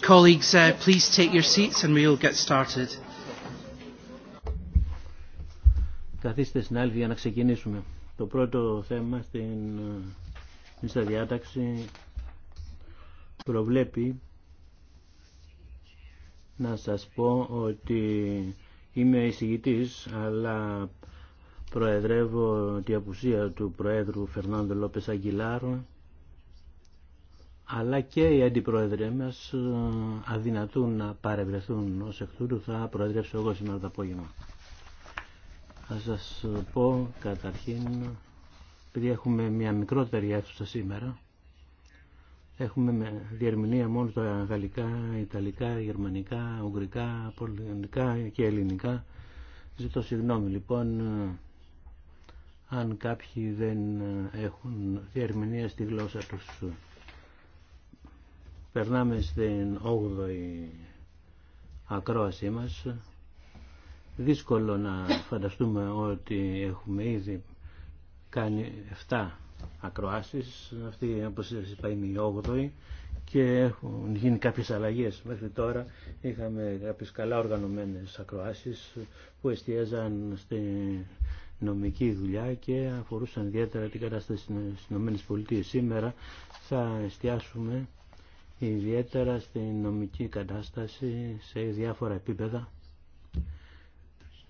Colleagues, uh, please take your seats and we'll get started. για να ξεκινήσουμε. Το πρώτο θέμα στην ε, στην διάταξη προβλέπει να σας πω ότι είμαι εισηγητής αλλά προεδρεύω τη απουσία του Προέδρου Φερνάντο Λόπες Αγγιλάρου αλλά και οι αντιπρόεδροι μας ε, αδυνατούν να παρευρεθούν ως εκ τούτου θα προεδρεύσω εγώ σήμερα το απόγευμα. Θα σας πω καταρχήν, επειδή έχουμε μια μικρότερη αίθουσα σήμερα, έχουμε με διερμηνία μόνο τα γαλλικά, ιταλικά, γερμανικά, ουγγρικά, πολωνικά και ελληνικά. Ζητώ συγγνώμη λοιπόν ε, αν κάποιοι δεν έχουν διερμηνία στη γλώσσα τους. Περνάμε στην 8η ακρόασή μας. Δύσκολο να φανταστούμε ότι έχουμε ήδη κάνει 7 ακροάσεις. Αυτή, όπως είπα, είναι η 8η και έχουν γίνει κάποιες αλλαγές. Μέχρι τώρα είχαμε κάποιες καλά οργανωμένες ακροάσεις που εστιάζαν στη νομική δουλειά και αφορούσαν ιδιαίτερα την κατάσταση στις ΗΠΑ. Σήμερα θα εστιάσουμε ιδιαίτερα στην νομική κατάσταση σε διάφορα επίπεδα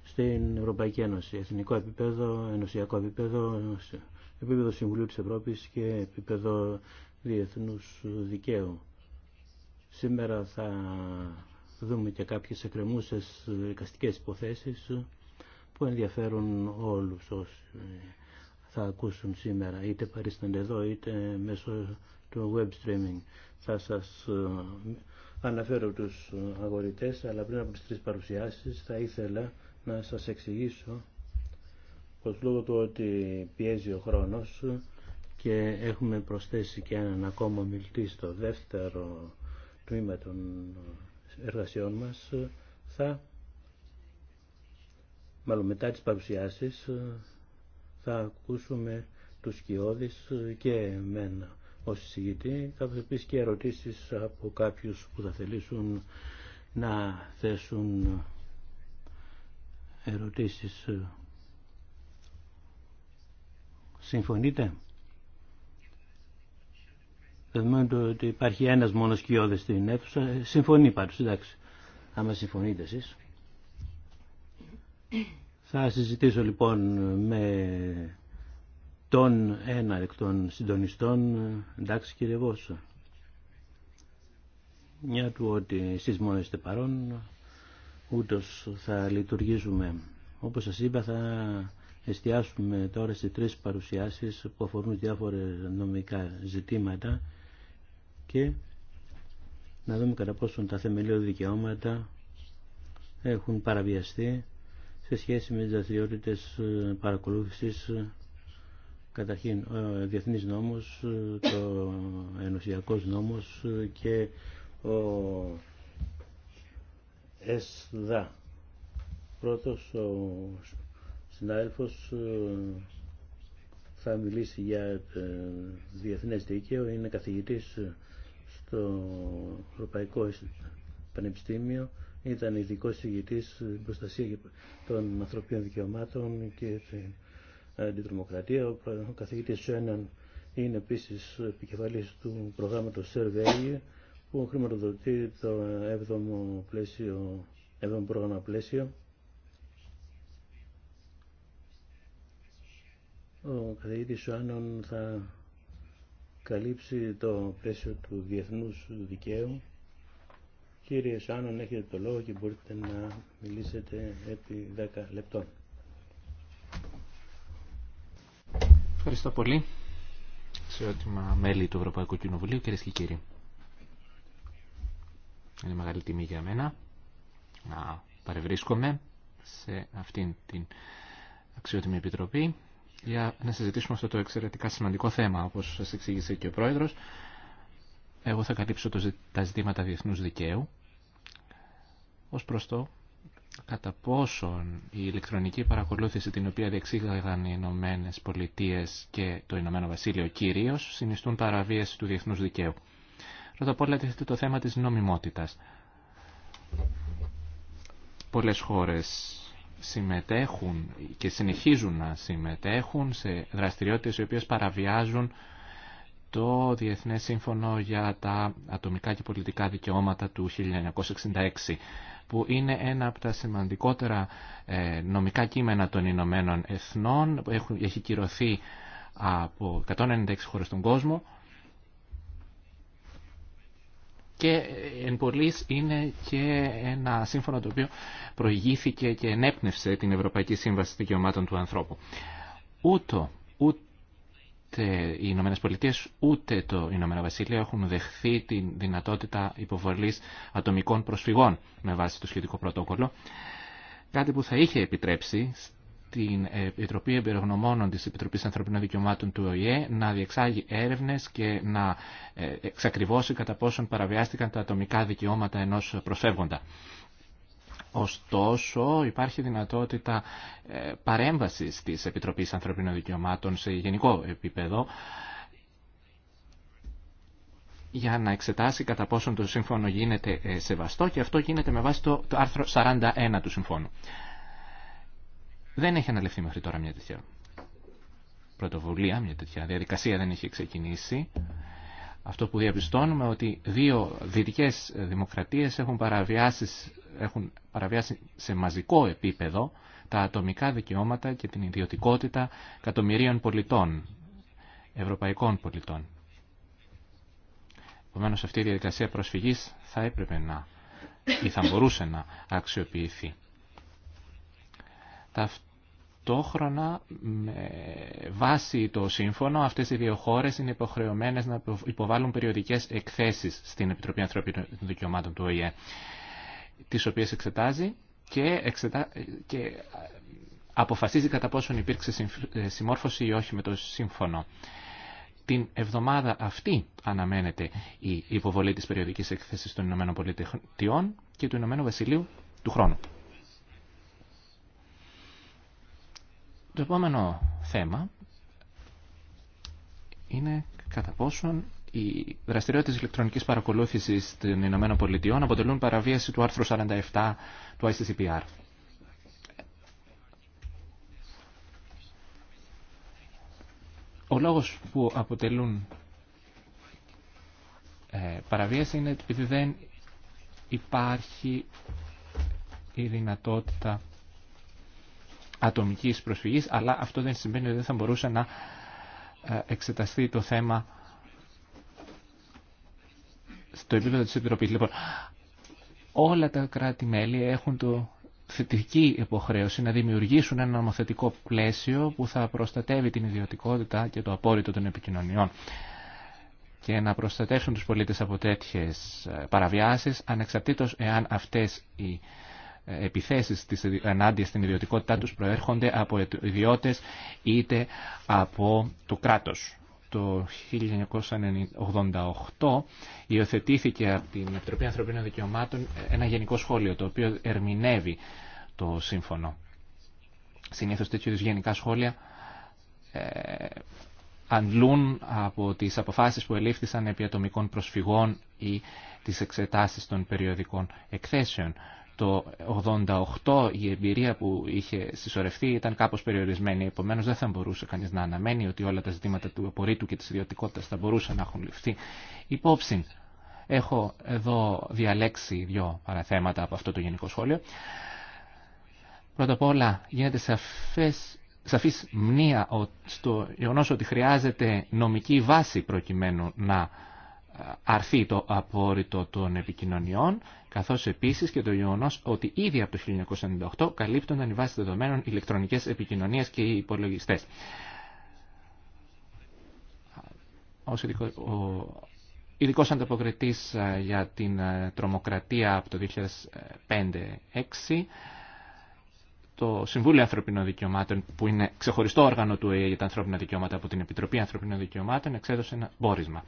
στην Ευρωπαϊκή Ένωση, εθνικό επίπεδο, ενωσιακό επίπεδο, επίπεδο Συμβουλίου της Ευρώπης και επίπεδο διεθνούς δικαίου. Σήμερα θα δούμε και κάποιες εκκρεμούσες δικαστικές υποθέσεις που ενδιαφέρουν όλους όσοι θα ακούσουν σήμερα, είτε παρίστανται εδώ, είτε μέσω το web streaming. Θα σας ε, αναφέρω τους αγορητές, αλλά πριν από τις τρεις παρουσιάσεις θα ήθελα να σας εξηγήσω πως λόγω του ότι πιέζει ο χρόνος και έχουμε προσθέσει και έναν ακόμα μιλτή στο δεύτερο τμήμα των εργασιών μας θα μάλλον μετά τις παρουσιάσεις θα ακούσουμε τους κοιόδης και εμένα ως εισηγητή, καθώς επίσης και ερωτήσεις από κάποιους που θα θελήσουν να θέσουν ερωτήσεις. Συμφωνείτε? Δεδομένου ότι υπάρχει ένας μόνος κοιόδης στην αίθουσα, ε, συμφωνεί πάντως, εντάξει. Άμα συμφωνείτε εσείς. Θα συζητήσω λοιπόν με τον ένα εκ των συντονιστών, εντάξει κύριε Βόσο. Μια του ότι εσείς μόνο είστε παρόν, ούτως θα λειτουργήσουμε. Όπως σας είπα θα εστιάσουμε τώρα σε τρεις παρουσιάσεις που αφορούν διάφορα νομικά ζητήματα και να δούμε κατά πόσο τα θεμελιώδη δικαιώματα έχουν παραβιαστεί σε σχέση με τις δραστηριότητε παρακολούθησης Καταρχήν, ο ε, διεθνής νόμος, ε, το ενωσιακός νόμος ε, και ο ΕΣΔΑ. Πρώτος, ο συνάδελφος θα μιλήσει για διεθνές δίκαιο, είναι καθηγητής στο Ευρωπαϊκό Πανεπιστήμιο, ήταν ειδικός στην προστασία των ανθρωπίνων δικαιωμάτων και ο καθηγητής Σέναν είναι επίσης επικεφαλή του προγράμματος Survey που χρηματοδοτεί το 7ο, πλαίσιο, 7ο πρόγραμμα πλαίσιο. Ο πλαισιο προγραμμα Σουάνων θα καλύψει το πλαίσιο του διεθνούς δικαίου. Κύριε Σουάνων, έχετε το λόγο και μπορείτε να μιλήσετε επί 10 λεπτών. Ευχαριστώ πολύ. Σε ερώτημα μέλη του Ευρωπαϊκού Κοινοβουλίου, κυρίε και κύριοι. Είναι μεγάλη τιμή για μένα να παρευρίσκομαι σε αυτήν την αξιότιμη επιτροπή για να συζητήσουμε αυτό το εξαιρετικά σημαντικό θέμα, όπως σας εξήγησε και ο Πρόεδρος. Εγώ θα καλύψω τα ζητήματα διεθνούς δικαίου ως προς το κατά πόσον η ηλεκτρονική παρακολούθηση την οποία διεξήγαγαν οι Ηνωμένε Πολιτείε και το Ηνωμένο Βασίλειο κυρίω συνιστούν παραβίαση του διεθνού δικαίου. Πρώτα απ' όλα τίθεται το θέμα τη νομιμότητα. Πολλέ χώρε συμμετέχουν και συνεχίζουν να συμμετέχουν σε δραστηριότητες οι οποίες παραβιάζουν το Διεθνές Σύμφωνο για τα Ατομικά και Πολιτικά Δικαιώματα του 1966 που είναι ένα από τα σημαντικότερα ε, νομικά κείμενα των Ηνωμένων Εθνών, που έχει κυρωθεί από 196 χώρες στον κόσμο και ε, εν πολλής είναι και ένα σύμφωνο το οποίο προηγήθηκε και ενέπνευσε την Ευρωπαϊκή Σύμβαση Δικαιωμάτων του Ανθρώπου. Ούτω, ούτω ούτε οι Ηνωμένε Πολιτείε ούτε το Ηνωμένο Βασίλειο έχουν δεχθεί τη δυνατότητα υποβολής ατομικών προσφυγών με βάση το σχετικό πρωτόκολλο. Κάτι που θα είχε επιτρέψει στην Επιτροπή Εμπειρογνωμόνων της Επιτροπής Ανθρωπίνων Δικαιωμάτων του ΟΗΕ να διεξάγει έρευνες και να ε, εξακριβώσει κατά πόσον παραβιάστηκαν τα ατομικά δικαιώματα ενός προσφεύγοντα. Ωστόσο, υπάρχει δυνατότητα ε, παρέμβασης της Επιτροπής Ανθρωπίνων Δικαιωμάτων σε γενικό επίπεδο για να εξετάσει κατά πόσον το σύμφωνο γίνεται ε, σεβαστό και αυτό γίνεται με βάση το άρθρο 41 του συμφώνου. Δεν έχει αναλυφθεί μέχρι τώρα μια τέτοια πρωτοβουλία, μια τέτοια διαδικασία δεν έχει ξεκινήσει. Αυτό που διαπιστώνουμε ότι δύο δυτικές δημοκρατίες έχουν παραβιάσει, έχουν παραβιάσει σε μαζικό επίπεδο τα ατομικά δικαιώματα και την ιδιωτικότητα εκατομμυρίων πολιτών, ευρωπαϊκών πολιτών. Επομένω, αυτή η διαδικασία προσφυγής θα έπρεπε να ή θα μπορούσε να αξιοποιηθεί ταυτόχρονα με βάση το σύμφωνο αυτές οι δύο χώρες είναι υποχρεωμένες να υποβάλουν περιοδικές εκθέσεις στην Επιτροπή Ανθρώπινων Δικαιωμάτων του ΟΗΕ τις οποίες εξετάζει και, και ε, αποφασίζει κατά πόσον υπήρξε ε, συμμόρφωση ή όχι με το σύμφωνο. Την εβδομάδα αυτή αναμένεται η υποβολή της περιοδικής εκθέσης των ΗΠΑ και του ΗΠΑ του χρόνου. Το επόμενο θέμα είναι κατά πόσον οι δραστηριότητες ηλεκτρονικής παρακολούθησης των Ηνωμένων Πολιτειών αποτελούν παραβίαση του άρθρου 47 του ICCPR. Ο λόγος που αποτελούν ε, παραβίαση είναι επειδή δεν υπάρχει η δυνατότητα ατομικής προσφυγής, αλλά αυτό δεν σημαίνει ότι δεν θα μπορούσε να ε, εξεταστεί το θέμα στο επίπεδο της Επιτροπής. Λοιπόν, όλα τα κράτη-μέλη έχουν το θετική υποχρέωση να δημιουργήσουν ένα νομοθετικό πλαίσιο που θα προστατεύει την ιδιωτικότητα και το απόρριτο των επικοινωνιών και να προστατεύσουν τους πολίτες από τέτοιες ε, παραβιάσεις ανεξαρτήτως εάν αυτές οι επιθέσεις της ενάντια στην ιδιωτικότητά τους προέρχονται από ιδιώτες είτε από το κράτος. Το 1988 υιοθετήθηκε από την Επιτροπή Ανθρωπίνων Δικαιωμάτων ένα γενικό σχόλιο το οποίο ερμηνεύει το σύμφωνο. Συνήθως τέτοιου γενικά σχόλια ε, αντλούν από τις αποφάσεις που ελήφθησαν επί ατομικών προσφυγών ή τις εξετάσεις των περιοδικών εκθέσεων το 88 η εμπειρία που είχε συσσωρευτεί ήταν κάπως περιορισμένη. Επομένως δεν θα μπορούσε κανείς να αναμένει ότι όλα τα ζητήματα του απορρίτου και της ιδιωτικότητας θα μπορούσαν να έχουν ληφθεί υπόψη. Έχω εδώ διαλέξει δύο παραθέματα από αυτό το γενικό σχόλιο. Πρώτα απ' όλα γίνεται σαφές, σαφής μνήα στο γεγονό ότι χρειάζεται νομική βάση προκειμένου να αρθεί το απόρριτο των επικοινωνιών, καθώς επίσης και το γεγονό ότι ήδη από το 1998 καλύπτονταν οι βάσεις δεδομένων ηλεκτρονικές επικοινωνίες και οι υπολογιστές. Ο ειδικό, ανταποκριτή ε, για την ε, τρομοκρατία από το 2005-2006, το Συμβούλιο Ανθρωπίνων Δικαιωμάτων, που είναι ξεχωριστό όργανο του ΟΕΕ για τα ανθρώπινα δικαιώματα από την Επιτροπή Ανθρωπίνων Δικαιωμάτων, εξέδωσε ένα πόρισμα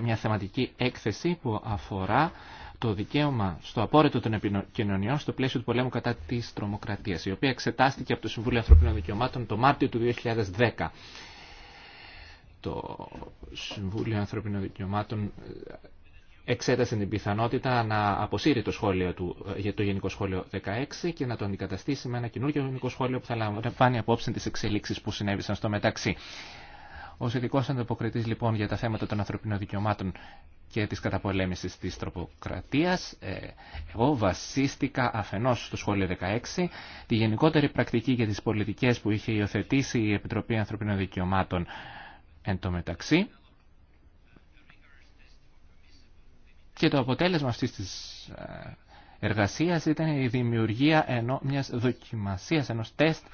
μια θεματική έκθεση που αφορά το δικαίωμα στο απόρριτο των επικοινωνιών στο πλαίσιο του πολέμου κατά τη τρομοκρατία, η οποία εξετάστηκε από το Συμβούλιο Ανθρωπίνων Δικαιωμάτων το Μάρτιο του 2010. Το Συμβούλιο Ανθρωπίνων Δικαιωμάτων ε, εξέτασε την πιθανότητα να αποσύρει το σχόλιο του ε, για το Γενικό Σχόλιο 16 και να το αντικαταστήσει με ένα καινούργιο Γενικό Σχόλιο που θα λαμβάνει απόψε τις εξελίξεις που συνέβησαν στο μεταξύ. Ως ειδικό ανταποκριτή λοιπόν για τα θέματα των ανθρωπίνων δικαιωμάτων και της καταπολέμησης της τροποκρατίας, ε, εγώ βασίστηκα αφενός στο σχόλιο 16 τη γενικότερη πρακτική για τις πολιτικές που είχε υιοθετήσει η Επιτροπή Ανθρωπίνων Δικαιωμάτων εν τω μεταξύ και το αποτέλεσμα αυτής της ε, εργασίας ήταν η δημιουργία ενό, μιας δοκιμασίας, ενός τεστ,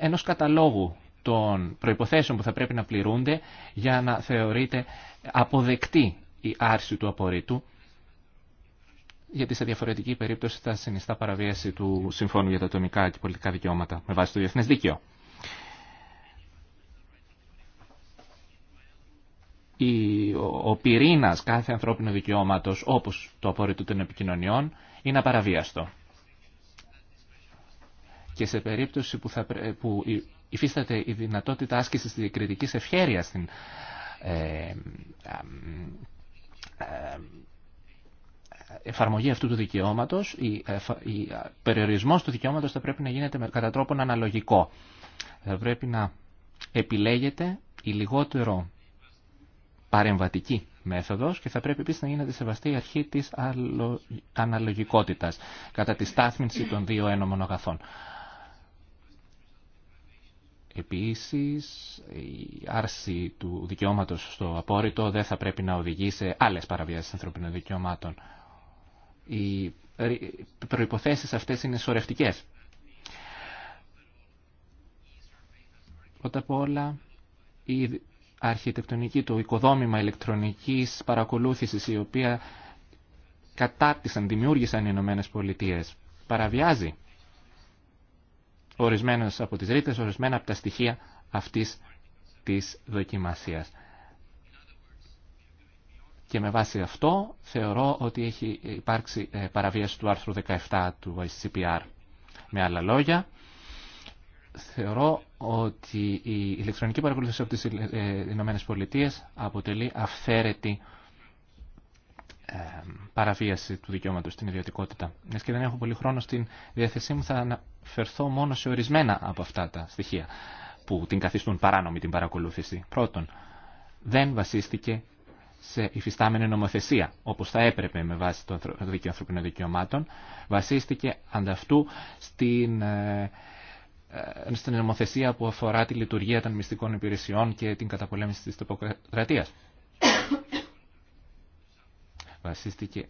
ενός καταλόγου των προϋποθέσεων που θα πρέπει να πληρούνται για να θεωρείται αποδεκτή η άρση του απορρίτου, γιατί σε διαφορετική περίπτωση θα συνιστά παραβίαση του Συμφώνου για τα Ατομικά και Πολιτικά Δικαιώματα με βάση το Διεθνές Δίκαιο. ο πυρήνας κάθε ανθρώπινο δικαιώματος, όπως το απόρριτο των επικοινωνιών, είναι απαραβίαστο και σε περίπτωση που, θα, που υφίσταται η δυνατότητα άσκησης της κριτική ευχέρειας στην, ε, ε, εφαρμογή αυτού του δικαιώματος, η, ε, η περιορισμός του δικαιώματος θα πρέπει να γίνεται με, κατά τρόπον αναλογικό. Θα πρέπει να επιλέγεται η λιγότερο παρεμβατική μέθοδος και θα πρέπει επίσης να γίνεται σεβαστή η αρχή της αναλογικότητας κατά τη στάθμιση των δύο ένωμων αγαθών. Επίσης, η άρση του δικαιώματος στο απόρριτο δεν θα πρέπει να οδηγεί σε άλλες παραβιάσεις ανθρωπίνων δικαιωμάτων. Οι προϋποθέσεις αυτές είναι σωρευτικές. Πρώτα απ' όλα, η αρχιτεκτονική, το οικοδόμημα ηλεκτρονικής παρακολούθησης, η οποία κατάρτισαν, δημιούργησαν οι Ηνωμένε Πολιτείες, παραβιάζει Ορισμένε από τι ρήτες, ορισμένα από τα στοιχεία αυτής της δοκιμασίας. Και με βάση αυτό θεωρώ ότι έχει υπάρξει ε, παραβίαση του άρθρου 17 του ICPR. Με άλλα λόγια, θεωρώ ότι η ηλεκτρονική παρακολούθηση από τις ε, ε, ΗΠΑ αποτελεί αυθαίρετη παραβίαση του δικαιώματος στην ιδιωτικότητα. Μια και δεν έχω πολύ χρόνο στην διαθεσή μου, θα αναφερθώ μόνο σε ορισμένα από αυτά τα στοιχεία που την καθιστούν παράνομη την παρακολούθηση. Πρώτον, δεν βασίστηκε σε υφιστάμενη νομοθεσία, όπως θα έπρεπε με βάση το δίκαιο ανθρωπινών δικαιωμάτων, βασίστηκε ανταυτού στην, ε, ε, στην νομοθεσία που αφορά τη λειτουργία των μυστικών υπηρεσιών και την καταπολέμηση της τοποκρατίας βασίστηκε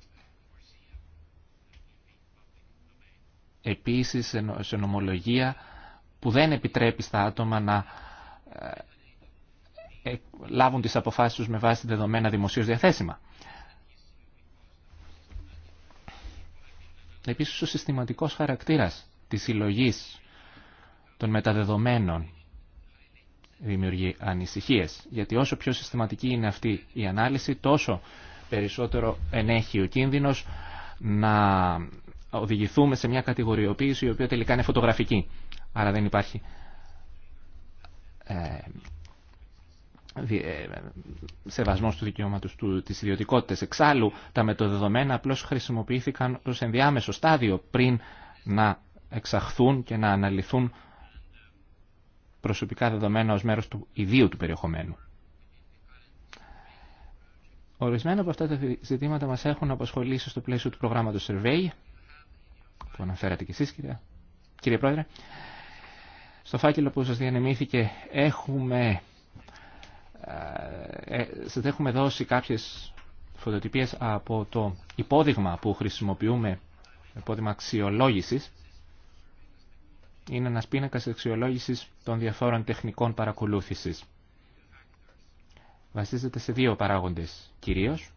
επίσης σε νομολογία που δεν επιτρέπει στα άτομα να ε, λάβουν τις αποφάσεις τους με βάση δεδομένα δημοσίως διαθέσιμα. Επίσης ο συστηματικός χαρακτήρας της συλλογή των μεταδεδομένων δημιουργεί ανησυχίες, γιατί όσο πιο συστηματική είναι αυτή η ανάλυση, τόσο περισσότερο ενέχει ο κίνδυνος να οδηγηθούμε σε μια κατηγοριοποίηση η οποία τελικά είναι φωτογραφική. Άρα δεν υπάρχει ε, ε, σεβασμός του δικαιώματο του, της ιδιωτικότητας. Εξάλλου τα μετοδεδομένα απλώ χρησιμοποιήθηκαν ω ενδιάμεσο στάδιο πριν να εξαχθούν και να αναλυθούν προσωπικά δεδομένα ως μέρος του ιδίου του περιεχομένου. Ορισμένα από αυτά τα ζητήματα μας έχουν απασχολήσει στο πλαίσιο του προγράμματος Survey, που αναφέρατε και εσείς κύριε, κύριε Πρόεδρε. Στο φάκελο που σας διανεμήθηκε έχουμε, ε, ε, σας έχουμε δώσει κάποιες φωτοτυπίες από το υπόδειγμα που χρησιμοποιούμε, υπόδειγμα αξιολόγηση. Είναι ένας πίνακας αξιολόγησης των διαφόρων τεχνικών παρακολούθησης βασίζεται σε δύο παράγοντες κυρίως.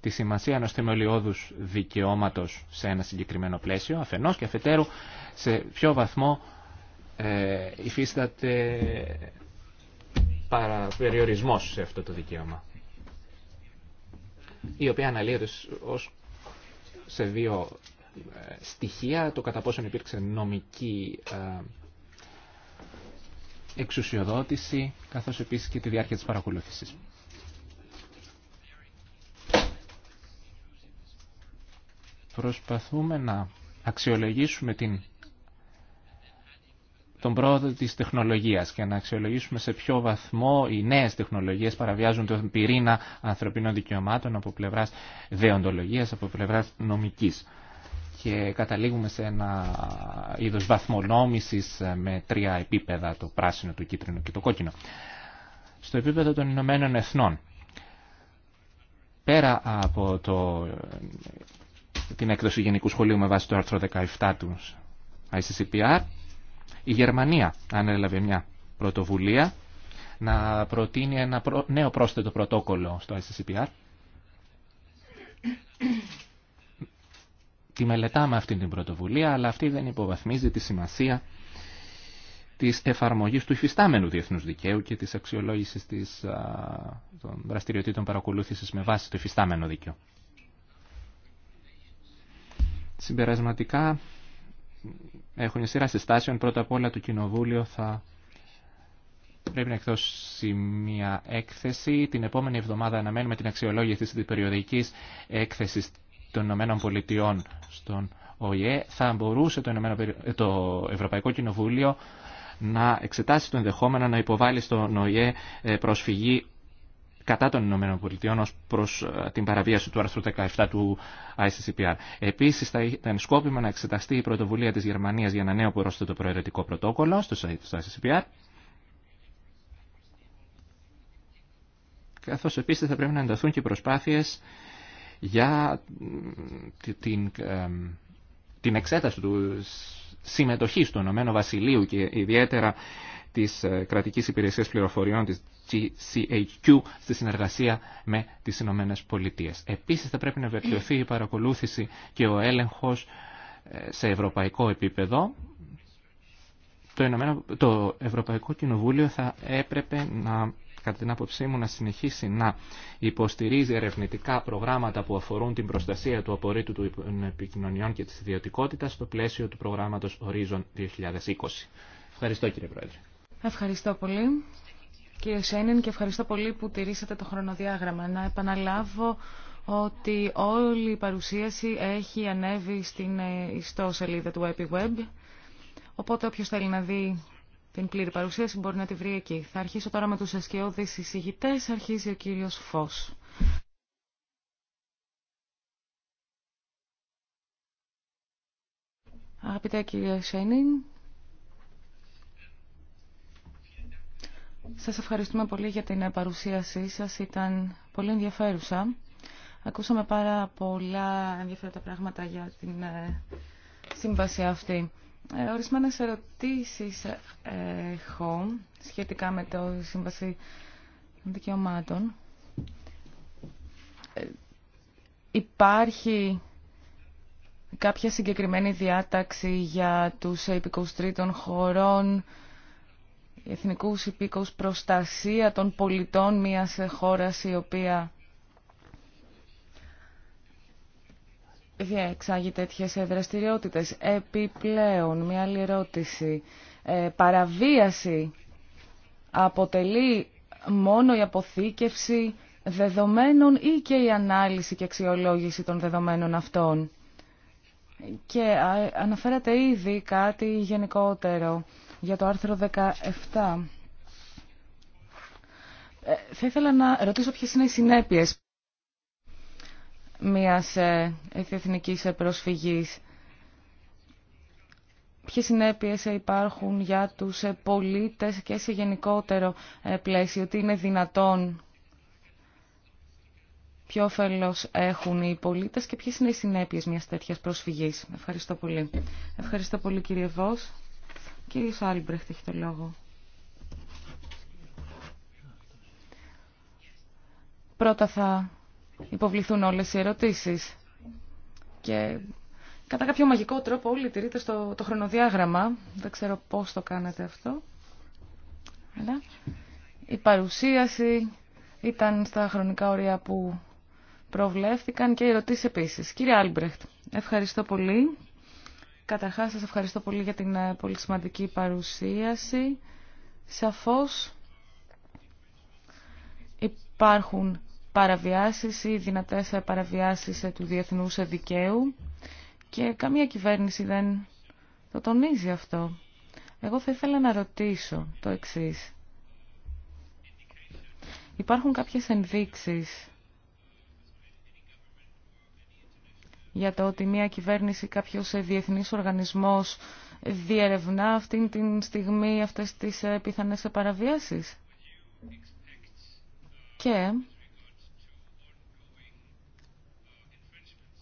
Τη σημασία ενός θεμελιώδους δικαιώματος σε ένα συγκεκριμένο πλαίσιο, αφενός και αφετέρου σε ποιο βαθμό ε, υφίσταται παραπεριορισμός σε αυτό το δικαίωμα. Η οποία αναλύεται ως σε δύο ε, στοιχεία, το κατά πόσον υπήρξε νομική ε, εξουσιοδότηση, καθώς επίσης και τη διάρκεια της παρακολούθησης. Προσπαθούμε να αξιολογήσουμε την, τον πρόοδο της τεχνολογίας και να αξιολογήσουμε σε ποιο βαθμό οι νέες τεχνολογίες παραβιάζουν τον πυρήνα ανθρωπίνων δικαιωμάτων από πλευράς δεοντολογίας, από πλευράς νομικής και καταλήγουμε σε ένα είδος βαθμονόμησης ε, με τρία επίπεδα, το πράσινο, το κίτρινο και το κόκκινο. Στο επίπεδο των Ηνωμένων Εθνών, πέρα από το, ε, την έκδοση Γενικού Σχολείου με βάση το άρθρο 17 του ICCPR, η Γερμανία ανέλαβε μια πρωτοβουλία να προτείνει ένα νέο πρόσθετο πρωτόκολλο στο ICCPR τη μελετάμε αυτή την πρωτοβουλία, αλλά αυτή δεν υποβαθμίζει τη σημασία της εφαρμογής του υφιστάμενου διεθνούς δικαίου και της αξιολόγησης των δραστηριοτήτων παρακολούθησης με βάση το υφιστάμενο δίκαιο. Συμπερασματικά έχουν σειρά συστάσεων. Πρώτα απ' όλα το Κοινοβούλιο θα πρέπει να εκδώσει μια έκθεση. Την επόμενη εβδομάδα αναμένουμε την αξιολόγηση της περιοδικής έκθεσης των Ηνωμένων Πολιτειών στον ΟΗΕ, θα μπορούσε το, Ηνωμένο, ε, το Ευρωπαϊκό Κοινοβούλιο να εξετάσει το ενδεχόμενο να υποβάλει στον ΟΗΕ ε, προσφυγή κατά των Ηνωμένων Πολιτειών ως προς ε, την παραβίαση του άρθρου 17 του ICCPR. Επίσης θα ήταν σκόπιμο να εξεταστεί η πρωτοβουλία της Γερμανίας για ένα νέο πρόσθετο προαιρετικό πρωτόκολλο στο ICCPR. Καθώς επίσης θα πρέπει να ενταθούν και οι προσπάθειες για την, την εξέταση του συμμετοχή του Ηνωμένου Βασιλείου και ιδιαίτερα της ε, κρατικής υπηρεσίας πληροφοριών της GCHQ στη συνεργασία με τις Ηνωμένε Πολιτείε. Επίσης θα πρέπει να βελτιωθεί η παρακολούθηση και ο έλεγχος ε, σε ευρωπαϊκό επίπεδο. Το, Ευρωπαϊκό Κοινοβούλιο θα έπρεπε να κατά την άποψή μου να συνεχίσει να υποστηρίζει ερευνητικά προγράμματα που αφορούν την προστασία του απορρίτου των επικοινωνιών και της ιδιωτικότητα στο πλαίσιο του προγράμματος Horizon 2020. Ευχαριστώ κύριε Πρόεδρε. Ευχαριστώ πολύ. Κύριε Σένιν, και ευχαριστώ πολύ που τηρήσατε το χρονοδιάγραμμα. Να επαναλάβω ότι όλη η παρουσίαση έχει ανέβει στην ιστοσελίδα του EpiWeb. Οπότε όποιος θέλει να δει την πλήρη παρουσίαση μπορεί να τη βρει εκεί. Θα αρχίσω τώρα με τους ασκαιώδεις εισηγητές. Αρχίζει ο κύριος Φως. Αγαπητέ κύριε Σένιν, σας ευχαριστούμε πολύ για την παρουσίασή σας. Ήταν πολύ ενδιαφέρουσα. Ακούσαμε πάρα πολλά ενδιαφέροντα πράγματα για την ε, σύμβαση αυτή. Ε, ορισμένες ερωτήσεις έχω σχετικά με το Σύμβαση Δικαιωμάτων. Ε, υπάρχει κάποια συγκεκριμένη διάταξη για τους επικούς τρίτων χωρών, εθνικούς υπήκους προστασία των πολιτών μιας χώρας η οποία διεξάγει ε, τέτοιες ε, δραστηριότητες. Επιπλέον, μια άλλη ερώτηση. Ε, παραβίαση αποτελεί μόνο η αποθήκευση δεδομένων ή και η ανάλυση και αξιολόγηση των δεδομένων αυτών. Και αναφέρατε ήδη κάτι γενικότερο για το άρθρο 17. θα ήθελα να ρωτήσω ποιες είναι οι συνέπειες μιας ε, εθνικής προσφυγής. Ποιες συνέπειες υπάρχουν για τους ε, πολίτες και σε γενικότερο ε, πλαίσιο, ότι είναι δυνατόν ποιο όφελος έχουν οι πολίτες και ποιες είναι οι συνέπειες μιας τέτοιας προσφυγής. Ευχαριστώ πολύ. Ευχαριστώ πολύ κύριε Βός. Κύριε Άλμπρεχτ έχει το λόγο. Πρώτα θα υποβληθούν όλες οι ερωτήσεις. Και κατά κάποιο μαγικό τρόπο όλοι τηρείτε στο το χρονοδιάγραμμα. Δεν ξέρω πώς το κάνετε αυτό. Αλλά η παρουσίαση ήταν στα χρονικά όρια που προβλέφθηκαν και οι ερωτήσεις επίσης. Κύριε Άλμπρεχτ, ευχαριστώ πολύ. Καταρχάς σας ευχαριστώ πολύ για την ε, πολύ σημαντική παρουσίαση. Σαφώς υπάρχουν παραβιάσεις ή δυνατές παραβιάσεις του διεθνούς δικαίου και καμία κυβέρνηση δεν το τονίζει αυτό. Εγώ θα ήθελα να ρωτήσω το εξής. Υπάρχουν κάποιες ενδείξεις για το ότι μια κυβέρνηση, κάποιος διεθνής οργανισμός διερευνά αυτήν την στιγμή αυτές τις ε, πιθανές παραβιάσεις. Και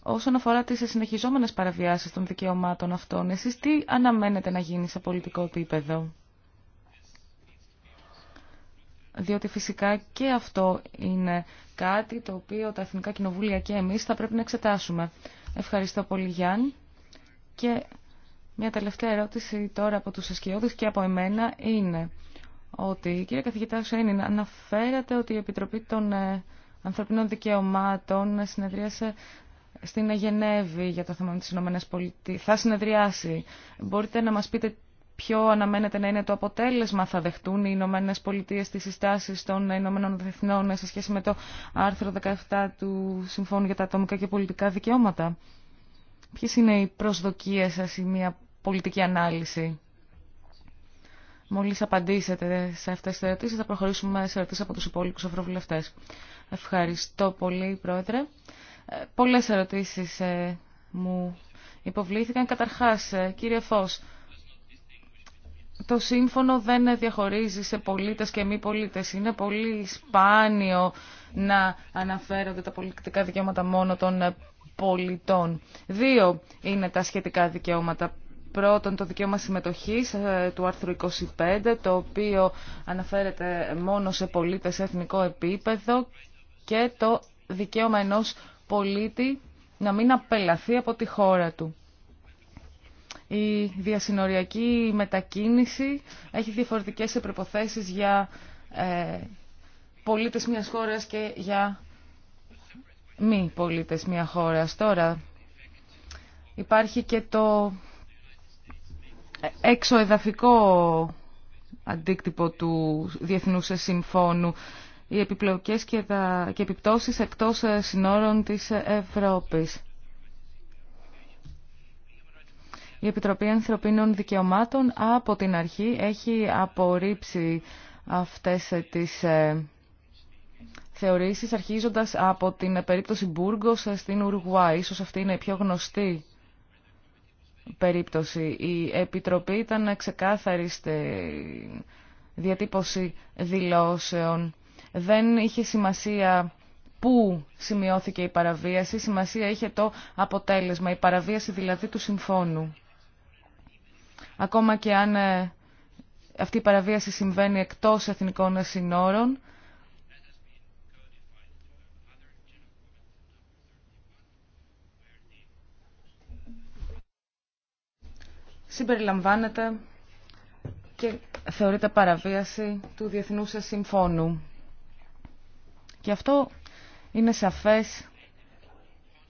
όσον αφορά τις συνεχιζόμενες παραβιάσεις των δικαιωμάτων αυτών, εσείς τι αναμένετε να γίνει σε πολιτικό επίπεδο. Διότι φυσικά και αυτό είναι κάτι το οποίο τα Εθνικά Κοινοβούλια και εμείς θα πρέπει να εξετάσουμε. Ευχαριστώ πολύ Γιάννη. Και μια τελευταία ερώτηση τώρα από τους ασκιώδους και από εμένα είναι ότι, κύριε καθηγητά Σένιν, αναφέρατε ότι η Επιτροπή των ε, Ανθρωπίνων Δικαιωμάτων συνεδρίασε στην Γενέβη για το θέμα με τις Ηνωμένες Πολιτείες. Θα συνεδριάσει. Μπορείτε να μας πείτε ποιο αναμένεται να είναι το αποτέλεσμα. Θα δεχτούν οι Ηνωμένε Πολιτείε τις συστάσεις των Ηνωμένων Δεθνών σε σχέση με το άρθρο 17 του Συμφώνου για τα Ατομικά και Πολιτικά Δικαιώματα. Ποιες είναι οι προσδοκίες σας ή μια πολιτική ανάλυση. Μόλις απαντήσετε σε αυτές τις ερωτήσεις θα προχωρήσουμε σε ερωτήσεις από τους υπόλοιπους ευρωβουλευτές. Ευχαριστώ πολύ, Πρόεδρε. Πολλές ερωτήσεις ε, μου υποβλήθηκαν. Καταρχάς, ε, κύριε Φως, το σύμφωνο δεν διαχωρίζει σε πολίτες και μη πολίτες. Είναι πολύ σπάνιο να αναφέρονται τα πολιτικά δικαιώματα μόνο των ε, πολιτών. Δύο είναι τα σχετικά δικαιώματα. Πρώτον, το δικαίωμα συμμετοχής του άρθρου 25, το οποίο αναφέρεται μόνο σε πολίτες σε εθνικό επίπεδο και το δικαίωμα ενός πολίτη να μην απελαθεί από τη χώρα του. Η διασυνοριακή μετακίνηση έχει διαφορετικές προποθέσεις για ε, πολίτες μιας χώρας και για μη πολίτες μια χώρας. Τώρα υπάρχει και το εδαφικό αντίκτυπο του Διεθνούς Συμφώνου οι επιπλοκές και, τα, και επιπτώσεις εκτός ε, συνόρων της Ευρώπης. Η Επιτροπή Ανθρωπίνων Δικαιωμάτων από την αρχή έχει απορρίψει αυτές ε, τις ε, θεωρήσεις αρχίζοντας από την περίπτωση Μπούργκος στην Ουρουγουά. Ίσως αυτή είναι η πιο γνωστή περίπτωση. Η Επιτροπή ήταν ξεκάθαρη στη διατύπωση δηλώσεων δεν είχε σημασία πού σημειώθηκε η παραβίαση, σημασία είχε το αποτέλεσμα, η παραβίαση δηλαδή του συμφώνου. Ακόμα και αν ε, αυτή η παραβίαση συμβαίνει εκτός εθνικών συνόρων, συμπεριλαμβάνεται και θεωρείται παραβίαση του Διεθνούς Συμφώνου. Και αυτό είναι σαφές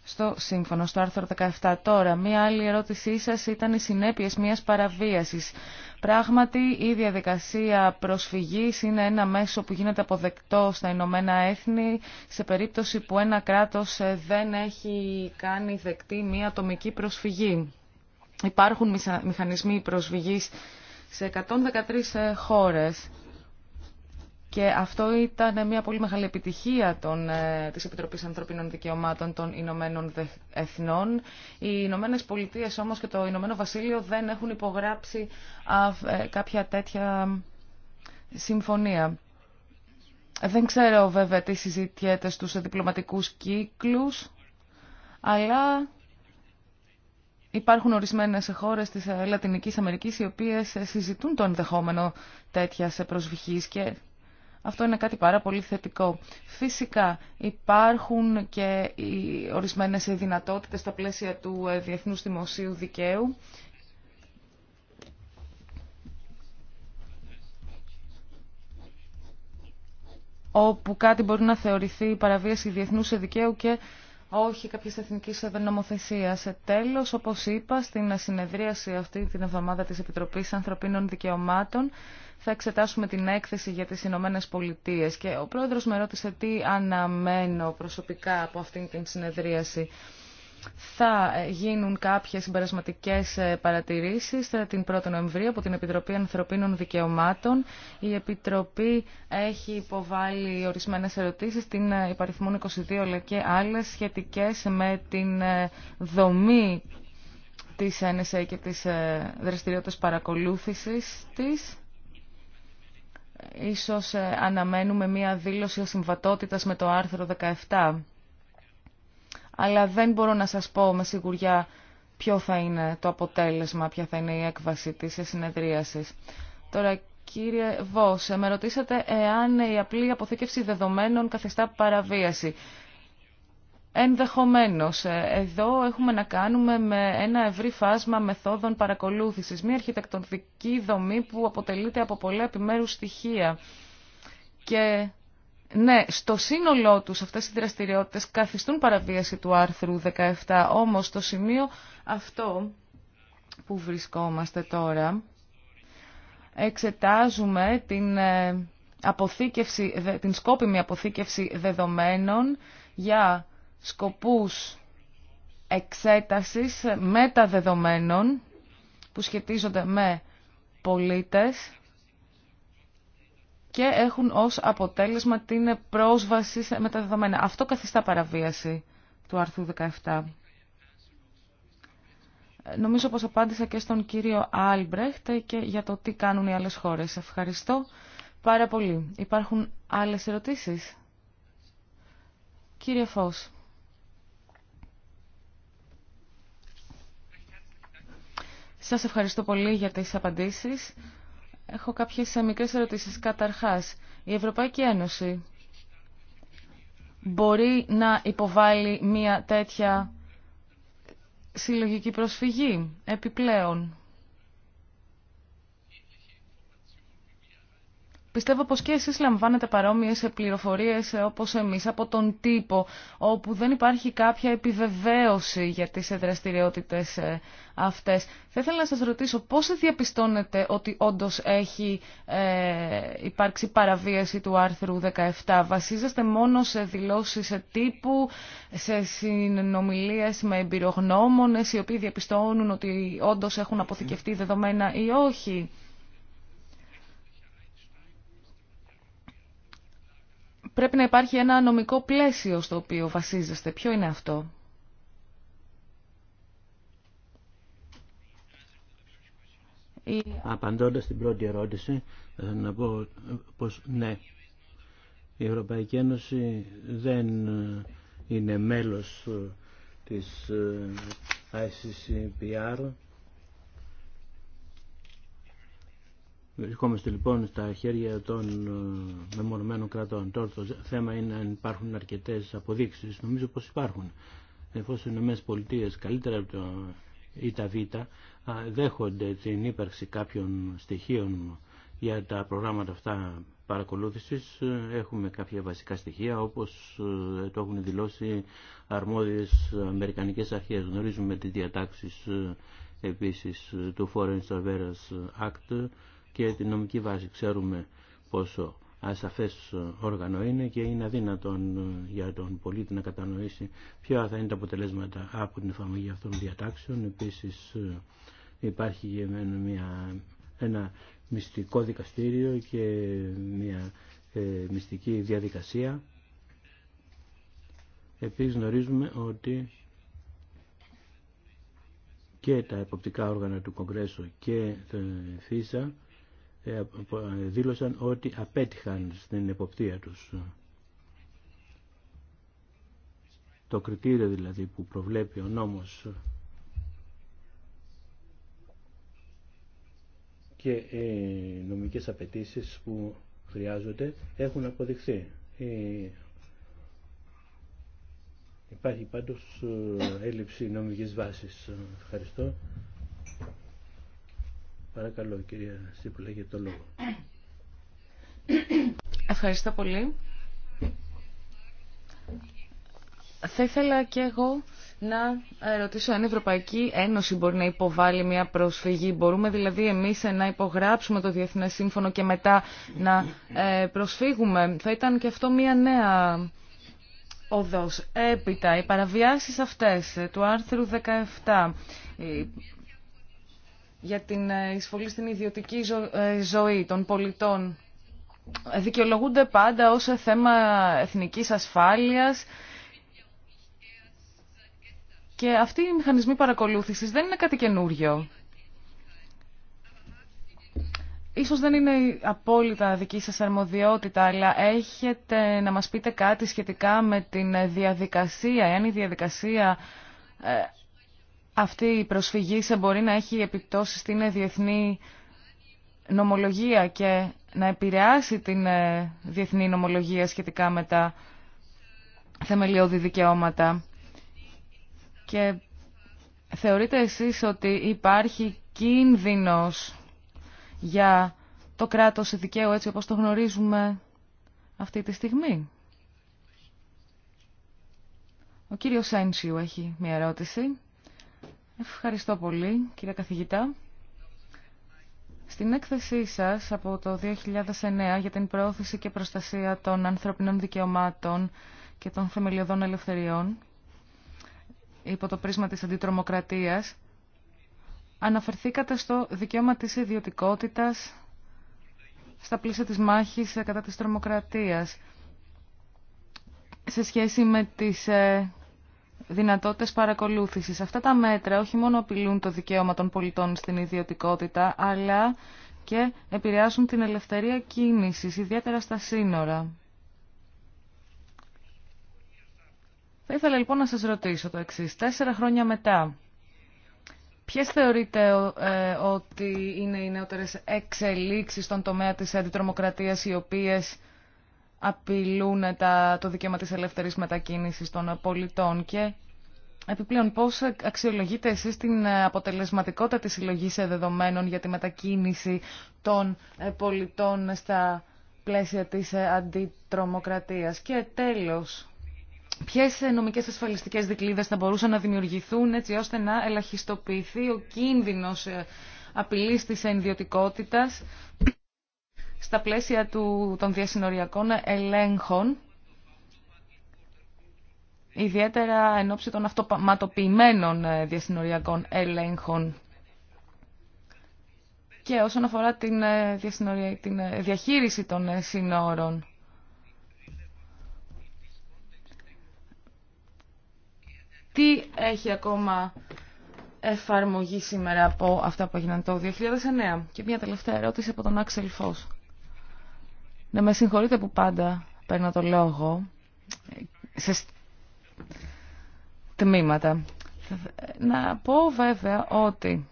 στο σύμφωνο, στο άρθρο 17 τώρα. Μία άλλη ερώτησή σας ήταν οι συνέπειες μιας παραβίασης. Πράγματι, η διαδικασία προσφυγής είναι ένα μέσο που γίνεται αποδεκτό στα Ηνωμένα Έθνη σε περίπτωση που ένα κράτος ε, δεν έχει κάνει δεκτή μία ατομική προσφυγή. Υπάρχουν μηχανισμοί προσφυγής σε 113 ε, χώρες. Και αυτό ήταν μια πολύ μεγάλη επιτυχία των, ε, της Επιτροπής Ανθρωπίνων Δικαιωμάτων των Ηνωμένων Εθνών. Οι Ηνωμένε Πολιτείες όμως και το Ηνωμένο Βασίλειο δεν έχουν υπογράψει ε, κάποια τέτοια συμφωνία. Δεν ξέρω βέβαια τι συζητιέται στους διπλωματικούς κύκλους, αλλά υπάρχουν ορισμένες χώρες της Λατινικής Αμερικής οι οποίες συζητούν το ενδεχόμενο τέτοιας προσβυχής και αυτό είναι κάτι πάρα πολύ θετικό. Φυσικά υπάρχουν και οι ορισμένες δυνατότητες στα πλαίσια του ε, Διεθνούς Δημοσίου Δικαίου. όπου κάτι μπορεί να θεωρηθεί παραβίαση διεθνούς δικαίου και όχι κάποιες εθνικής Σε Τέλος, όπως είπα, στην συνεδρίαση αυτή την εβδομάδα της Επιτροπής Ανθρωπίνων Δικαιωμάτων θα εξετάσουμε την έκθεση για τις Ηνωμένε Πολιτείες και ο πρόεδρος με ρώτησε τι αναμένω προσωπικά από αυτήν την συνεδρίαση. Θα γίνουν κάποιες συμπερασματικές ε, παρατηρήσεις ε, την 1η Νοεμβρίου από την Επιτροπή Ανθρωπίνων Δικαιωμάτων. Η Επιτροπή έχει υποβάλει ορισμένες ερωτήσεις, την επιτροπη ανθρωπινων δικαιωματων η επιτροπη εχει υποβαλει ορισμενες ερωτησεις την υπαριθμόν 22 αλλά και άλλες σχετικές με την ε, δομή της NSA και της δραστηριότητας παρακολούθησης της. Ίσως αναμένουμε μία δήλωση ασυμβατότητας με το άρθρο 17 αλλά δεν μπορώ να σας πω με σιγουριά ποιο θα είναι το αποτέλεσμα, ποια θα είναι η έκβαση της συνεδρίασης. Τώρα, κύριε Βός, ε, με ρωτήσατε εάν η απλή αποθήκευση δεδομένων καθιστά παραβίαση. Ενδεχομένως, ε, εδώ έχουμε να κάνουμε με ένα ευρύ φάσμα μεθόδων παρακολούθησης, μια αρχιτεκτονική δομή που αποτελείται από πολλά επιμέρους στοιχεία. Και ναι, στο σύνολό τους αυτέ οι δραστηριότητε καθιστούν παραβίαση του άρθρου 17, όμως το σημείο αυτό που βρισκόμαστε τώρα εξετάζουμε την, ε, αποθήκευση, την σκόπιμη αποθήκευση δεδομένων για σκοπούς εξέτασης ε, μεταδεδομένων που σχετίζονται με πολίτες και έχουν ως αποτέλεσμα την πρόσβαση με τα δεδομένα. Αυτό καθιστά παραβίαση του άρθρου 17. Νομίζω πως απάντησα και στον κύριο Άλμπρεχτ και για το τι κάνουν οι άλλες χώρες. Ευχαριστώ πάρα πολύ. Υπάρχουν άλλες ερωτήσεις. Κύριε Φως. Σας ευχαριστώ πολύ για τις απαντήσεις. Έχω κάποιες ε, μικρές ερωτήσεις. Καταρχάς, η Ευρωπαϊκή Ένωση μπορεί να υποβάλει μια τέτοια συλλογική προσφυγή επιπλέον. Πιστεύω πως και εσείς λαμβάνετε παρόμοιες πληροφορίες όπως εμείς από τον τύπο, όπου δεν υπάρχει κάποια επιβεβαίωση για τις δραστηριότητε ε, αυτές. Θα ήθελα να σας ρωτήσω πώς διαπιστώνετε ότι όντως έχει ε, υπάρξει παραβίαση του άρθρου 17. Βασίζεστε μόνο σε δηλώσεις τύπου, σε συνομιλίες με εμπειρογνώμονες, οι οποίοι διαπιστώνουν ότι όντως έχουν αποθηκευτεί δεδομένα ή όχι. πρέπει να υπάρχει ένα νομικό πλαίσιο στο οποίο βασίζεστε. Ποιο είναι αυτό. Απαντώντας την πρώτη ερώτηση, θα ε, να πω ε, πως ναι, η Ευρωπαϊκή Ένωση δεν ε, είναι μέλος της ICCPR Βρισκόμαστε λοιπόν στα χέρια των ε, μεμονωμένων κρατών. Τώρα το θέμα είναι αν υπάρχουν αρκετέ αποδείξει. Νομίζω πως υπάρχουν. Εφόσον οι ΗΠΑ πολιτείες καλύτερα από το ΙΤΑΒ δέχονται την ύπαρξη κάποιων στοιχείων για τα προγράμματα αυτά παρακολούθησης. Ε, έχουμε κάποια βασικά στοιχεία όπως ε, το έχουν δηλώσει αρμόδιες αμερικανικές αρχές. Γνωρίζουμε τις διατάξεις επίσης του Foreign Surveillance Act και την νομική βάση. Ξέρουμε πόσο ασαφές όργανο είναι και είναι αδύνατον ε, για τον πολίτη να κατανοήσει ποια θα είναι τα αποτελέσματα από την εφαρμογή αυτών των διατάξεων. Επίσης ε, υπάρχει για μένα μια, ένα μυστικό δικαστήριο και μια ε, μυστική διαδικασία. Επίσης γνωρίζουμε ότι και τα εποπτικά όργανα του Κογκρέσου και το ε, ε, δήλωσαν ότι απέτυχαν στην εποπτεία τους. Το κριτήριο δηλαδή που προβλέπει ο νόμος και οι νομικές απαιτήσεις που χρειάζονται έχουν αποδειχθεί. Υπάρχει πάντως ε, έλλειψη νομικής βάσης. Ευχαριστώ. Παρακαλώ κυρία Σίπουλα για το λόγο. Ευχαριστώ πολύ. Θα ήθελα και εγώ να ρωτήσω αν η Ευρωπαϊκή Ένωση μπορεί να υποβάλει μια προσφυγή. Μπορούμε δηλαδή εμείς ε, να υπογράψουμε το Διεθνές Σύμφωνο και μετά να ε, προσφύγουμε. Θα ήταν και αυτό μια νέα οδός. Έπειτα, οι παραβιάσεις αυτές ε, του άρθρου 17 για την ε, εισφολή στην ιδιωτική ε, ζωή των πολιτών ε, δικαιολογούνται πάντα ως θέμα εθνικής ασφάλειας και αυτοί οι μηχανισμοί παρακολούθησης δεν είναι κάτι καινούριο. Ίσως δεν είναι απόλυτα δική σας αρμοδιότητα, αλλά έχετε να μας πείτε κάτι σχετικά με την διαδικασία, εάν η διαδικασία αυτή η προσφυγή σε μπορεί να έχει επιπτώσεις στην ε, διεθνή νομολογία και να επηρεάσει την ε, διεθνή νομολογία σχετικά με τα θεμελιώδη δικαιώματα. Και θεωρείτε εσείς ότι υπάρχει κίνδυνος για το κράτος δικαίου έτσι όπως το γνωρίζουμε αυτή τη στιγμή. Ο κύριος Σένσιου έχει μια ερώτηση. Ευχαριστώ πολύ, κύριε καθηγητά. Στην έκθεσή σας από το 2009 για την προώθηση και προστασία των ανθρωπινών δικαιωμάτων και των θεμελιωδών ελευθεριών υπό το πρίσμα της αντιτρομοκρατίας αναφερθήκατε στο δικαίωμα της ιδιωτικότητας στα πλαίσια της μάχης κατά της τρομοκρατίας σε σχέση με τις ε, Δυνατότητε παρακολούθησης. Αυτά τα μέτρα όχι μόνο απειλούν το δικαίωμα των πολιτών στην ιδιωτικότητα, αλλά και επηρεάσουν την ελευθερία κίνηση, ιδιαίτερα στα σύνορα. Θα ήθελα λοιπόν να σας ρωτήσω το εξής. Τέσσερα χρόνια μετά, ποιες θεωρείτε ε, ότι είναι οι νεότερες εξελίξεις στον τομέα της αντιτρομοκρατίας οι οποίες απειλούν τα, το δικαίωμα της ελεύθερης μετακίνησης των πολιτών και επιπλέον πώς αξιολογείτε εσείς την αποτελεσματικότητα της συλλογής δεδομένων για τη μετακίνηση των ε, πολιτών στα πλαίσια της ε, αντιτρομοκρατίας. Και τέλος, ποιες ε, νομικές ασφαλιστικές δικλείδες θα μπορούσαν να δημιουργηθούν έτσι ώστε να ελαχιστοποιηθεί ο κίνδυνος απειλής της ενδιωτικότητας στα πλαίσια του, των διασυνοριακών ελέγχων, ιδιαίτερα εν ώψη των αυτοματοποιημένων ε, διασυνοριακών ελέγχων και όσον αφορά την, ε, την ε, διαχείριση των συνόρων. Τι έχει ακόμα εφαρμογή σήμερα από αυτά που έγιναν το 2009. Και μια τελευταία ερώτηση από τον Άξελ Φως. Να με συγχωρείτε που πάντα παίρνω το λόγο σε τμήματα. Να πω βέβαια ότι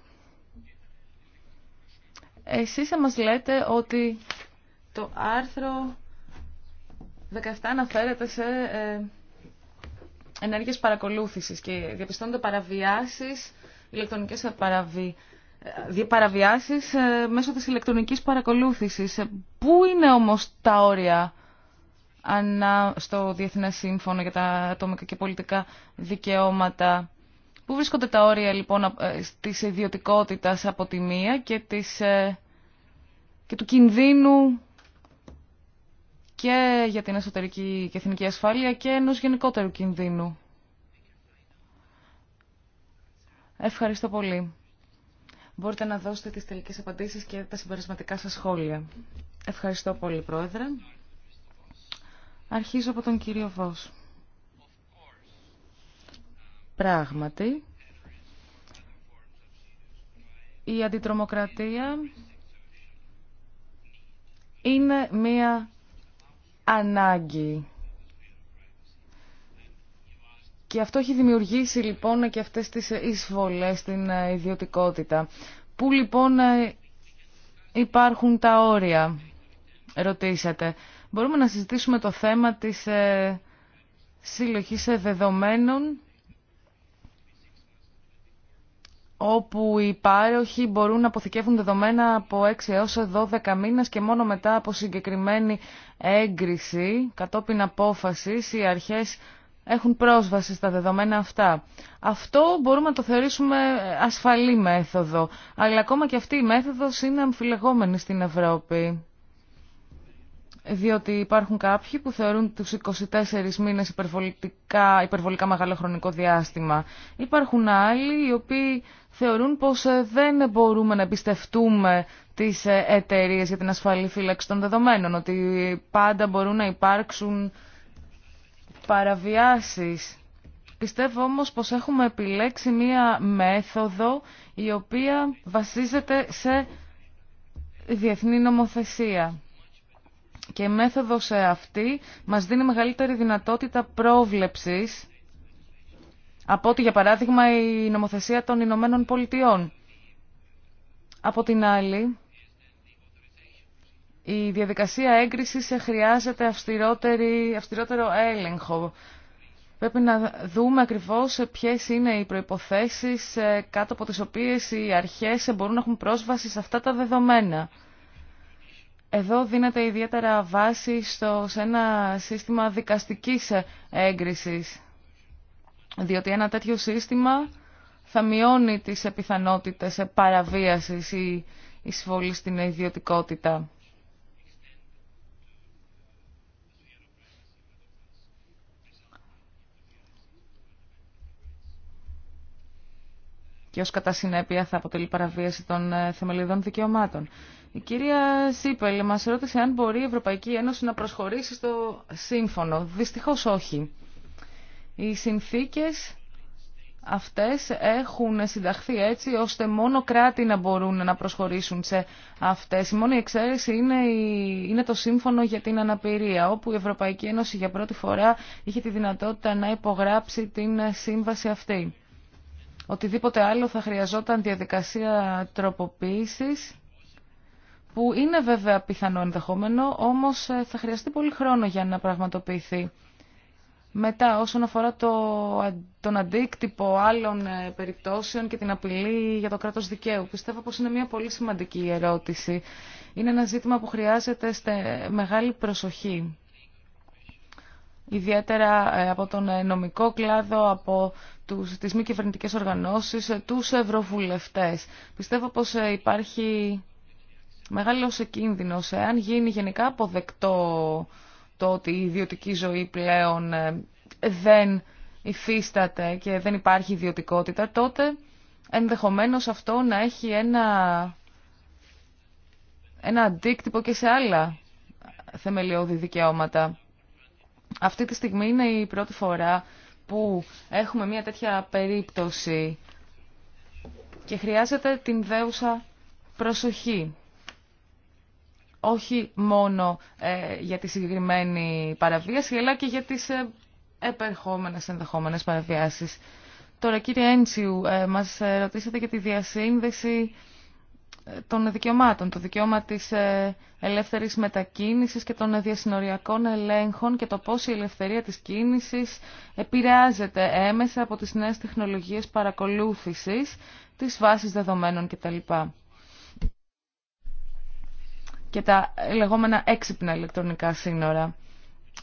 εσείς μα λέτε ότι το άρθρο 17 αναφέρεται σε ε, ενέργειες παρακολούθησης και διαπιστώνονται παραβιάσεις, ηλεκτρονικές παραβιάσεις ε, παραβιάσεις ε, μέσω της ηλεκτρονικής παρακολούθησης. Ε, πού είναι όμως τα όρια ανά στο Διεθνές Σύμφωνο για τα ατομικά και πολιτικά δικαιώματα. Πού βρίσκονται τα όρια λοιπόν της ιδιωτικότητας από τη μία και, και του κινδύνου και για την εσωτερική και εθνική ασφάλεια και ενός γενικότερου κινδύνου. Ευχαριστώ πολύ μπορείτε να δώσετε τις τελικές απαντήσεις και τα συμπερισματικά σας σχόλια. Ευχαριστώ πολύ, Πρόεδρε. Αρχίζω από τον κύριο Βός. Πράγματι, η αντιτρομοκρατία είναι μία ανάγκη και αυτό έχει δημιουργήσει λοιπόν και αυτές τις εισβολές στην ε, ιδιωτικότητα. Πού λοιπόν ε, υπάρχουν τα όρια, ρωτήσατε. Μπορούμε να συζητήσουμε το θέμα της ε, συλλογής δεδομένων όπου οι πάροχοι μπορούν να αποθηκεύουν δεδομένα από 6 έως 12 μήνες και μόνο μετά από συγκεκριμένη έγκριση, κατόπιν απόφασης, οι αρχές έχουν πρόσβαση στα δεδομένα αυτά. Αυτό μπορούμε να το θεωρήσουμε ασφαλή μέθοδο, αλλά ακόμα και αυτή η μέθοδος είναι αμφιλεγόμενη στην Ευρώπη. Διότι υπάρχουν κάποιοι που θεωρούν τους 24 μήνες υπερβολικά, μεγάλο χρονικό διάστημα. Υπάρχουν άλλοι οι οποίοι θεωρούν πως ε, δεν μπορούμε να εμπιστευτούμε τις ε, εταιρείε για την ασφαλή φύλαξη των δεδομένων, ότι πάντα μπορούν να υπάρξουν παραβιάσεις. Πιστεύω όμως πως έχουμε επιλέξει μία μέθοδο η οποία βασίζεται σε διεθνή νομοθεσία. Και μέθοδο σε αυτή μας δίνει μεγαλύτερη δυνατότητα πρόβλεψης από ότι για παράδειγμα η νομοθεσία των Ηνωμένων Πολιτειών. Από την άλλη, η διαδικασία έγκρισης χρειάζεται αυστηρότερο έλεγχο. Πρέπει να δούμε ακριβώς ποιες είναι οι προϋποθέσεις ε, κάτω από τις οποίες οι αρχές μπορούν να έχουν πρόσβαση σε αυτά τα δεδομένα. Εδώ δίνεται ιδιαίτερα βάση στο, σε ένα σύστημα δικαστικής έγκρισης, διότι ένα τέτοιο σύστημα θα μειώνει τις επιθανότητες παραβίασης ή εισβολής στην ιδιωτικότητα. και ως κατά συνέπεια θα αποτελεί παραβίαση των ε, θεμελιδών δικαιωμάτων. Η κυρία Σίπελ μας ρώτησε αν μπορεί η Ευρωπαϊκή Ένωση να προσχωρήσει στο σύμφωνο. Δυστυχώς όχι. Οι συνθήκες αυτές έχουν συνταχθεί έτσι ώστε μόνο κράτη να μπορούν να προσχωρήσουν σε αυτές. Η μόνη εξαίρεση είναι, η, είναι το σύμφωνο για την αναπηρία, όπου η Ευρωπαϊκή Ένωση για πρώτη φορά είχε τη δυνατότητα να υπογράψει την σύμβαση αυτή. Οτιδήποτε άλλο θα χρειαζόταν διαδικασία τροποποίησης που είναι βέβαια πιθανό ενδεχόμενο, όμως ε, θα χρειαστεί πολύ χρόνο για να πραγματοποιηθεί. Μετά, όσον αφορά το, τον αντίκτυπο άλλων ε, περιπτώσεων και την απειλή για το κράτος δικαίου, πιστεύω πως είναι μια πολύ σημαντική ερώτηση. Είναι ένα ζήτημα που χρειάζεται μεγάλη προσοχή ιδιαίτερα ε, από τον ε, νομικό κλάδο, από τους, τις μη κυβερνητικές οργανώσεις, ε, τους ευρωβουλευτές. Πιστεύω πως υπάρχει μεγάλος κίνδυνος εάν γίνει γενικά αποδεκτό το ότι η ιδιωτική ζωή πλέον δεν υφίσταται και δεν υπάρχει ιδιωτικότητα, τότε ενδεχομένως αυτό να έχει ένα, ένα αντίκτυπο και σε άλλα θεμελιώδη δικαιώματα. Αυτή τη στιγμή είναι η πρώτη φορά που έχουμε μια τέτοια περίπτωση και χρειάζεται την δέουσα προσοχή. Όχι μόνο ε, για τη συγκεκριμένη παραβίαση, αλλά και για τις ε, επερχόμενες ενδεχόμενες παραβιάσεις. Τώρα, κύριε Έντσιου, ε, μας ρωτήσατε για τη διασύνδεση των δικαιωμάτων, το δικαίωμα της ε, ελεύθερης μετακίνησης και των διασυνοριακών ελέγχων και το πώς η ελευθερία της κίνησης επηρεάζεται έμεσα από τις νέες τεχνολογίες παρακολούθησης, τις βάσεις δεδομένων κτλ. Και τα λεγόμενα έξυπνα ηλεκτρονικά σύνορα.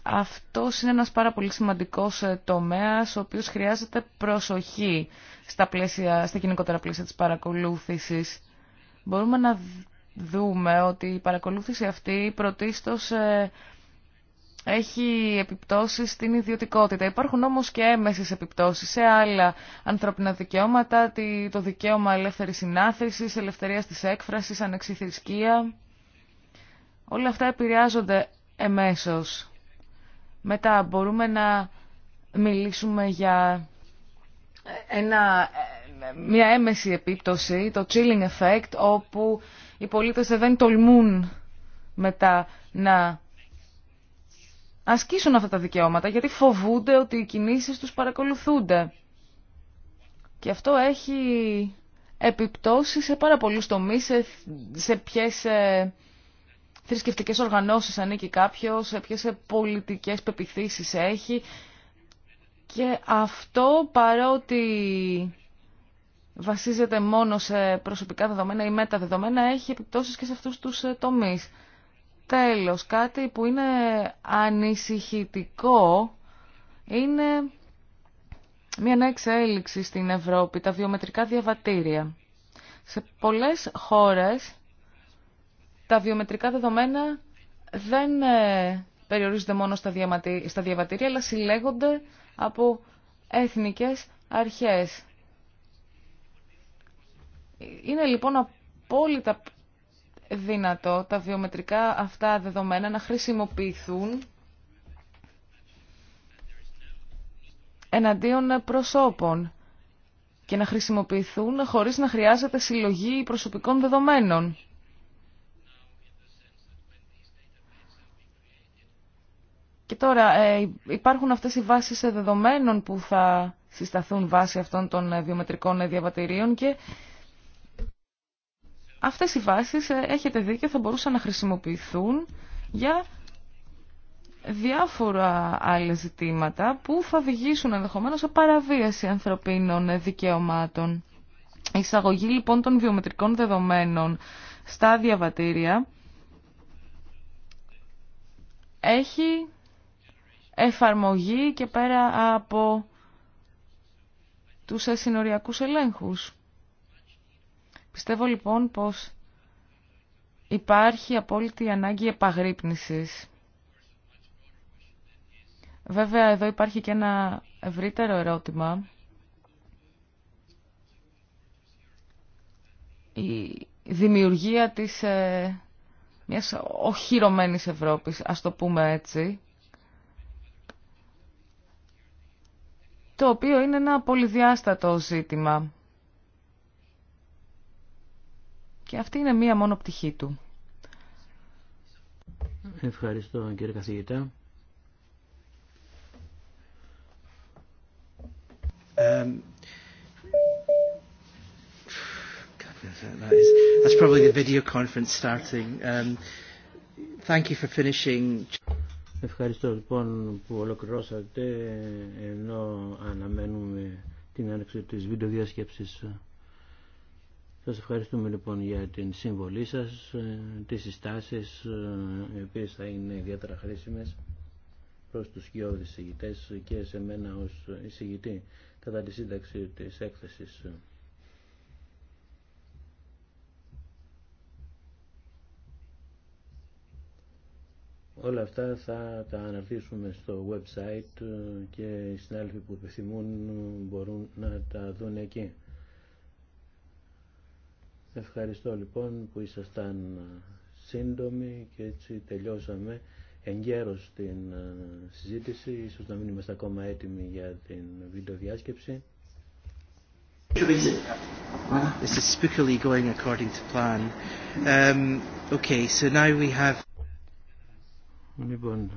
Αυτό είναι ένας πάρα πολύ σημαντικός ε, τομέας, ο οποίος χρειάζεται προσοχή στα, πλαίσια, γενικότερα πλαίσια της παρακολούθησης μπορούμε να δούμε ότι η παρακολούθηση αυτή πρωτίστως ε, έχει επιπτώσεις στην ιδιωτικότητα. Υπάρχουν όμως και έμεσες επιπτώσεις σε άλλα ανθρώπινα δικαιώματα, το δικαίωμα ελεύθερης συνάθρησης, ελευθερίας της έκφρασης, ανεξιθρησκεία. Όλα αυτά επηρεάζονται εμέσως. Μετά μπορούμε να μιλήσουμε για ένα μια έμεση επίπτωση, το chilling effect, όπου οι πολίτες δεν τολμούν μετά να ασκήσουν αυτά τα δικαιώματα, γιατί φοβούνται ότι οι κινήσεις τους παρακολουθούνται. Και αυτό έχει επιπτώσει σε πάρα πολλούς τομείς, σε, σε ποιες ε, θρησκευτικές οργανώσεις ανήκει κάποιος, σε ποιες ε, πολιτικές πεπιθήσεις έχει. Και αυτό παρότι βασίζεται μόνο σε προσωπικά δεδομένα ή μεταδεδομένα έχει επιπτώσεις και σε αυτούς τους ε, τομείς. Τέλος, κάτι που είναι ανησυχητικό είναι μια νέα εξέλιξη στην Ευρώπη, τα βιομετρικά διαβατήρια. Σε πολλές χώρες τα βιομετρικά δεδομένα δεν ε, περιορίζονται μόνο στα διαβατήρια, αλλά συλλέγονται από εθνικές αρχές. Είναι λοιπόν απόλυτα δυνατό τα βιομετρικά αυτά δεδομένα να χρησιμοποιηθούν εναντίον προσώπων και να χρησιμοποιηθούν χωρίς να χρειάζεται συλλογή προσωπικών δεδομένων. Και τώρα ε, υπάρχουν αυτές οι βάσεις δεδομένων που θα συσταθούν βάσει αυτών των ε, βιομετρικών διαβατηρίων και Αυτές οι βάσεις, ε, έχετε και θα μπορούσαν να χρησιμοποιηθούν για διάφορα άλλα ζητήματα που θα οδηγήσουν ενδεχομένως σε παραβίαση ανθρωπίνων δικαιωμάτων. Η εισαγωγή λοιπόν των βιομετρικών δεδομένων στα διαβατήρια έχει εφαρμογή και πέρα από τους ασυνοριακούς ε, ελέγχους. Πιστεύω λοιπόν πως υπάρχει απόλυτη ανάγκη επαγρύπνησης. Βέβαια εδώ υπάρχει και ένα ευρύτερο ερώτημα. Η δημιουργία της ε, μιας οχυρωμένης Ευρώπης, ας το πούμε έτσι, το οποίο είναι ένα πολυδιάστατο ζήτημα. Και αυτή είναι μία μόνο πτυχή του. Ευχαριστώ κύριε καθηγητά. That's probably the video conference starting. Thank you for finishing. Ευχαριστώ λοιπόν που ολοκληρώσατε ενώ αναμένουμε την άνοιξη της βιντεοδιασκέψης. Σας ευχαριστούμε λοιπόν για την συμβολή σας, ε, τις συστάσεις, ε, οι οποίες θα είναι ιδιαίτερα χρήσιμες προς τους σκιώδεις εισηγητές και σε μένα ως εισηγητή κατά τη σύνταξη της έκθεσης. Όλα αυτά θα τα αναρτήσουμε στο website ε, και οι συνάδελφοι που επιθυμούν μπορούν να τα δουν εκεί. Ευχαριστώ λοιπόν που ήσασταν σύντομοι και έτσι τελειώσαμε εγκαίρως την ε, συζήτηση. Ίσως να μην είμαστε ακόμα έτοιμοι για την βίντεο διάσκεψη. Λοιπόν,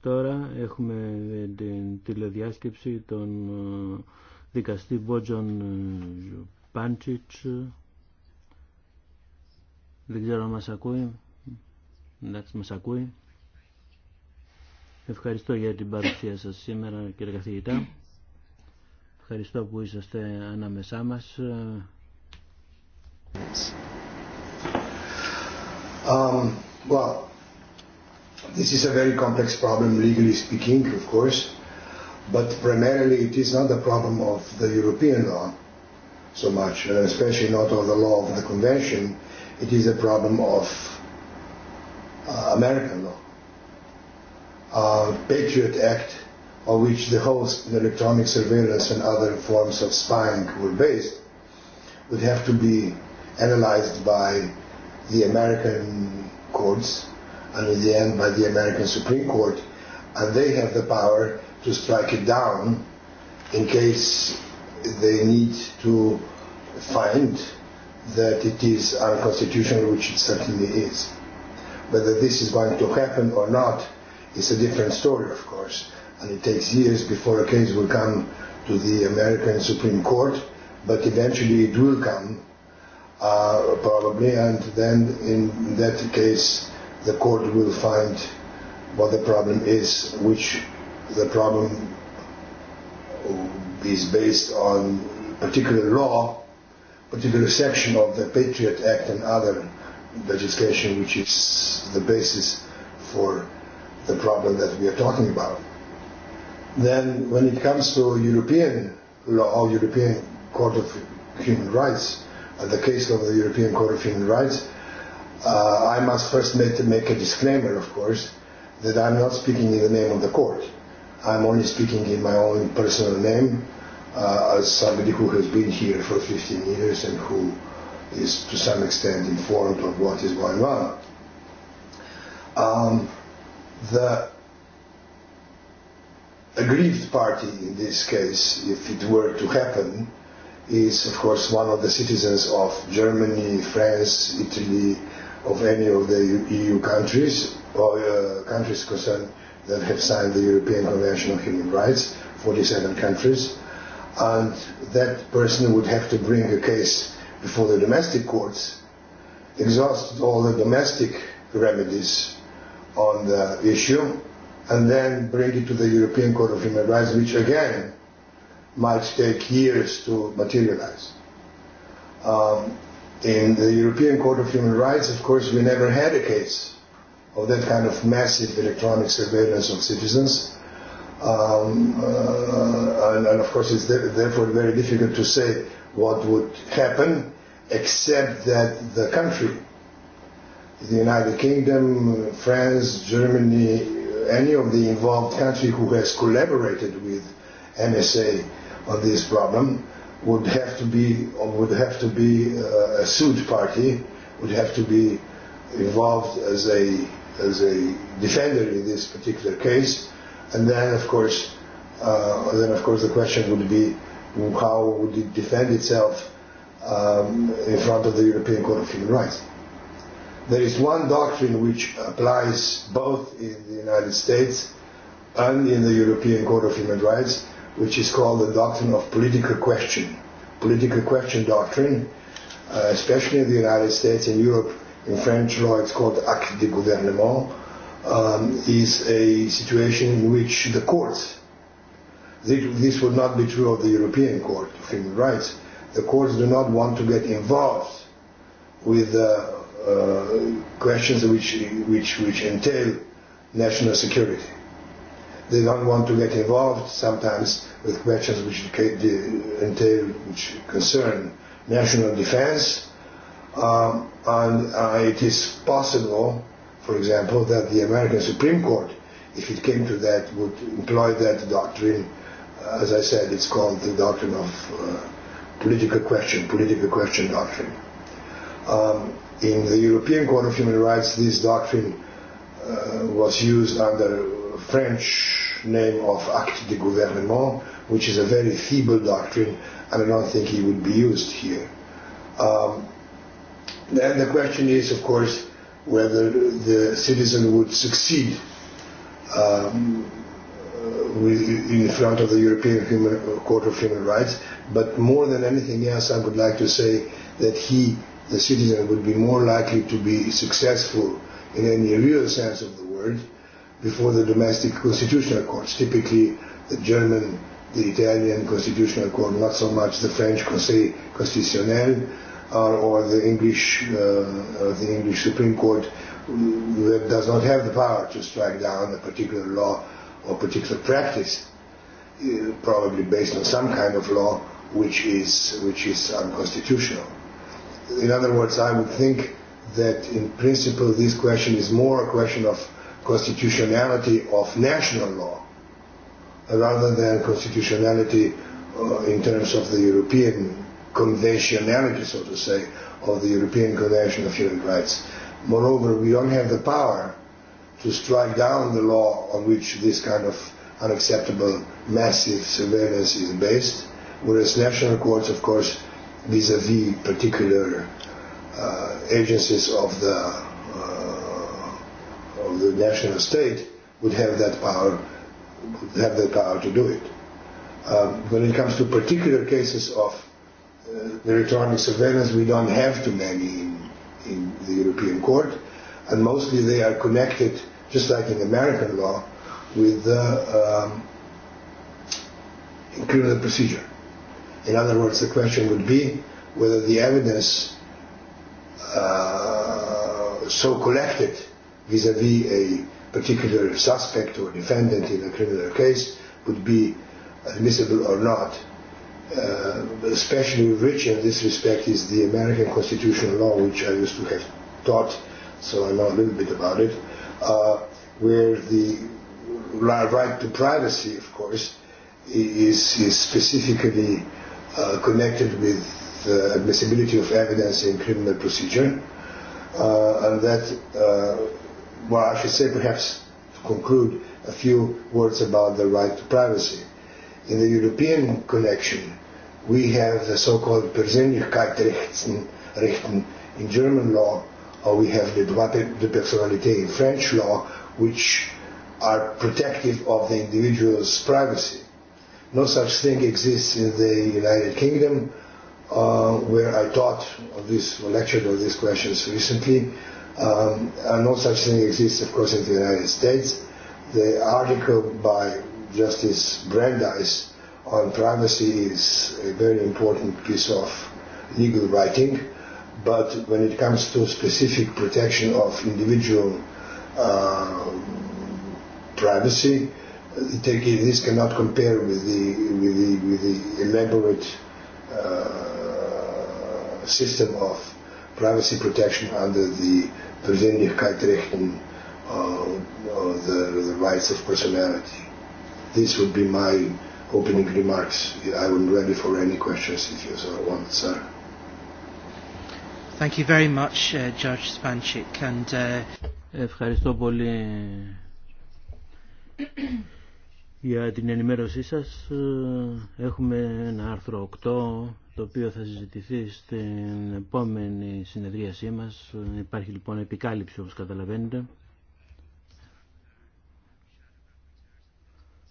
τώρα έχουμε την τηλεδιάσκεψη των ε, δικαστή Μπότζον ε, Πάντιτ. δεν ξέρω αν μας ακούει εντάξει μας ακούει ευχαριστώ για την παρουσία σας σήμερα κύριε καθηγητά ευχαριστώ που είσαστε ανάμεσά μας um, well, this is a very complex problem legally speaking of course but primarily it is not a problem of the European law so much, and especially not on the law of the convention. It is a problem of American law. a Patriot Act, on which the host electronic surveillance and other forms of spying were based, would have to be analyzed by the American courts and in the end by the American Supreme Court, and they have the power to strike it down in case they need to find that it is unconstitutional, which it certainly is. Whether this is going to happen or not is a different story, of course, and it takes years before a case will come to the American Supreme Court, but eventually it will come, uh, probably, and then in that case the court will find what the problem is, which the problem is based on particular law, particular section of the Patriot Act and other legislation which is the basis for the problem that we are talking about. Then when it comes to European law or European Court of Human Rights, the case of the European Court of Human Rights, I must first make, make a disclaimer, of course, that I'm not speaking in the name of the court. I'm only speaking in my own personal name uh, as somebody who has been here for 15 years and who is to some extent informed of what is going on. Um, the aggrieved party in this case, if it were to happen, is of course one of the citizens of Germany, France, Italy, of any of the EU countries or uh, countries concerned that have signed the European Convention on Human Rights, 47 countries, and that person would have to bring a case before the domestic courts, exhaust all the domestic remedies on the issue, and then bring it to the European Court of Human Rights, which again might take years to materialize. Um, in the European Court of Human Rights, of course, we never had a case of that kind of massive electronic surveillance of citizens. Um, and, and of course it's therefore very difficult to say what would happen except that the country, the United Kingdom, France, Germany, any of the involved country who has collaborated with NSA on this problem would have to be or would have to be a sued party, would have to be involved as a as a defender in this particular case. And then, of course, uh, then of course the question would be how would it defend itself um, in front of the European Court of Human Rights. There is one doctrine which applies both in the United States and in the European Court of Human Rights, which is called the doctrine of political question. Political question doctrine, especially in the United States and Europe, in French law it's called acte de gouvernement, um, is a situation in which the courts, this would not be true of the European Court of Human Rights, the courts do not want to get involved with uh, questions which, which, which entail national security. They don't want to get involved sometimes with questions which entail, which concern national defense, um, and uh, it is possible, for example, that the American Supreme Court, if it came to that, would employ that doctrine. As I said, it's called the doctrine of uh, political question, political question doctrine. Um, in the European Court of Human Rights, this doctrine uh, was used under French name of Acte de Gouvernement, which is a very feeble doctrine, and I don't think it would be used here. Um, The question is, of course, whether the citizen would succeed in front of the European Human Court of Human Rights. But more than anything else, I would like to say that he, the citizen, would be more likely to be successful in any real sense of the word before the domestic constitutional courts, typically the German, the Italian constitutional court, not so much the French Conseil Constitutionnel or the English the English Supreme Court that does not have the power to strike down a particular law or particular practice, probably based on some kind of law which is which is unconstitutional. In other words, I would think that in principle this question is more a question of constitutionality of national law rather than constitutionality in terms of the European conventionality, so to say, of the European Convention of Human Rights. Moreover, we don't have the power to strike down the law on which this kind of unacceptable massive surveillance is based, whereas national courts, of course, vis-à-vis particular agencies of the of the national state would have that power would have the power to do it. When it comes to particular cases of The electronic surveillance we don't have too many in, in the European Court, and mostly they are connected, just like in American law, with the um, criminal procedure. In other words, the question would be whether the evidence uh, so collected vis-à-vis a particular suspect or defendant in a criminal case would be admissible or not especially rich in this respect is the American constitutional law, which I used to have taught, so I know a little bit about it, where the right to privacy, of course, is, is specifically connected with the admissibility of evidence in criminal procedure, and that, well, I should say perhaps to conclude a few words about the right to privacy in the European collection, we have the so-called Persönlichkeitsrechten in German law, or we have the droit de personnalité in French law, which are protective of the individual's privacy. No such thing exists in the United Kingdom, uh, where I taught of this, or lectured on these questions recently. Um, no such thing exists, of course, in the United States. The article by Justice Brandeis on privacy is a very important piece of legal writing, but when it comes to specific protection of individual privacy, this cannot compare with the with the with the elaborate system of privacy protection under the of the rights of personality. This would be my opening remarks. I am ready for any questions if you so want, sir. Thank you very much, uh, Judge Spanchik. And, uh... Ευχαριστώ πολύ για την ενημέρωσή σας. Έχουμε ένα άρθρο 8 το οποίο θα συζητηθεί στην επόμενη συνεδρίασή μας. Υπάρχει λοιπόν επικάλυψη όπως καταλαβαίνετε.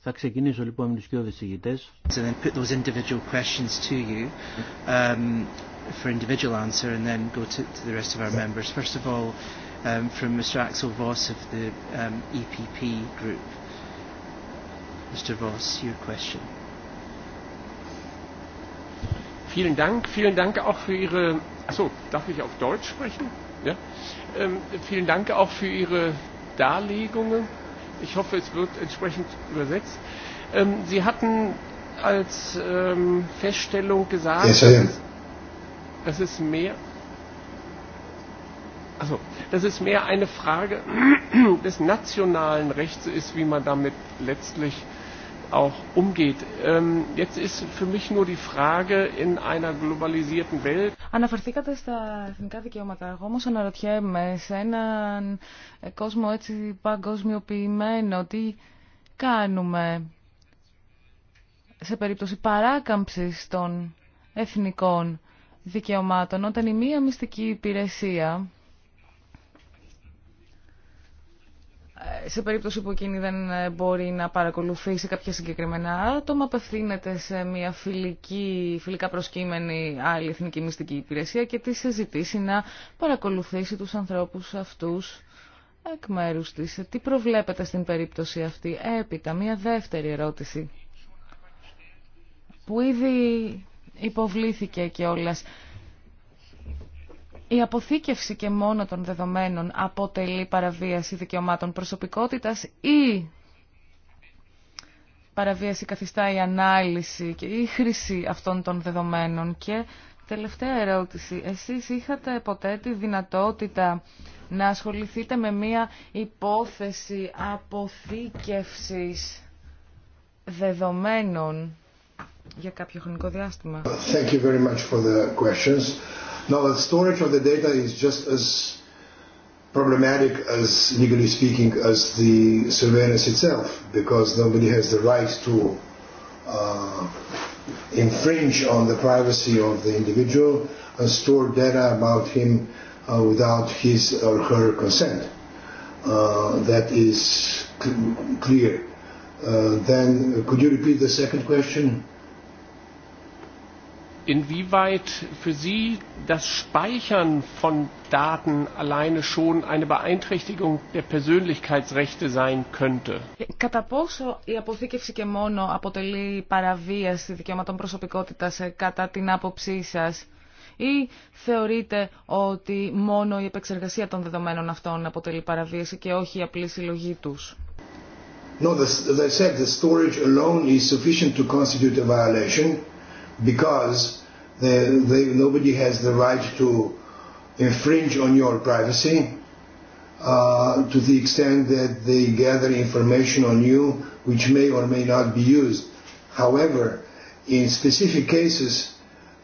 Θα ξεκινήσω λοιπόν με τους πιο δυσηγητές. then put those individual questions to you um, for individual answer and then go to, to the rest of our members. First of all, um, from Mr. Axel Voss of the um, EPP group. Mr. Voss, your question. Vielen Dank, vielen Dank auch für Ihre. Achso, darf ich auf Deutsch sprechen? Ja. Ähm, vielen Dank auch für Ihre Darlegungen Ich hoffe, es wird entsprechend übersetzt. Sie hatten als Feststellung gesagt, dass es mehr also, mehr eine Frage des nationalen Rechts ist, wie man damit letztlich auch umgeht. Ähm, jetzt ist für mich nur die Frage in einer globalisierten Welt. Αναφερθήκατε στα εθνικά δικαιώματα. Εγώ όμως αναρωτιέμαι σε έναν κόσμο έτσι παγκοσμιοποιημένο τι κάνουμε σε περίπτωση παράκαμψης των εθνικών δικαιωμάτων όταν η μία μυστική υπηρεσία σε περίπτωση που εκείνη δεν ε, μπορεί να παρακολουθήσει κάποια συγκεκριμένα άτομα, απευθύνεται σε μια φιλική, φιλικά προσκύμενη άλλη εθνική μυστική υπηρεσία και τη ζητήσει να παρακολουθήσει τους ανθρώπους αυτούς εκ μέρους της. Τι προβλέπετε στην περίπτωση αυτή. Έπειτα, μια δεύτερη ερώτηση που ήδη υποβλήθηκε και όλας. Η αποθήκευση και μόνο των δεδομένων αποτελεί παραβίαση δικαιωμάτων προσωπικότητας ή παραβίαση καθιστά η ανάλυση και η χρήση αυτών των δεδομένων. Και τελευταία ερώτηση. Εσείς είχατε ποτέ τη δυνατότητα να ασχοληθείτε με μία υπόθεση αποθήκευσης δεδομένων για κάποιο χρονικό διάστημα. Thank you very much Now, the storage of the data is just as problematic as, legally speaking, as the surveillance itself, because nobody has the right to uh, infringe on the privacy of the individual and store data about him uh, without his or her consent. Uh, that is clear. Uh, then, could you repeat the second question? inwieweit für Sie das Speichern von Daten alleine schon eine Beeinträchtigung der Persönlichkeitsrechte sein könnte. Κατά πόσο η αποθήκευση και μόνο αποτελεί παραβίαση δικαιωμάτων προσωπικότητας ε, κατά την άποψή σας ή θεωρείτε ότι μόνο η επεξεργασία των δεδομένων αυτών αποτελεί παραβίαση και όχι η απλή συλλογή τους. No, as I said, the storage alone is sufficient to constitute a violation because they, nobody has the right to infringe on your privacy uh, to the extent that they gather information on you which may or may not be used. However, in specific cases,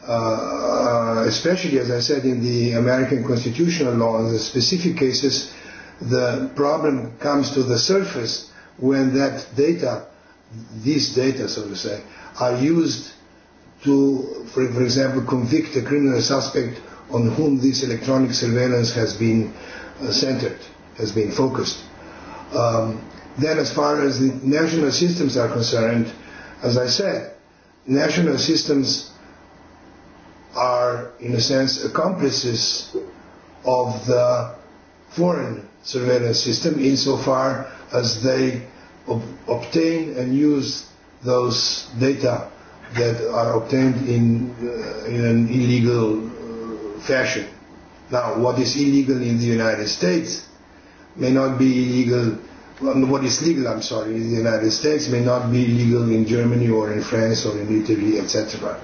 uh, especially as I said in the American constitutional law, in the specific cases, the problem comes to the surface when that data, these data, so to say, are used to, for example, convict a criminal suspect on whom this electronic surveillance has been centered, has been focused. Then as far as the national systems are concerned, as I said, national systems are, in a sense, accomplices of the foreign surveillance system insofar as they obtain and use those data that are obtained in, in an illegal fashion. Now, what is illegal in the United States may not be illegal, what is legal, I'm sorry, in the United States may not be illegal in Germany or in France or in Italy, etc.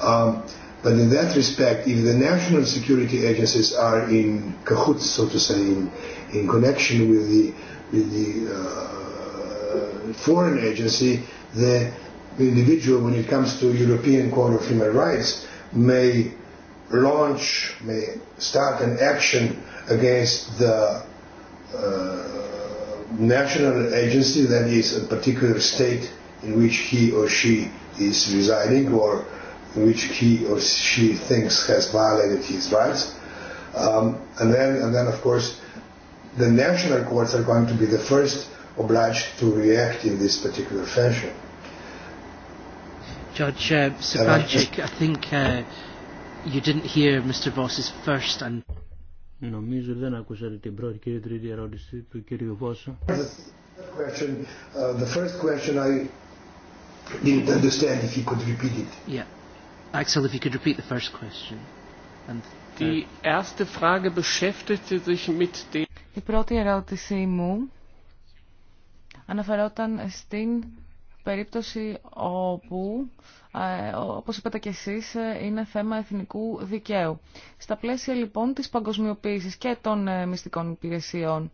Um, But in that respect, if the national security agencies are in cahoots, so to say, in, in connection with the, with the uh, foreign agency, the the individual when it comes to European Court of Human Rights may launch, may start an action against the national agency that is a particular state in which he or she is residing or in which he or she thinks has violated his rights. Um, and then, and then of course, the national courts are going to be the first obliged to react in this particular fashion. Judge Sabanchik, I think you didn't hear Mr. Voss's first and... Νομίζω δεν ακούσατε την πρώτη και την τρίτη ερώτηση του κύριου Βόσα. The first question I didn't understand if you could repeat it. Yeah. Axel, if you could repeat the first question. And Die erste Frage beschäftigte sich mit dem. Η πρώτη ερώτησή μου αναφερόταν στην περίπτωση όπου, ε, όπως είπατε και εσείς, ε, είναι θέμα εθνικού δικαίου. Στα πλαίσια λοιπόν της παγκοσμιοποίησης και των ε, μυστικών υπηρεσιών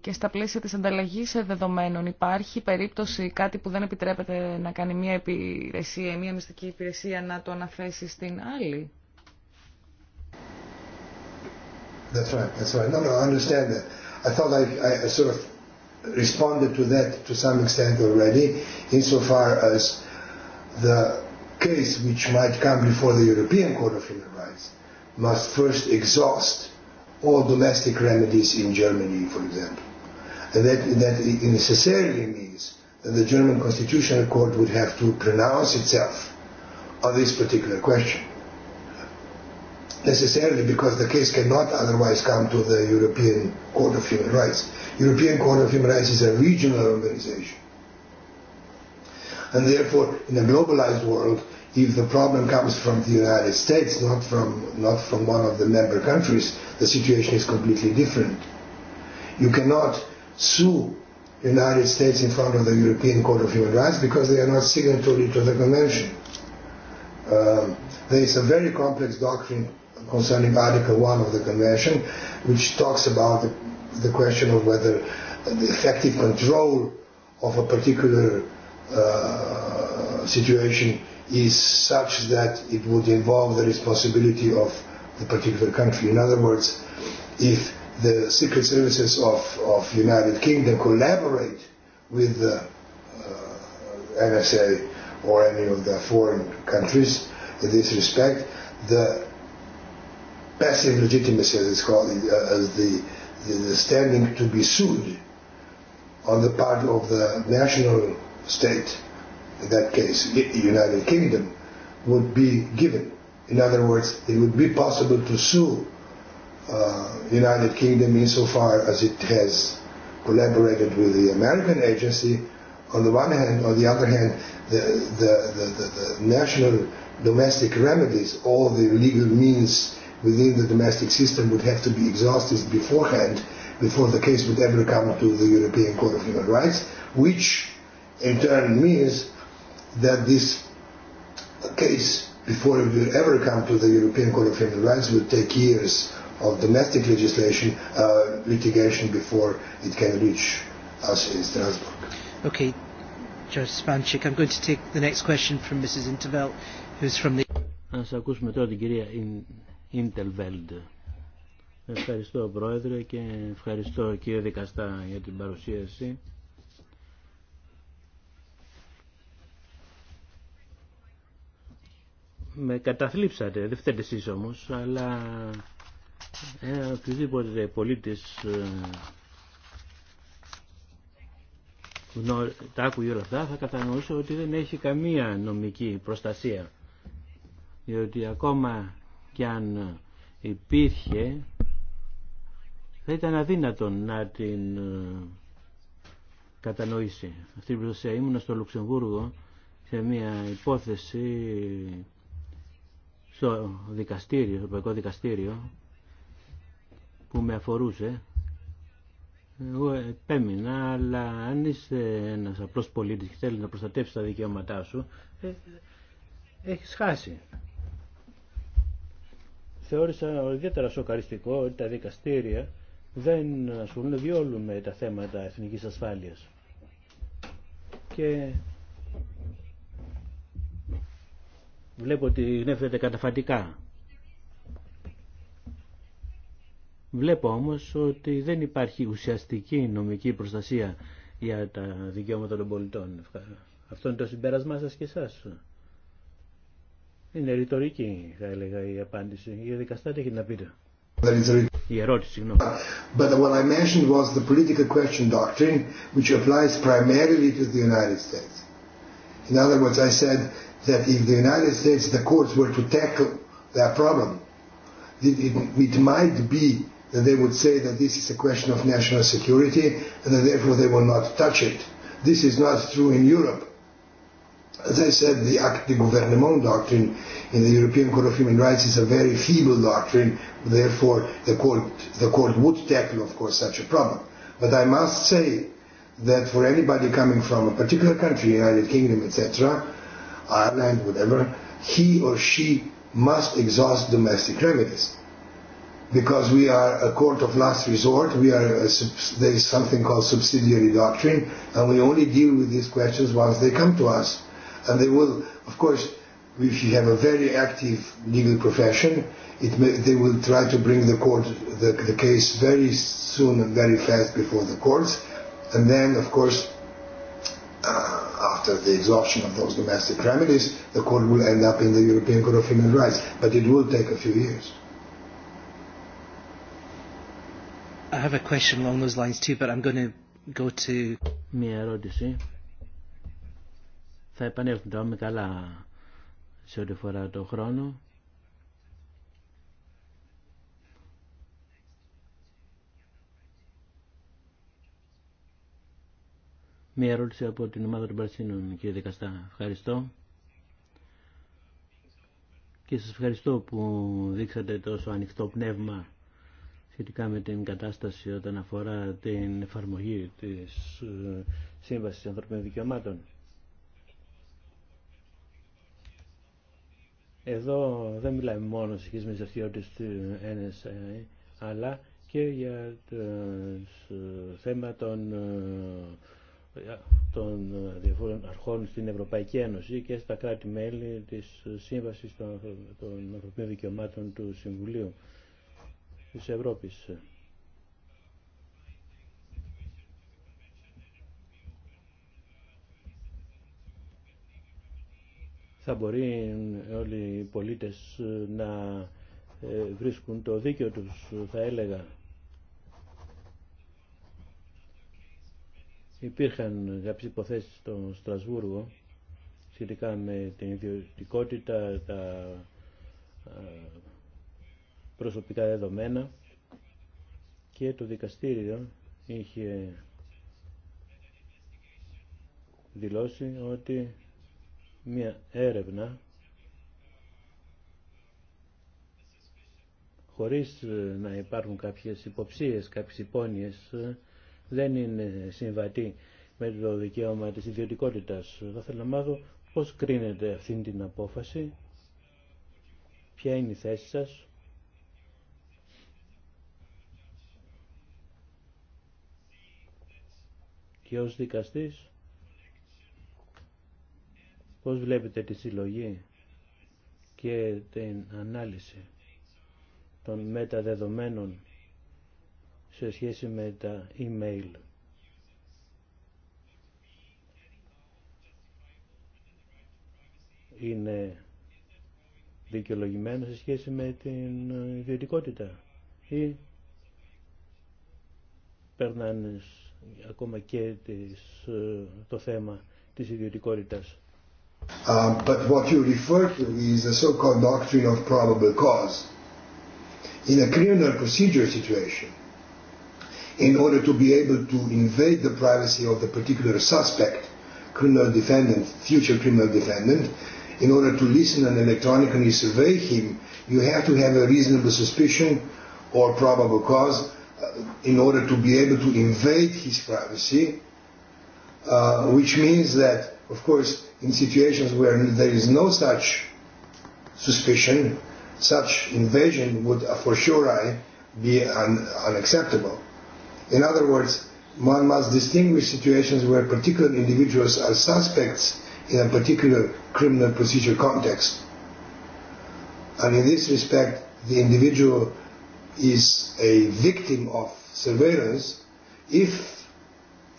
και στα πλαίσια της ανταλλαγής δεδομένων υπάρχει περίπτωση κάτι που δεν επιτρέπεται να κάνει μια υπηρεσία, μια μυστική υπηρεσία να το αναθέσει στην άλλη. That's right. That's right. No, no, I understand I thought I, sort of responded to that to some extent already, insofar as the case which might come before the European Court of Human Rights must first exhaust all domestic remedies in Germany, for example. And that, that necessarily means that the German Constitutional Court would have to pronounce itself on this particular question necessarily because the case cannot otherwise come to the European Court of Human Rights. European Court of Human Rights is a regional organization. And therefore, in a globalized world, if the problem comes from the United States, not from, not from one of the member countries, the situation is completely different. You cannot sue the United States in front of the European Court of Human Rights because they are not signatory to the Convention. Um, there is a very complex doctrine concerning Article 1 of the Convention, which talks about the, the question of whether the effective control of a particular uh, situation is such that it would involve the responsibility of the particular country. In other words, if the secret services of, of United Kingdom collaborate with the NSA or any of the foreign countries in this respect, the passive legitimacy, as it's called, as the, the, standing to be sued on the part of the national state, in that case, the United Kingdom, would be given. In other words, it would be possible to sue uh, United Kingdom insofar as it has collaborated with the American agency on the one hand, on the other hand, the, the, the, the, national domestic remedies, all the legal means within the domestic system would have to be exhausted beforehand before the case would ever come to the European Court of Human Rights, which in turn means that this case, before it will ever come to the European Court of Human Rights, would take years of domestic legislation, uh, litigation before it can reach us in Strasbourg. Okay, Judge Spanchik, I'm going to take the next question from Mrs. Intervelt, who's from the... Ευχαριστώ Πρόεδρε και ευχαριστώ κύριε Δικαστά για την παρουσίαση. Με καταθλίψατε, δεν φταίτε εσείς όμως, αλλά ε, οποιοδήποτε πολίτης ε, τα άκουγε όλα αυτά θα κατανοούσε ότι δεν έχει καμία νομική προστασία. Διότι ακόμα και αν υπήρχε θα ήταν αδύνατον να την ε, κατανοήσει. Αυτή η προστασία. ήμουν στο Λουξεμβούργο σε μια υπόθεση στο δικαστήριο, στο Ευρωπαϊκό Δικαστήριο που με αφορούσε εγώ επέμεινα, αλλά αν είσαι ένας απλός πολίτης και θέλει να προστατεύσει τα δικαιώματά σου, ε, ε, έχεις χάσει θεώρησα ιδιαίτερα σοκαριστικό ότι τα δικαστήρια δεν ασχολούνται διόλου με τα θέματα εθνικής ασφάλειας. Και βλέπω ότι γνέφεται καταφατικά. Βλέπω όμως ότι δεν υπάρχει ουσιαστική νομική προστασία για τα δικαιώματα των πολιτών. Αυτό είναι το συμπέρασμά σας και εσάς. Είναι ρητορική, θα έλεγα, η απάντηση. Η δικαστά τι έχει να πείτε. Η ερώτηση, συγγνώμη. But what I mentioned was the political question doctrine, which applies primarily to the United States. In other words, I said that if the United States, the courts were to tackle their problem, it, it, it might be that they would say that this is a question of national security and that therefore they will not touch it. This is not true in Europe As I said, the, the gouvernement doctrine in the European Court of Human Rights is a very feeble doctrine, therefore the court, the court would tackle, of course, such a problem. But I must say that for anybody coming from a particular country, United Kingdom, etc., Ireland, whatever, he or she must exhaust domestic remedies. Because we are a court of last resort, we are a, there is something called subsidiary doctrine, and we only deal with these questions once they come to us and they will, of course, if you have a very active legal profession, it may, they will try to bring the court the, the case very soon and very fast before the courts, and then, of course, after the exhaustion of those domestic remedies, the court will end up in the European Court of Human Rights, but it will take a few years. I have a question along those lines too, but I'm going to go to. Mia θα επανέλθουμε με καλά σε ό,τι φορά το χρόνο. Μία ερώτηση από την ομάδα των Παρσίνων, κύριε Δικαστά. Ευχαριστώ. Και σας ευχαριστώ που δείξατε τόσο ανοιχτό πνεύμα σχετικά με την κατάσταση όταν αφορά την εφαρμογή της ε, Σύμβασης Ανθρωπίνων Δικαιωμάτων. Εδώ δεν μιλάμε μόνο στις με δραστηριότητες του NSA, αλλά και για το θέμα των, ε, των διαφόρων αρχών στην Ευρωπαϊκή Ένωση και στα κράτη-μέλη της Σύμβασης των, των Ευρωπαϊκών Δικαιωμάτων του Συμβουλίου της Ευρώπης. θα μπορεί όλοι οι πολίτες να ε, βρίσκουν το δίκαιο τους, θα έλεγα. Υπήρχαν κάποιες υποθέσεις στο Στρασβούργο σχετικά με την ιδιωτικότητα, τα προσωπικά δεδομένα και το δικαστήριο είχε δηλώσει ότι μια έρευνα χωρίς ε, να υπάρχουν κάποιες υποψίες, κάποιες υπόνοιες, ε, δεν είναι συμβατή με το δικαίωμα της ιδιωτικότητας. Θα θέλω να μάθω πώς κρίνετε αυτήν την απόφαση, ποια είναι η θέση σας. Και ως δικαστής Πώς βλέπετε τη συλλογή και την ανάλυση των μεταδεδομένων σε σχέση με τα email. Είναι δικαιολογημένο σε σχέση με την ιδιωτικότητα ή περνάνε ακόμα και το θέμα της ιδιωτικότητας Um, but what you refer to is the so-called doctrine of probable cause. In a criminal procedure situation, in order to be able to invade the privacy of the particular suspect, criminal defendant, future criminal defendant, in order to listen and electronically survey him, you have to have a reasonable suspicion or probable cause in order to be able to invade his privacy, which means that, of course, in situations where there is no such suspicion, such invasion would for sure I, be unacceptable. In other words, one must distinguish situations where particular individuals are suspects in a particular criminal procedure context. And in this respect, the individual is a victim of surveillance if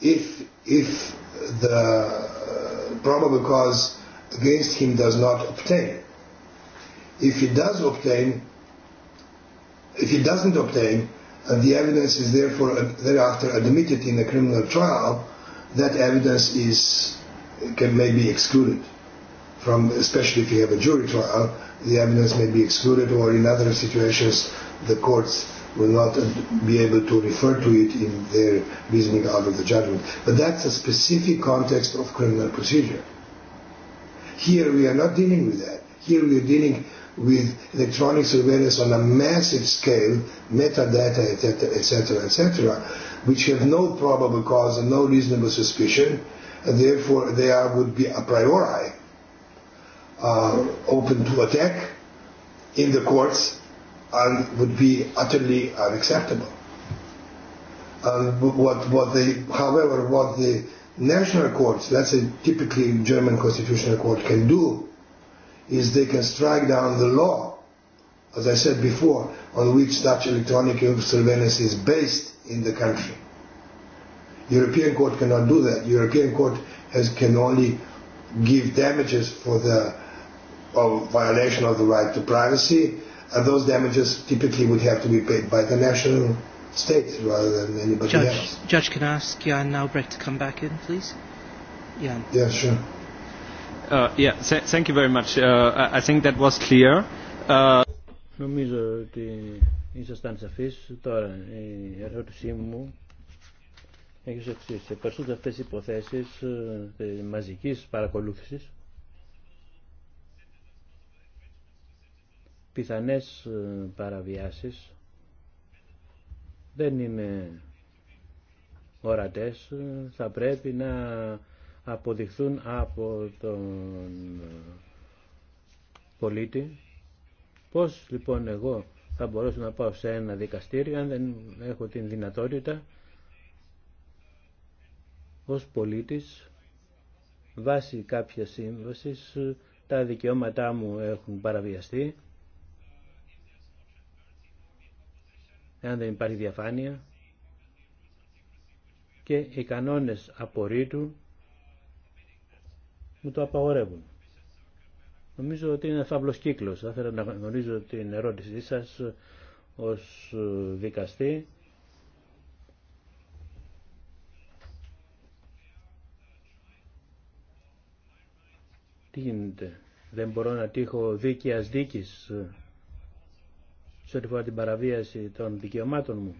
if if the probable cause against him does not obtain. If he does obtain, if he doesn't obtain, and the evidence is therefore thereafter admitted in a criminal trial, that evidence is can may be excluded from, especially if you have a jury trial, the evidence may be excluded, or in other situations, the courts will not be able to refer to it in their reasoning out of the judgment. But that's a specific context of criminal procedure. Here we are not dealing with that. Here we are dealing with electronic surveillance on a massive scale, metadata, etc., etc., which have no probable cause and no reasonable suspicion, and therefore they are, would be a priori uh, open to attack in the courts would be utterly unacceptable. And what, what they however, what the national courts, let's say typically German constitutional court can do, is they can strike down the law, as I said before, on which such electronic surveillance is based in the country. European court cannot do that. European court has, can only give damages for the violation of the right to privacy and those damages typically would have to be paid by the national state rather than anybody Judge, else. Judge, can I ask Jan Albrecht to come back in, please? Jan. Yeah, sure. Uh, yeah, thank you very much. Uh, I think that was clear. Uh... Νομίζω ότι ήσασταν σαφείς. Τώρα η ερώτησή μου έχει ως εξής. Σε περισσότερες αυτές τις υποθέσεις μαζικής παρακολούθησης πιθανές ε, παραβιάσεις δεν είναι ορατές, θα πρέπει να αποδειχθούν από τον πολίτη. Πώς λοιπόν εγώ θα μπορούσα να πάω σε ένα δικαστήριο αν δεν έχω την δυνατότητα ως πολίτης βάσει κάποια σύμβασης τα δικαιώματά μου έχουν παραβιαστεί αν δεν υπάρχει διαφάνεια και οι κανόνες απορρίτου μου το απαγορεύουν. Νομίζω ότι είναι φαύλος κύκλος. Θα ήθελα να γνωρίζω την ερώτησή σας ως δικαστή. Τι γίνεται. Δεν μπορώ να τύχω δίκαιας δίκης σε ό,τι αφορά την παραβίαση των δικαιωμάτων μου.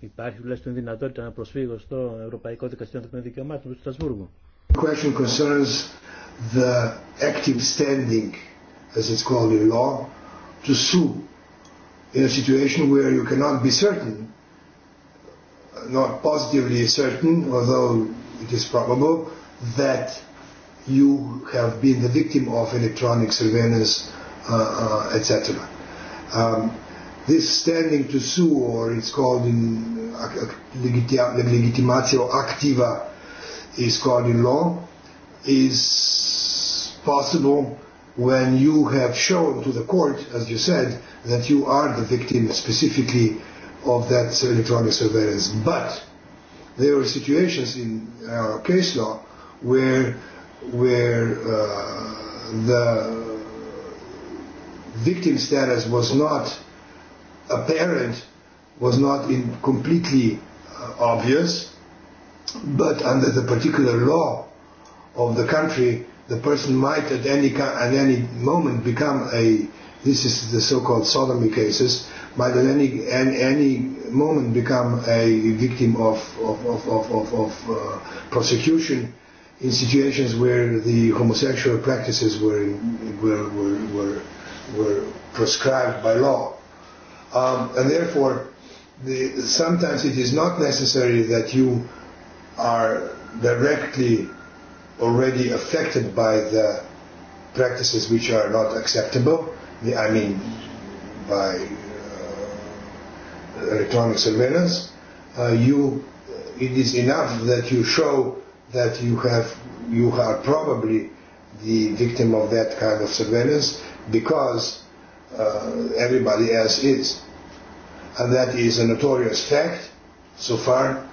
Υπάρχει τουλάχιστον δυνατότητα να προσφύγω στο Ευρωπαϊκό Δικαστήριο Ανθρωπίνων Δικαιωμάτων του Στρασβούργου. in a situation where you cannot be certain, not positively certain, although it is probable, that you have been the victim of electronic surveillance etc. Um, this standing to sue, or it's called in legitimatio activa, is called in law, is possible when you have shown to the court, as you said, that you are the victim specifically of that electronic surveillance. But there are situations in our case law where where the victim status was not apparent, was not in completely obvious, but under the particular law of the country, the person might at any at any moment become a this is the so-called sodomy cases might at any at any moment become a victim of of of of of prosecution in situations where the homosexual practices were were were were prescribed by law. Um, and therefore, the, sometimes it is not necessary that you are directly already affected by the practices which are not acceptable. I mean, by uh, electronic surveillance, uh, you it is enough that you show that you have you are probably the victim of that kind of surveillance because uh, everybody else is. And that is a notorious fact so far,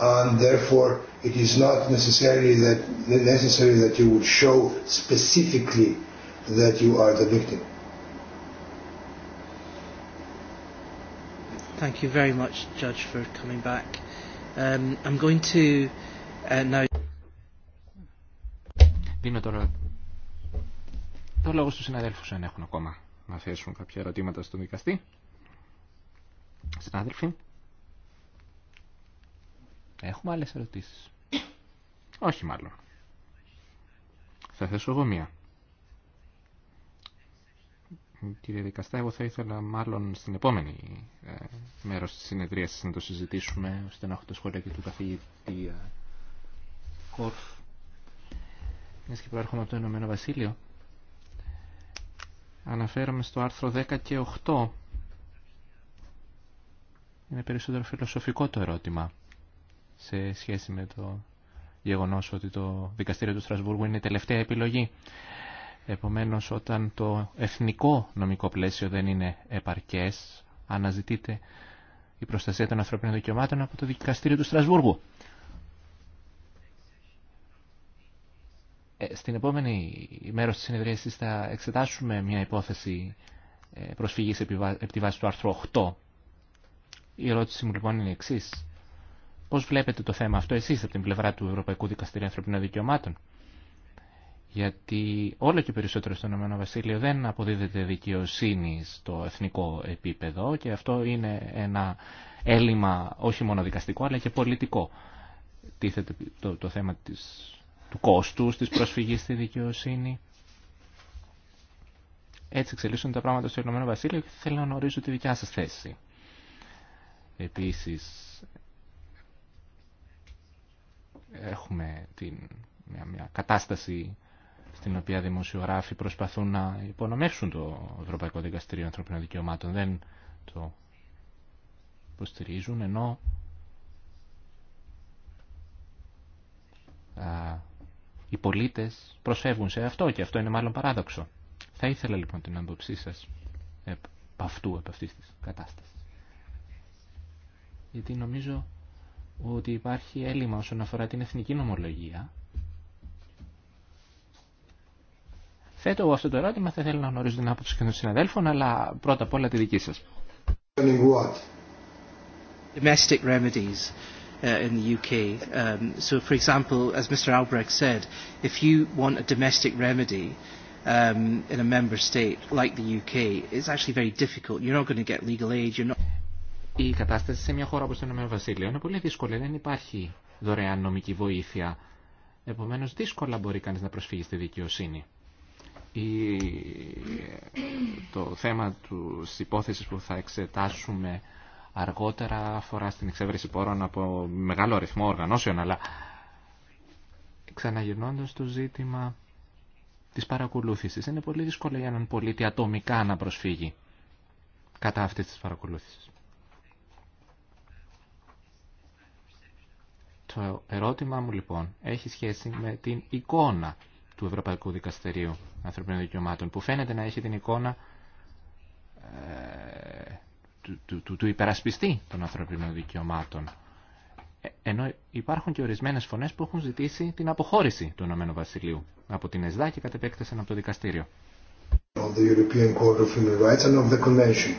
and therefore it is not necessarily that necessary that you would show specifically that you are the victim. Thank you very much, Judge, for coming back. Um, I'm going to uh, now το λόγο στους συναδέλφους αν έχουν ακόμα να θέσουν κάποια ερωτήματα στον δικαστή. Συνάδελφοι, έχουμε άλλες ερωτήσεις. Όχι μάλλον. Θα θέσω εγώ μία. Κύριε Δικαστά, εγώ θα ήθελα μάλλον στην επόμενη ε, μέρος της συνεδρίας να το συζητήσουμε, ώστε να έχω το σχόλιο και του καθηγητή ε, Κορφ. Μιας και προέρχομαι από το Ηνωμένο Βασίλειο, Αναφέρομαι στο άρθρο 10 και 8. Είναι περισσότερο φιλοσοφικό το ερώτημα σε σχέση με το γεγονός ότι το δικαστήριο του Στρασβούργου είναι η τελευταία επιλογή. Επομένως, όταν το εθνικό νομικό πλαίσιο δεν είναι επαρκές, αναζητείται η προστασία των ανθρωπίνων δικαιωμάτων από το δικαστήριο του Στρασβούργου. Ε, στην επόμενη μέρος της συνεδρίασης θα εξετάσουμε μια υπόθεση ε, προσφυγής επί βάση του άρθρου 8. Η ερώτηση μου λοιπόν είναι η εξή. Πώς βλέπετε το θέμα αυτό εσείς από την πλευρά του Ευρωπαϊκού Δικαστηρίου Ανθρωπινών Δικαιωμάτων. Γιατί όλο και περισσότερο στον Ηνωμένο Βασίλειο δεν αποδίδεται δικαιοσύνη στο εθνικό επίπεδο και αυτό είναι ένα έλλειμμα όχι μόνο δικαστικό αλλά και πολιτικό. Τίθεται το, το θέμα της του κόστους της προσφυγής στη δικαιοσύνη. Έτσι εξελίσσονται τα πράγματα στο Ηνωμένο Βασίλειο και θέλω να γνωρίζω τη δικιά σας θέση. Επίσης, έχουμε την, μια, μια κατάσταση στην οποία δημοσιογράφοι προσπαθούν να υπονομεύσουν το Ευρωπαϊκό Δικαστήριο Ανθρωπίνων Δικαιωμάτων. Δεν το υποστηρίζουν, ενώ οι πολίτες προσφεύγουν σε αυτό και αυτό είναι μάλλον παράδοξο. Θα ήθελα λοιπόν την άποψή σας από αυτού, από αυτής της κατάστασης. Γιατί νομίζω ότι υπάρχει έλλειμμα όσον αφορά την εθνική νομολογία. Θέτω αυτό το ερώτημα, θα ήθελα να γνωρίζω την άποψη και των συναδέλφων, αλλά πρώτα απ' όλα τη δική σας. Domestic remedies. Uh, in the UK. Um, so, for example, as Mr. Albrecht said, if you want a domestic remedy um, in a member state like the UK, it's actually very difficult. You're not going to get legal aid. You're not. Η κατάσταση σε μια χώρα όπως το Ηνωμένο Βασίλειο είναι πολύ δύσκολη. Δεν υπάρχει δωρεάν νομική βοήθεια. Επομένως δύσκολα μπορεί κανείς να προσφύγει στη δικαιοσύνη. Η... Το θέμα του υπόθεση που θα εξετάσουμε αργότερα αφορά στην εξέβρεση πόρων από μεγάλο αριθμό οργανώσεων, αλλά ξαναγυρνώντας το ζήτημα της παρακολούθησης, είναι πολύ δύσκολο για έναν πολίτη ατομικά να προσφύγει κατά αυτής της παρακολούθησης. Το ερώτημά μου λοιπόν έχει σχέση με την εικόνα του Ευρωπαϊκού Δικαστηρίου Ανθρωπίνων Δικαιωμάτων που φαίνεται να έχει την εικόνα ε, του, του, του υπερασπιστή των ανθρωπίνων δικαιωμάτων. Ε, Ενώ υπάρχουν και ορισμένε φωνέ που έχουν ζητήσει την αποχώρηση του Ηνωμένου Βασιλείου από την ΕΣΔΑ και κατ' επέκταση από το δικαστήριο. the European Court of Human Rights and of the Convention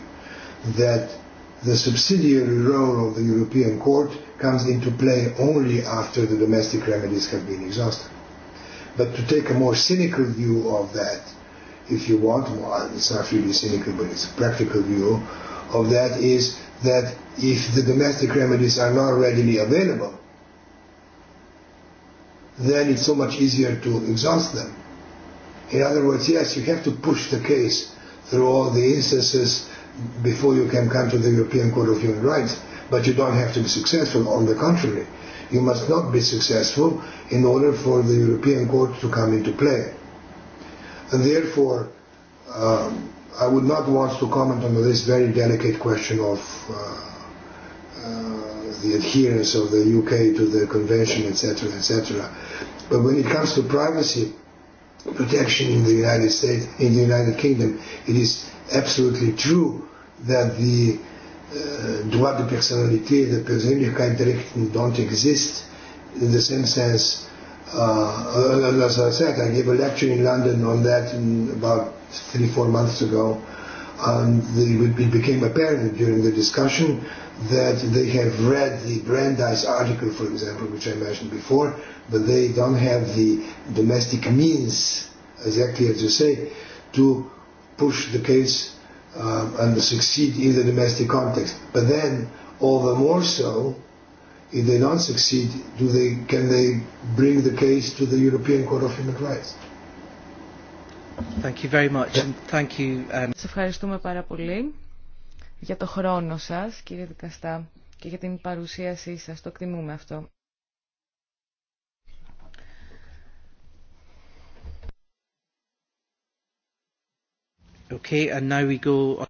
that the subsidiary role of the European Court comes into play only after the domestic remedies have been exhausted. But to take a more cynical view of that, if you want, well, it's not really cynical, but it's a practical view, uh, of that is that if the domestic remedies are not readily available, then it's so much easier to exhaust them. In other words, yes, you have to push the case through all the instances before you can come to the European Court of Human Rights, but you don't have to be successful. On the contrary, you must not be successful in order for the European Court to come into play. And therefore, um, I would not want to comment on this very delicate question of uh the adherence of the UK to the convention, etc., etc. But when it comes to privacy protection in the United States, in the United Kingdom, it is absolutely true that the droit de personnalité, the persönlichkeit rechten don't exist in the same sense. Uh, as I said, I gave a lecture in London on that about three, four months ago, and it became apparent during the discussion that they have read the Brandeis article, for example, which I mentioned before, but they don't have the domestic means, exactly as you say, to push the case and succeed in the domestic context. But then, all the more so, if they don't succeed, do they, can they bring the case to the European Court of Human Rights? Thank um, Σας ευχαριστούμε πάρα πολύ για το χρόνο σας, κύριε Δικαστά, και για την παρουσίασή σας. Το εκτιμούμε αυτό. Okay, and now we go...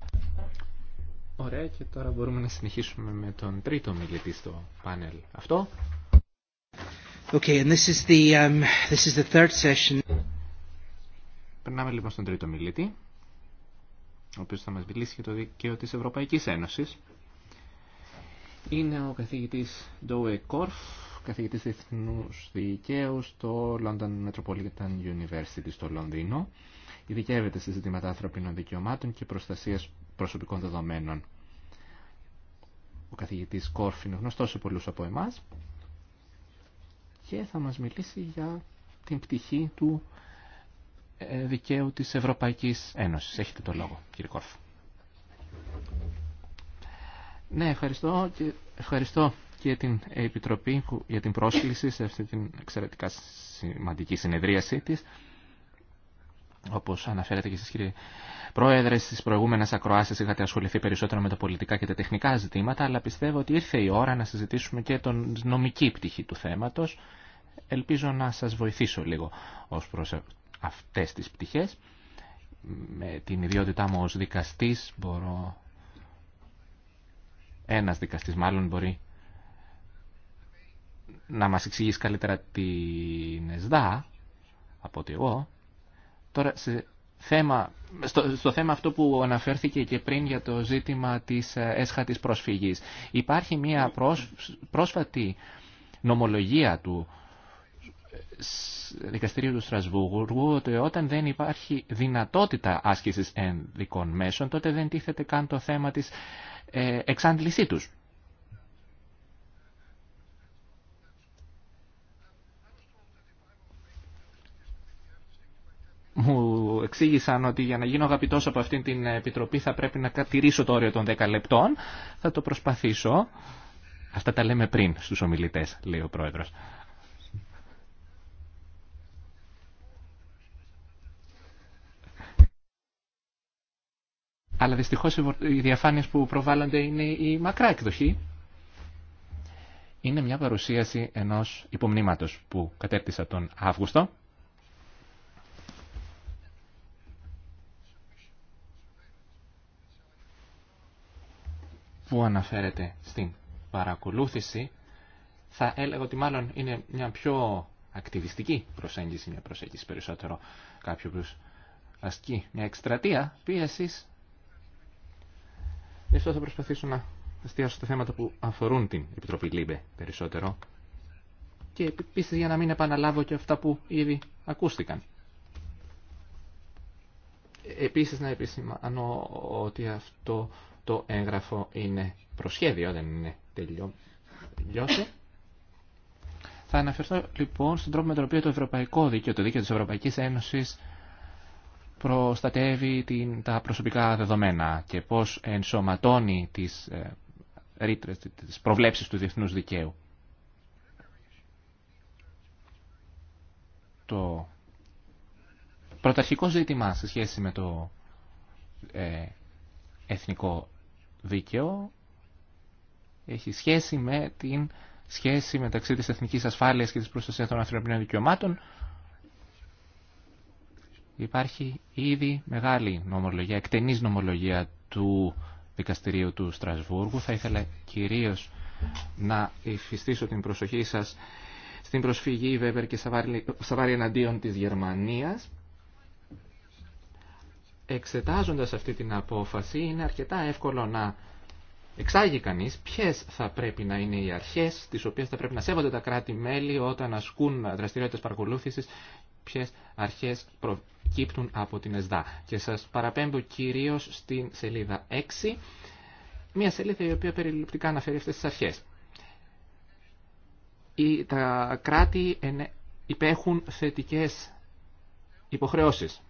Ωραία και τώρα μπορούμε να συνεχίσουμε με τον τρίτο μιλητή στο πάνελ αυτό. Okay, and this is the, um, this is the third session. Περνάμε λοιπόν στον τρίτο μιλήτη, ο οποίο θα μα μιλήσει για το δικαίωμα τη Ευρωπαϊκή Ένωση, Είναι ο καθηγητής Ντόε Κόρφ, καθηγητή διεθνού δικαίου στο London Metropolitan University στο Λονδίνο. Ειδικεύεται σε ζητήματα ανθρωπίνων δικαιωμάτων και προστασία προσωπικών δεδομένων. Ο καθηγητής Κόρφ είναι γνωστό σε πολλού από εμά, και θα μα μιλήσει για την πτυχή του δικαίου της Ευρωπαϊκής Ένωσης. Έχετε το λόγο, κύριε Κόρφ. Ναι, ευχαριστώ και ευχαριστώ και την Επιτροπή για την πρόσκληση σε αυτή την εξαιρετικά σημαντική συνεδρίασή της. Όπως αναφέρατε και εσείς κύριε Πρόεδρε, στις προηγούμενες ακροάσεις είχατε ασχοληθεί περισσότερο με τα πολιτικά και τα τεχνικά ζητήματα, αλλά πιστεύω ότι ήρθε η ώρα να συζητήσουμε και τον νομική πτυχή του θέματος. Ελπίζω να σας βοηθήσω λίγο ως προς αυτές τις πτυχές. Με την ιδιότητά μου ως δικαστής μπορώ... Ένας δικαστής μάλλον μπορεί να μας εξηγήσει καλύτερα την ΕΣΔΑ από ότι εγώ. Τώρα θέμα, στο, θέμα αυτό που αναφέρθηκε και πριν για το ζήτημα της ε, έσχατης προσφυγής. Υπάρχει μια πρόσφατη νομολογία του Δικαστήριο του Στρασβούργου ότι όταν δεν υπάρχει δυνατότητα άσκησης ενδικών μέσων τότε δεν τίθεται καν το θέμα της ε, εξάντλησή τους. Μου εξήγησαν ότι για να γίνω αγαπητός από αυτήν την επιτροπή θα πρέπει να τηρήσω το όριο των 10 λεπτών. Θα το προσπαθήσω. Αυτά τα λέμε πριν στους ομιλητές, λέει ο πρόεδρος. αλλά δυστυχώ οι διαφάνειες που προβάλλονται είναι η μακρά εκδοχή. Είναι μια παρουσίαση ενός υπομνήματος που κατέρτισα τον Αύγουστο. που αναφέρεται στην παρακολούθηση, θα έλεγα ότι μάλλον είναι μια πιο ακτιβιστική προσέγγιση, μια προσέγγιση περισσότερο κάποιου που ασκεί μια εκστρατεία πίεση. Γι' αυτό θα προσπαθήσω να εστιάσω στα θέματα που αφορούν την Επιτροπή ΛΥΜΠΕ περισσότερο και επίση για να μην επαναλάβω και αυτά που ήδη ακούστηκαν. Επίσης να επισημανώ ότι αυτό το έγγραφο είναι προσχέδιο, δεν είναι τελειώσει. Θα αναφερθώ λοιπόν στον τρόπο με τον οποίο το Ευρωπαϊκό Δίκαιο, το Δίκαιο τη Ευρωπαϊκή Ένωση προστατεύει την, τα προσωπικά δεδομένα και πώς ενσωματώνει τις ε, τις προβλέψεις του διεθνούς δικαίου. Το πρωταρχικό ζήτημα σε σχέση με το ε, εθνικό δίκαιο έχει σχέση με την σχέση μεταξύ της εθνικής ασφάλειας και της προστασίας των ανθρωπίνων δικαιωμάτων Υπάρχει ήδη μεγάλη νομολογία, εκτενής νομολογία του Δικαστηρίου του Στρασβούργου. Θα ήθελα κυρίως να υφιστήσω την προσοχή σας στην προσφυγή βέβαια και Σαβάρη εναντίον της Γερμανίας. Εξετάζοντας αυτή την απόφαση είναι αρκετά εύκολο να εξάγει κανεί ποιε θα πρέπει να είναι οι αρχές, τις οποίες θα πρέπει να σέβονται τα κράτη-μέλη όταν ασκούν δραστηριότητε παρακολούθηση, ποιε αρχέ κύπτουν από την ΕΣΔΑ. Και σας παραπέμπω κυρίως στην σελίδα 6, μια σελίδα η οποία περιληπτικά αναφέρει αυτές τις αρχές. Οι, τα κράτη υπέχουν θετικές υποχρεώσεις.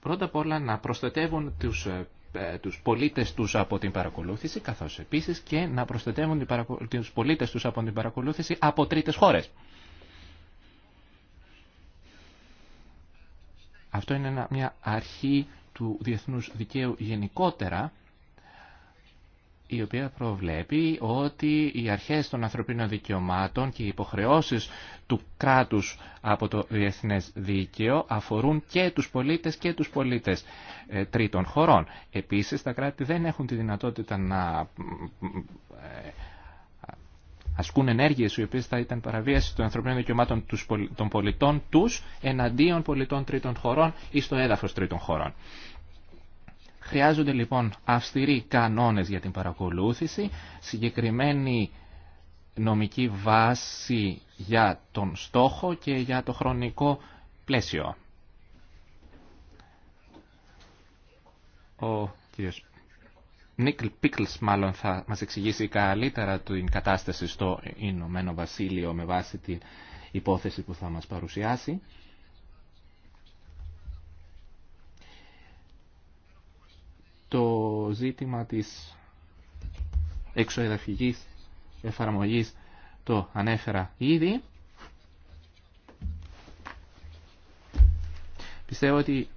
Πρώτα απ' όλα να προστατεύουν τους ε, ε, τους πολίτες τους από την παρακολούθηση, καθώς επίσης και να προστατεύουν τους πολίτες τους από την παρακολούθηση από τρίτες χώρες. Αυτό είναι μια αρχή του διεθνούς δικαίου γενικότερα, η οποία προβλέπει ότι οι αρχές των ανθρωπίνων δικαιωμάτων και οι υποχρεώσεις του κράτους από το διεθνές δίκαιο αφορούν και τους πολίτες και τους πολίτες ε, τρίτων χωρών. Επίσης, τα κράτη δεν έχουν τη δυνατότητα να ε, ασκούν ενέργειες οι οποίες θα ήταν παραβίαση των ανθρωπίνων δικαιωμάτων των πολιτών τους εναντίον πολιτών τρίτων χωρών ή στο έδαφος τρίτων χωρών. Χρειάζονται λοιπόν αυστηροί κανόνες για την παρακολούθηση, συγκεκριμένη νομική βάση για τον στόχο και για το χρονικό πλαίσιο. Ο κύριος Νίκλ Πίκλς μάλλον θα μας εξηγήσει καλύτερα την κατάσταση στο Ηνωμένο Βασίλειο με βάση την υπόθεση που θα μας παρουσιάσει. το ζήτημα της εξωεδαφικής εφαρμογής το ανέφερα ήδη. Πιστεύω ότι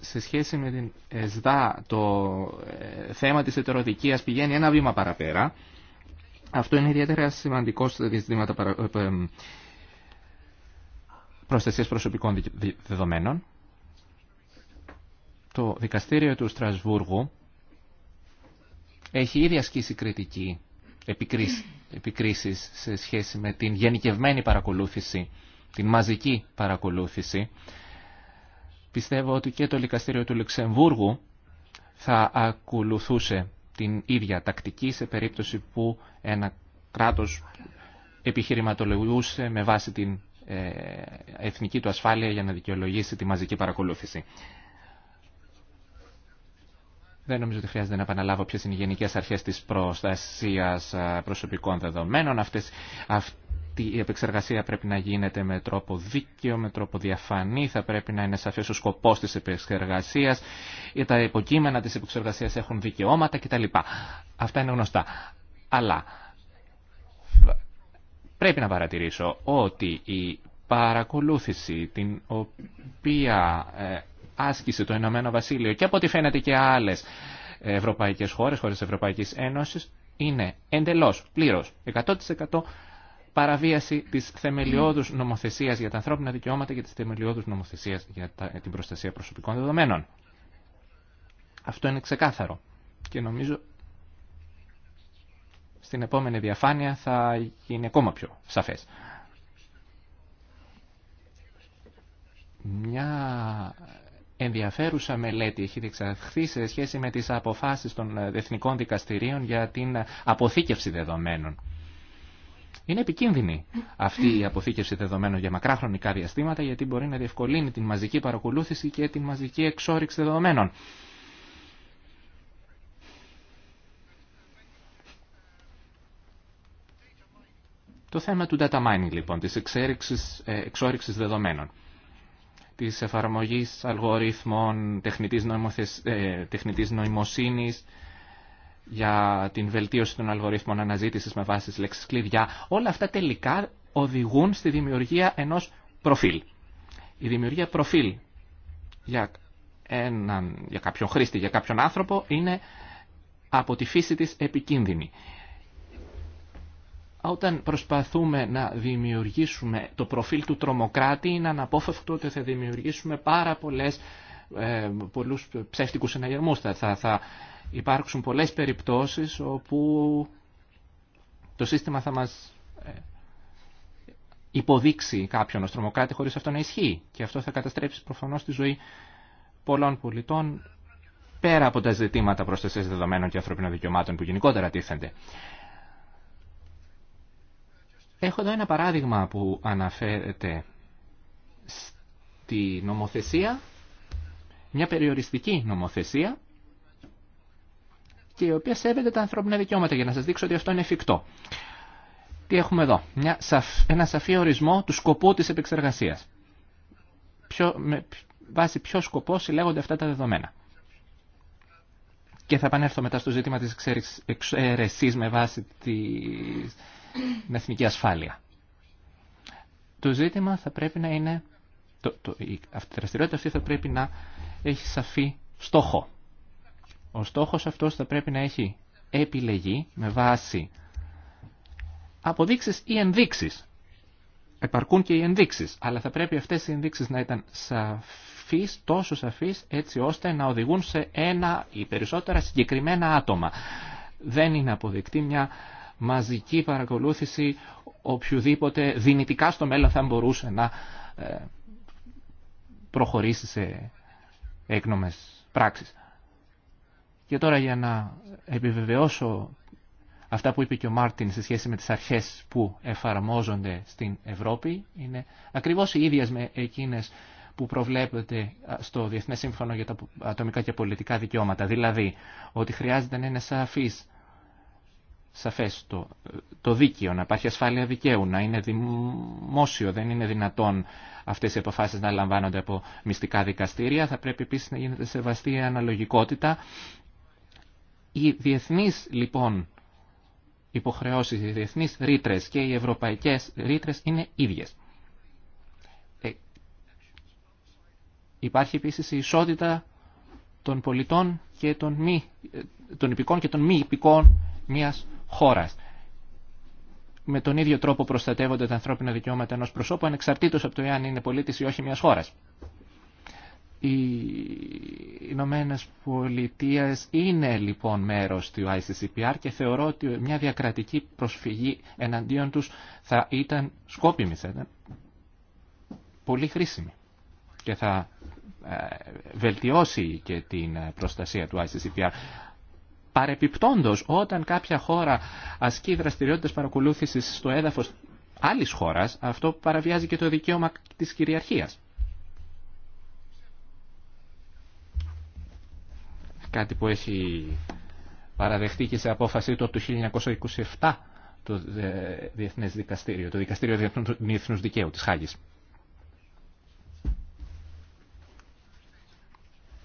σε σχέση με την ΕΣΔΑ το ε, θέμα της ετεροδικίας πηγαίνει ένα βήμα παραπέρα. Αυτό είναι ιδιαίτερα σημαντικό στα ζητήματα ε, ε, προστασίας προσωπικών δεδομένων το δικαστήριο του Στρασβούργου έχει ήδη ασκήσει κριτική επικρίσεις σε σχέση με την γενικευμένη παρακολούθηση, την μαζική παρακολούθηση. Πιστεύω ότι και το δικαστήριο του Λεξεμβούργου θα ακολουθούσε την ίδια τακτική σε περίπτωση που ένα κράτος επιχειρηματολογούσε με βάση την ε, εθνική του ασφάλεια για να δικαιολογήσει τη μαζική παρακολούθηση. Δεν νομίζω ότι χρειάζεται να επαναλάβω ποιε είναι οι γενικέ αρχέ τη προστασία ε, προσωπικών δεδομένων. Αυτές, αυτή η επεξεργασία πρέπει να γίνεται με τρόπο δίκαιο, με τρόπο διαφανή. Θα πρέπει να είναι σαφέ ο σκοπό τη επεξεργασία. Ε, τα υποκείμενα τη επεξεργασία έχουν δικαιώματα κτλ. Αυτά είναι γνωστά. Αλλά πρέπει να παρατηρήσω ότι η παρακολούθηση την οποία ε, άσκησε το Ηνωμένο Βασίλειο και από ό,τι φαίνεται και άλλε ευρωπαϊκέ χώρε, χώρε της Ευρωπαϊκής Ένωσης, είναι εντελώ πλήρω 100% παραβίαση της θεμελιώδους νομοθεσίας για τα ανθρώπινα δικαιώματα και της θεμελιώδους νομοθεσίας για την προστασία προσωπικών δεδομένων. Αυτό είναι ξεκάθαρο και νομίζω στην επόμενη διαφάνεια θα γίνει ακόμα πιο σαφές. Μια ενδιαφέρουσα μελέτη έχει διεξαχθεί σε σχέση με τις αποφάσεις των εθνικών δικαστηρίων για την αποθήκευση δεδομένων. Είναι επικίνδυνη αυτή η αποθήκευση δεδομένων για μακρά χρονικά διαστήματα γιατί μπορεί να διευκολύνει την μαζική παρακολούθηση και την μαζική εξόριξη δεδομένων. Το θέμα του data mining λοιπόν, της ε, εξόριξης δεδομένων της εφαρμογής αλγοριθμών τεχνητής, νοημοθεσ... Ε, νοημοσύνης, για την βελτίωση των αλγορίθμων αναζήτησης με βάση τις λέξεις κλειδιά. Όλα αυτά τελικά οδηγούν στη δημιουργία ενός προφίλ. Η δημιουργία προφίλ για, έναν, για κάποιον χρήστη, για κάποιον άνθρωπο είναι από τη φύση της επικίνδυνη όταν προσπαθούμε να δημιουργήσουμε το προφίλ του τρομοκράτη είναι αναπόφευκτο ότι θα δημιουργήσουμε πάρα πολλές, ε, πολλούς ψεύτικους συναγερμούς. Θα, θα υπάρξουν πολλές περιπτώσεις όπου το σύστημα θα μας ε, υποδείξει κάποιον ως τρομοκράτη χωρίς αυτό να ισχύει. Και αυτό θα καταστρέψει προφανώς τη ζωή πολλών πολιτών πέρα από τα ζητήματα προστασίας δεδομένων και ανθρωπίνων δικαιωμάτων που γενικότερα τίθενται. Έχω εδώ ένα παράδειγμα που αναφέρεται στη νομοθεσία, μια περιοριστική νομοθεσία και η οποία σέβεται τα ανθρώπινα δικαιώματα για να σας δείξω ότι αυτό είναι εφικτό. Τι έχουμε εδώ, μια, ένα σαφή ορισμό του σκοπού της επεξεργασίας. Ποιο, με, βάση ποιο σκοπό συλλέγονται αυτά τα δεδομένα. Και θα επανέλθω μετά στο ζήτημα της εξαίρεσης με βάση τις την εθνική ασφάλεια. Το ζήτημα θα πρέπει να είναι, το, το, η δραστηριότητα αυτή θα πρέπει να έχει σαφή στόχο. Ο στόχος αυτός θα πρέπει να έχει επιλεγεί με βάση αποδείξεις ή ενδείξεις. Επαρκούν και οι ενδείξεις, αλλά θα πρέπει αυτές οι ενδείξεις να ήταν σαφείς, τόσο σαφείς, έτσι ώστε να οδηγούν σε ένα ή περισσότερα συγκεκριμένα άτομα. Δεν είναι αποδεικτή μια μαζική παρακολούθηση οποιοδήποτε δυνητικά στο μέλλον θα μπορούσε να ε, προχωρήσει σε έκνομες πράξεις. Και τώρα για να επιβεβαιώσω αυτά που είπε και ο Μάρτιν σε σχέση με τις αρχές που εφαρμόζονται στην Ευρώπη είναι ακριβώς οι ίδιες με εκείνες που προβλέπεται στο Διεθνές Σύμφωνο για τα Ατομικά και Πολιτικά Δικαιώματα. Δηλαδή ότι χρειάζεται να είναι σαφής σαφές το, το δίκαιο, να υπάρχει ασφάλεια δικαίου, να είναι δημόσιο, δεν είναι δυνατόν αυτές οι αποφάσεις να λαμβάνονται από μυστικά δικαστήρια, θα πρέπει επίσης να γίνεται σεβαστή η αναλογικότητα. Οι διεθνείς λοιπόν υποχρεώσεις, οι διεθνείς ρήτρε και οι ευρωπαϊκές ρήτρε είναι ίδιες. Ε, υπάρχει επίσης η ισότητα των πολιτών και των, μη, ε, των υπηκών και των μη υπηκών μιας χώρας. Με τον ίδιο τρόπο προστατεύονται τα ανθρώπινα δικαιώματα ενό προσώπου ανεξαρτήτως από το εάν είναι πολίτη ή όχι μιας χώρας. Οι Ηνωμένε Πολιτείε είναι λοιπόν μέρος του ICCPR και θεωρώ ότι μια διακρατική προσφυγή εναντίον τους θα ήταν σκόπιμη, θα πολύ χρήσιμη και θα ε, βελτιώσει και την ε, προστασία του ICCPR. Παρεπιπτόντος, όταν κάποια χώρα ασκεί δραστηριότητε παρακολούθηση στο έδαφος άλλης χώρας, αυτό παραβιάζει και το δικαίωμα της κυριαρχίας. Κάτι που έχει παραδεχτεί και σε απόφαση το 1927 το ε, διεθνέ Δικαστήριο, το Δικαστήριο Διεθνούς Δικαίου της Χάγης.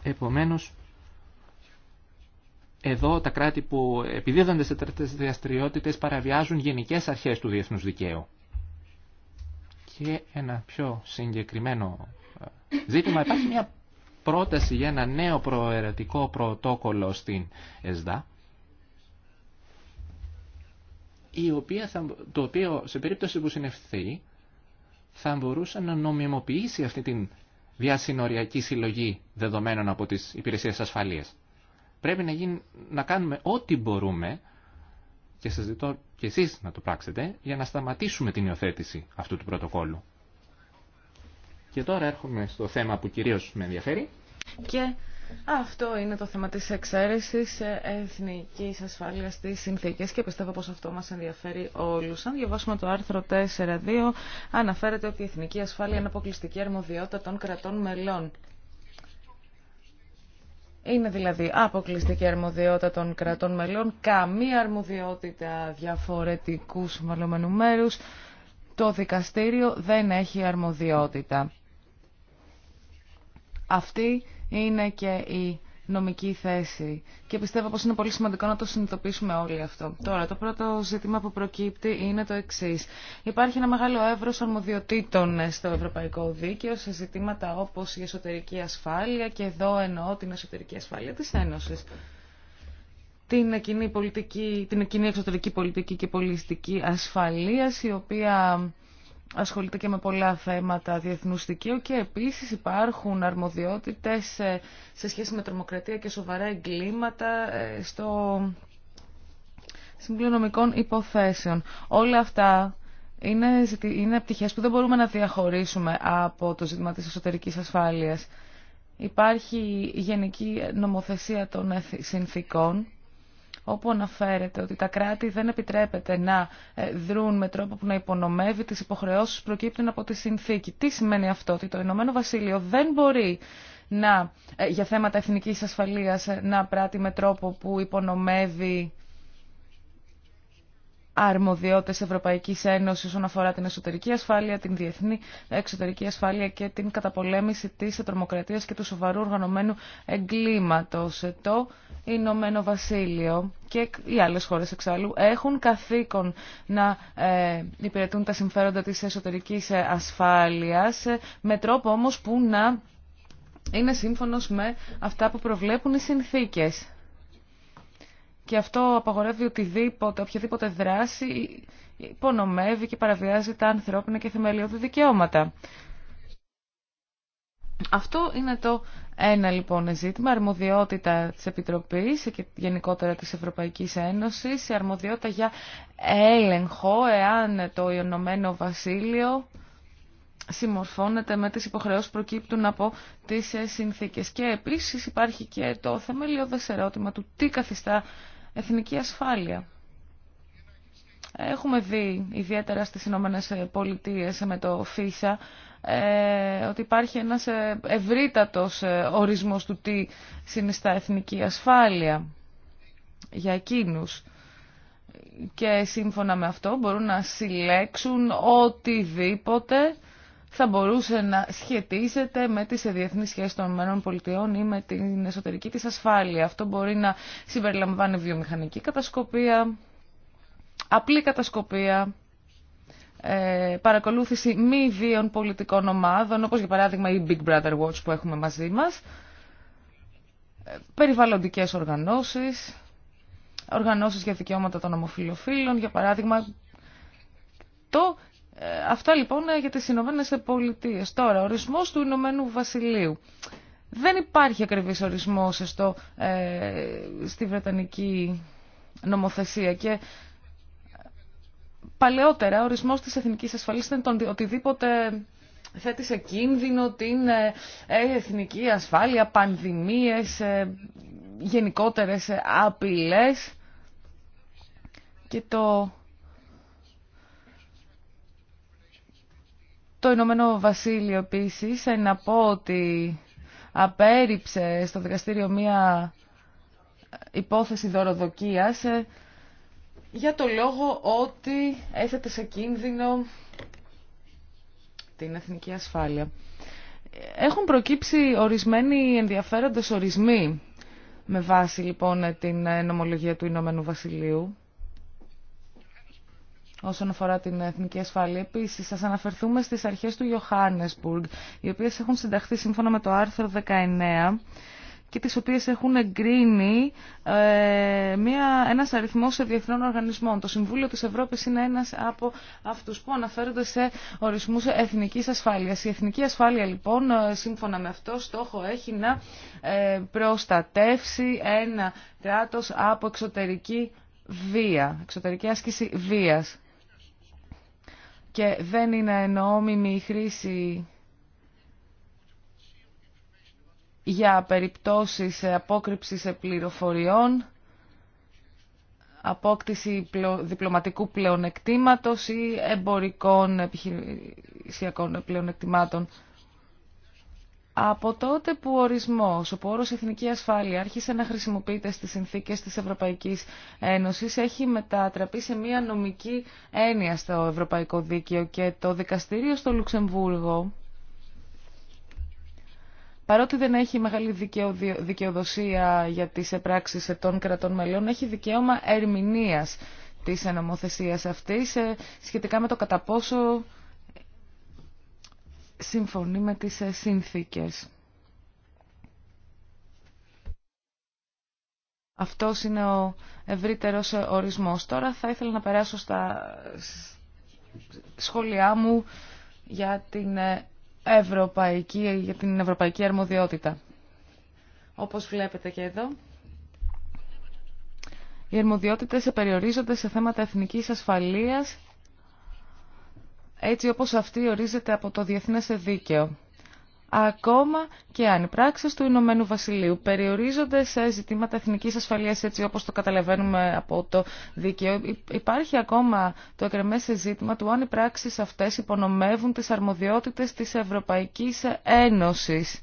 Επομένως, εδώ τα κράτη που επιδίδονται σε τέτοιες διαστριότητε παραβιάζουν γενικές αρχές του διεθνούς δικαίου. Και ένα πιο συγκεκριμένο ε, ζήτημα. Υπάρχει μια πρόταση για ένα νέο προαιρετικό πρωτόκολλο στην ΕΣΔΑ, η οποία το οποίο σε περίπτωση που συνευθεί θα μπορούσε να νομιμοποιήσει αυτή την διασυνοριακή συλλογή δεδομένων από τις υπηρεσίες ασφαλείας. Πρέπει να, γίνει, να κάνουμε ό,τι μπορούμε και σας ζητώ και εσείς να το πράξετε για να σταματήσουμε την υιοθέτηση αυτού του πρωτοκόλλου. Και τώρα έρχομαι στο θέμα που κυρίως με ενδιαφέρει. Και αυτό είναι το θέμα της εξαίρεσης εθνικής ασφάλειας στις συνθήκες και πιστεύω πως αυτό μας ενδιαφέρει όλους. Αν διαβάσουμε το άρθρο 4.2 αναφέρεται ότι η εθνική ασφάλεια είναι αποκλειστική αρμοδιότητα των κρατών μελών είναι δηλαδή αποκλειστική αρμοδιότητα των κρατών μελών, καμία αρμοδιότητα διαφορετικού συμβαλωμένου μέρου. Το δικαστήριο δεν έχει αρμοδιότητα. Αυτή είναι και η νομική θέση. Και πιστεύω πως είναι πολύ σημαντικό να το συνειδητοποιήσουμε όλοι αυτό. Τώρα, το πρώτο ζήτημα που προκύπτει είναι το εξή. Υπάρχει ένα μεγάλο εύρο αρμοδιοτήτων στο Ευρωπαϊκό Δίκαιο σε ζητήματα όπω η εσωτερική ασφάλεια και εδώ εννοώ την εσωτερική ασφάλεια τη Ένωση. Την κοινή, πολιτική, την εξωτερική πολιτική και πολιτική ασφαλείας, η οποία ασχολείται και με πολλά θέματα διεθνούς δικαίου και επίσης υπάρχουν αρμοδιότητες ε, σε σχέση με τρομοκρατία και σοβαρά εγκλήματα ε, στο Συμβούλιο Υποθέσεων. Όλα αυτά είναι, είναι πτυχές που δεν μπορούμε να διαχωρίσουμε από το ζήτημα της εσωτερικής ασφάλειας. Υπάρχει γενική νομοθεσία των συνθήκων όπου αναφέρεται ότι τα κράτη δεν επιτρέπεται να ε, δρούν με τρόπο που να υπονομεύει τις υποχρεώσεις που προκύπτουν από τη συνθήκη. Τι σημαίνει αυτό, ότι το Ηνωμένο Βασίλειο δεν μπορεί να, ε, για θέματα εθνικής ασφαλείας ε, να πράττει με τρόπο που υπονομεύει αρμοδιότητες Ευρωπαϊκής Ένωσης όσον αφορά την εσωτερική ασφάλεια, την διεθνή εξωτερική ασφάλεια και την καταπολέμηση της τρομοκρατίας και του σοβαρού οργανωμένου εγκλήματος. Το Ηνωμένο Βασίλειο και οι άλλες χώρες εξάλλου έχουν καθήκον να ε, υπηρετούν τα συμφέροντα της εσωτερικής ε, ασφάλειας ε, με τρόπο όμως που να είναι σύμφωνος με αυτά που προβλέπουν οι συνθήκες και αυτό απαγορεύει οτιδήποτε, οποιαδήποτε δράση υπονομεύει και παραβιάζει τα ανθρώπινα και θεμελιώδη δικαιώματα. Αυτό είναι το ένα λοιπόν ζήτημα, αρμοδιότητα της Επιτροπής και γενικότερα της Ευρωπαϊκής Ένωσης, αρμοδιότητα για έλεγχο εάν το Ιωνωμένο Βασίλειο συμμορφώνεται με τις υποχρεώσεις που προκύπτουν από τις συνθήκες. Και επίσης υπάρχει και το θεμελιώδες ερώτημα του τι καθιστά εθνική ασφάλεια. Έχουμε δει, ιδιαίτερα στις Ηνωμένε Πολιτείε με το ΦΙΣΑ, ε, ότι υπάρχει ένας ε, ευρύτατος ε, ορισμός του τι συνιστά εθνική ασφάλεια για εκείνους. Και σύμφωνα με αυτό μπορούν να συλλέξουν οτιδήποτε θα μπορούσε να σχετίζεται με τις διεθνείς σχέσεις των ΗΠΑ ή με την εσωτερική της ασφάλεια. Αυτό μπορεί να συμπεριλαμβάνει βιομηχανική κατασκοπία, απλή κατασκοπία, ε, παρακολούθηση μη βίων πολιτικών ομάδων, όπως για παράδειγμα η Big Brother Watch που έχουμε μαζί μας, ε, περιβαλλοντικές οργανώσεις, οργανώσεις για δικαιώματα των ομοφιλοφίλων, για παράδειγμα το ε, αυτά λοιπόν ε, για τις Ηνωμένε Πολιτείε. Τώρα, ορισμός του Ηνωμένου Βασιλείου. Δεν υπάρχει ακριβής ορισμός στο, ε, στη Βρετανική νομοθεσία και παλαιότερα ορισμός της εθνικής ασφαλής ήταν τον, οτιδήποτε θέτει σε κίνδυνο την ε, ε εθνική ασφάλεια, πανδημίες, ε, γενικότερες απειλές και το το Ηνωμένο Βασίλειο επίση ε, να πω ότι απέρριψε στο δικαστήριο μία υπόθεση δωροδοκίας ε, για το λόγο ότι έθετε σε κίνδυνο την εθνική ασφάλεια. Έχουν προκύψει ορισμένοι ενδιαφέροντες ορισμοί με βάση λοιπόν την νομολογία του Ηνωμένου Βασιλείου όσον αφορά την εθνική ασφάλεια. Επίση, σα αναφερθούμε στι αρχέ του Johannesburg, οι οποίε έχουν συνταχθεί σύμφωνα με το άρθρο 19 και τις οποίες έχουν εγκρίνει ε, μια, ένας αριθμός διεθνών οργανισμών. Το Συμβούλιο της Ευρώπης είναι ένας από αυτούς που αναφέρονται σε ορισμούς εθνικής ασφάλειας. Η εθνική ασφάλεια λοιπόν, ε, σύμφωνα με αυτό, στόχο έχει να ε, προστατεύσει ένα κράτος από εξωτερική βία, εξωτερική άσκηση βίας και δεν είναι ενόμιμη η χρήση για περιπτώσεις απόκρυψης πληροφοριών, απόκτηση διπλωματικού πλεονεκτήματος ή εμπορικών επιχειρησιακών πλεονεκτημάτων. Από τότε που ο ορισμός, ο πόρος Εθνική Ασφάλεια, άρχισε να χρησιμοποιείται στις συνθήκες της Ευρωπαϊκής Ένωσης, έχει μετατραπεί σε μια νομική έννοια στο Ευρωπαϊκό Δίκαιο και το δικαστήριο στο Λουξεμβούργο, παρότι δεν έχει μεγάλη δικαιοδοσία για τις επράξεις των κρατών μελών, έχει δικαίωμα ερμηνείας της νομοθεσίας αυτής ε, σχετικά με το κατά πόσο συμφωνεί με τις ε, συνθήκες. Αυτό είναι ο ευρύτερος ε, ορισμός. Τώρα θα ήθελα να περάσω στα σχόλιά μου για την ε, ευρωπαϊκή, για την ευρωπαϊκή αρμοδιότητα. Όπως βλέπετε και εδώ, οι αρμοδιότητες περιορίζονται σε θέματα εθνικής ασφαλείας έτσι όπως αυτή ορίζεται από το Διεθνές Δίκαιο. Ακόμα και αν οι πράξεις του Ηνωμένου Βασιλείου περιορίζονται σε ζητήματα εθνικής ασφαλείας έτσι όπως το καταλαβαίνουμε από το δίκαιο, υπάρχει ακόμα το εκρεμές ζήτημα του αν οι πράξεις αυτές υπονομεύουν τις αρμοδιότητες της Ευρωπαϊκής Ένωσης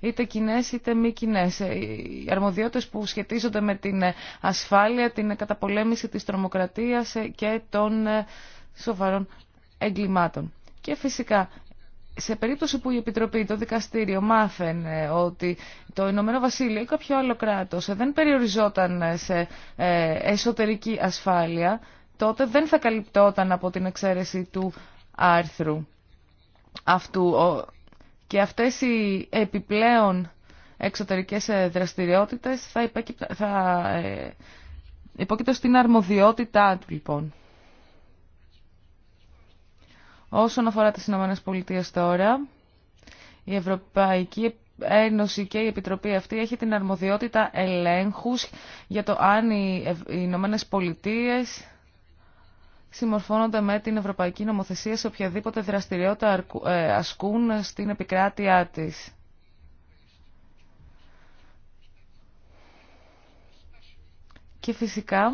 είτε κοινέ είτε μη κοινέ. Ε, οι αρμοδιότητε που σχετίζονται με την ασφάλεια, την καταπολέμηση τη τρομοκρατία ε, και των ε, σοβαρών εγκλημάτων. Και φυσικά σε περίπτωση που η Επιτροπή, το δικαστήριο μάθαινε ότι το Ηνωμένο Βασίλειο ή κάποιο άλλο κράτος δεν περιοριζόταν σε ε, εσωτερική ασφάλεια, τότε δεν θα καλυπτόταν από την εξαίρεση του άρθρου αυτού. Και αυτές οι επιπλέον εξωτερικές ε, δραστηριότητες θα ε, υπόκειται στην αρμοδιότητά του λοιπόν. Όσον αφορά τις Ηνωμένες Πολιτείες τώρα, η Ευρωπαϊκή Ένωση και η Επιτροπή αυτή έχει την αρμοδιότητα ελέγχους για το αν οι Ηνωμένε Πολιτείες συμμορφώνονται με την Ευρωπαϊκή Νομοθεσία σε οποιαδήποτε δραστηριότητα ε, ασκούν στην επικράτειά της. Και φυσικά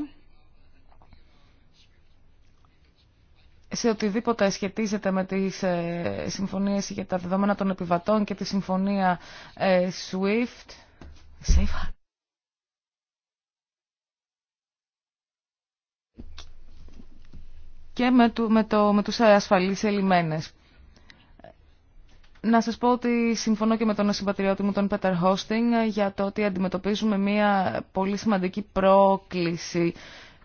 σε οτιδήποτε σχετίζεται με τις ε, συμφωνίες για τα δεδομένα των επιβατών και τη συμφωνία ε, SWIFT. Και με, το, με, το, με τους ασφαλείς ελιμένες. Να σας πω ότι συμφωνώ και με τον συμπατριώτη μου, τον Πέτερ Χόστινγκ, για το ότι αντιμετωπίζουμε μια πολύ σημαντική πρόκληση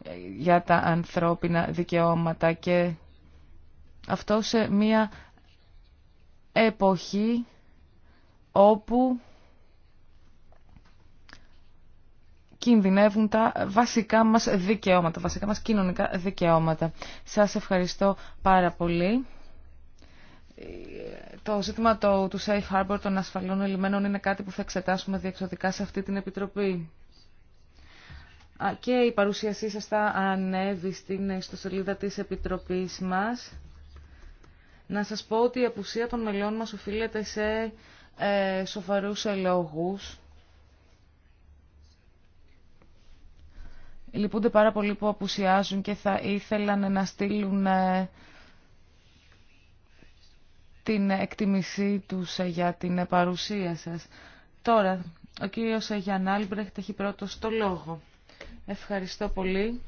ε, για τα ανθρώπινα δικαιώματα και αυτό σε μια εποχή όπου κινδυνεύουν τα βασικά μας δικαιώματα, βασικά μας κοινωνικά δικαιώματα. Σας ευχαριστώ πάρα πολύ. Το ζήτημα του Safe Harbor των ασφαλών ελιμένων είναι κάτι που θα εξετάσουμε διεξοδικά σε αυτή την Επιτροπή. Και η παρουσίασή σας θα ανέβει στην ιστοσελίδα της Επιτροπής μας. Να σας πω ότι η απουσία των μελών μας οφείλεται σε ε, λόγους. Λυπούνται πάρα πολύ που απουσιάζουν και θα ήθελαν να στείλουν ε, την εκτιμησή τους ε, για την ε, παρουσία σας. Τώρα, ο κύριος Γιάννα Άλμπρεχτ έχει πρώτος το λόγο. Ευχαριστώ πολύ.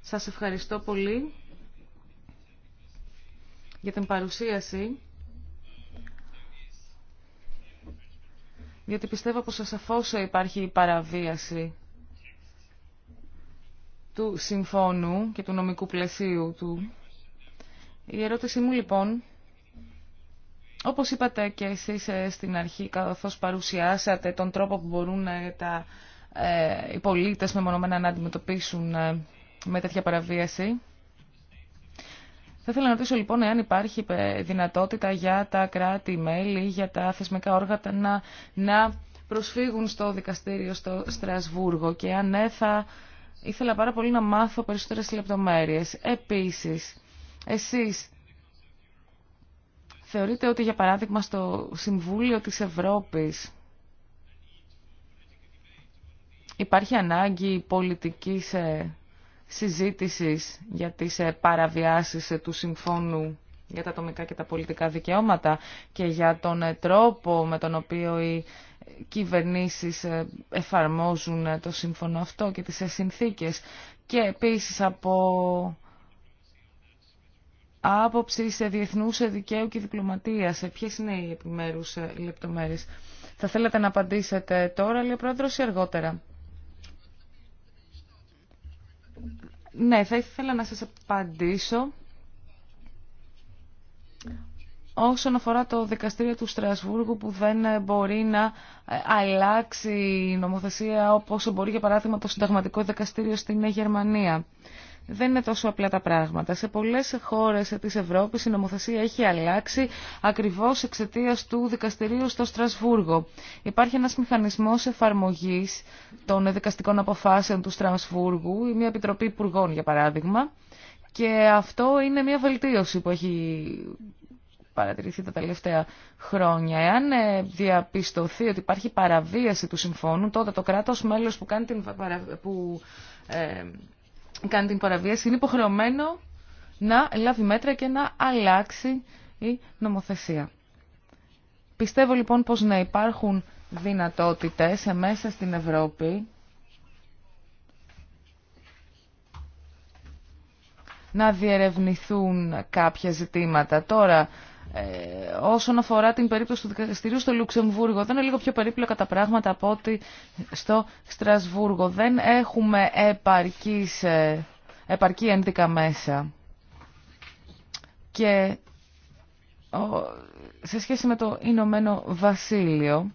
Σας ευχαριστώ πολύ για την παρουσίαση, γιατί πιστεύω πως ασαφώς υπάρχει η παραβίαση του συμφώνου και του νομικού πλαισίου του. Η ερώτηση μου λοιπόν, όπως είπατε και εσείς ε, στην αρχή καθώς παρουσιάσατε τον τρόπο που μπορούν ε, τα, ε, οι πολίτες μεμονωμένα να αντιμετωπίσουν ε, με τέτοια παραβίαση, θα ήθελα να ρωτήσω λοιπόν εάν υπάρχει ε, δυνατότητα για τα κράτη-μέλη, για τα θεσμικά όργανα να, να προσφύγουν στο δικαστήριο στο Στρασβούργο και αν ναι θα ήθελα πάρα πολύ να μάθω περισσότερες λεπτομέρειες. Επίσης, εσείς θεωρείτε ότι για παράδειγμα στο Συμβούλιο της Ευρώπης υπάρχει ανάγκη πολιτικής ε, συζήτησης για τις ε, παραβιάσεις ε, του συμφώνου για τα ατομικά και τα πολιτικά δικαιώματα και για τον ε, τρόπο με τον οποίο οι κυβερνήσεις εφαρμόζουν το σύμφωνο αυτό και τις συνθήκες και επίσης από άποψη σε διεθνούς δικαίου και διπλωματία. Σε ποιες είναι οι επιμέρους λεπτομέρειες. Θα θέλατε να απαντήσετε τώρα, λέει ο ή αργότερα. Ναι, θα ήθελα να σας απαντήσω όσον αφορά το δικαστήριο του Στρασβούργου που δεν μπορεί να ε, αλλάξει η νομοθεσία όπως μπορεί για παράδειγμα το συνταγματικό δικαστήριο στην Γερμανία δεν είναι τόσο απλά τα πράγματα. Σε πολλές χώρε της Ευρώπης η νομοθεσία έχει αλλάξει ακριβώς εξαιτία του δικαστηρίου στο Στρασβούργο. Υπάρχει ένας μηχανισμός εφαρμογή των δικαστικών αποφάσεων του Στρασβούργου, ή μια επιτροπή υπουργών για παράδειγμα, και αυτό είναι μια βελτίωση που έχει παρατηρηθεί τα τελευταία χρόνια. Εάν ε, διαπιστωθεί ότι υπάρχει παραβίαση του συμφώνου, τότε το κράτος μέλος που, κάνει την, που ε, κάνει την παραβίαση είναι υποχρεωμένο να λάβει μέτρα και να αλλάξει η νομοθεσία. Πιστεύω λοιπόν πως να υπάρχουν δυνατότητες μέσα στην Ευρώπη να διερευνηθούν κάποια ζητήματα. Τώρα ε, όσον αφορά την περίπτωση του δικαστηρίου στο Λουξεμβούργο. Δεν είναι λίγο πιο περίπλοκα τα πράγματα από ότι στο Στρασβούργο. Δεν έχουμε επαρκής, ε, επαρκή ένδικα μέσα. Και σε σχέση με το Ηνωμένο Βασίλειο,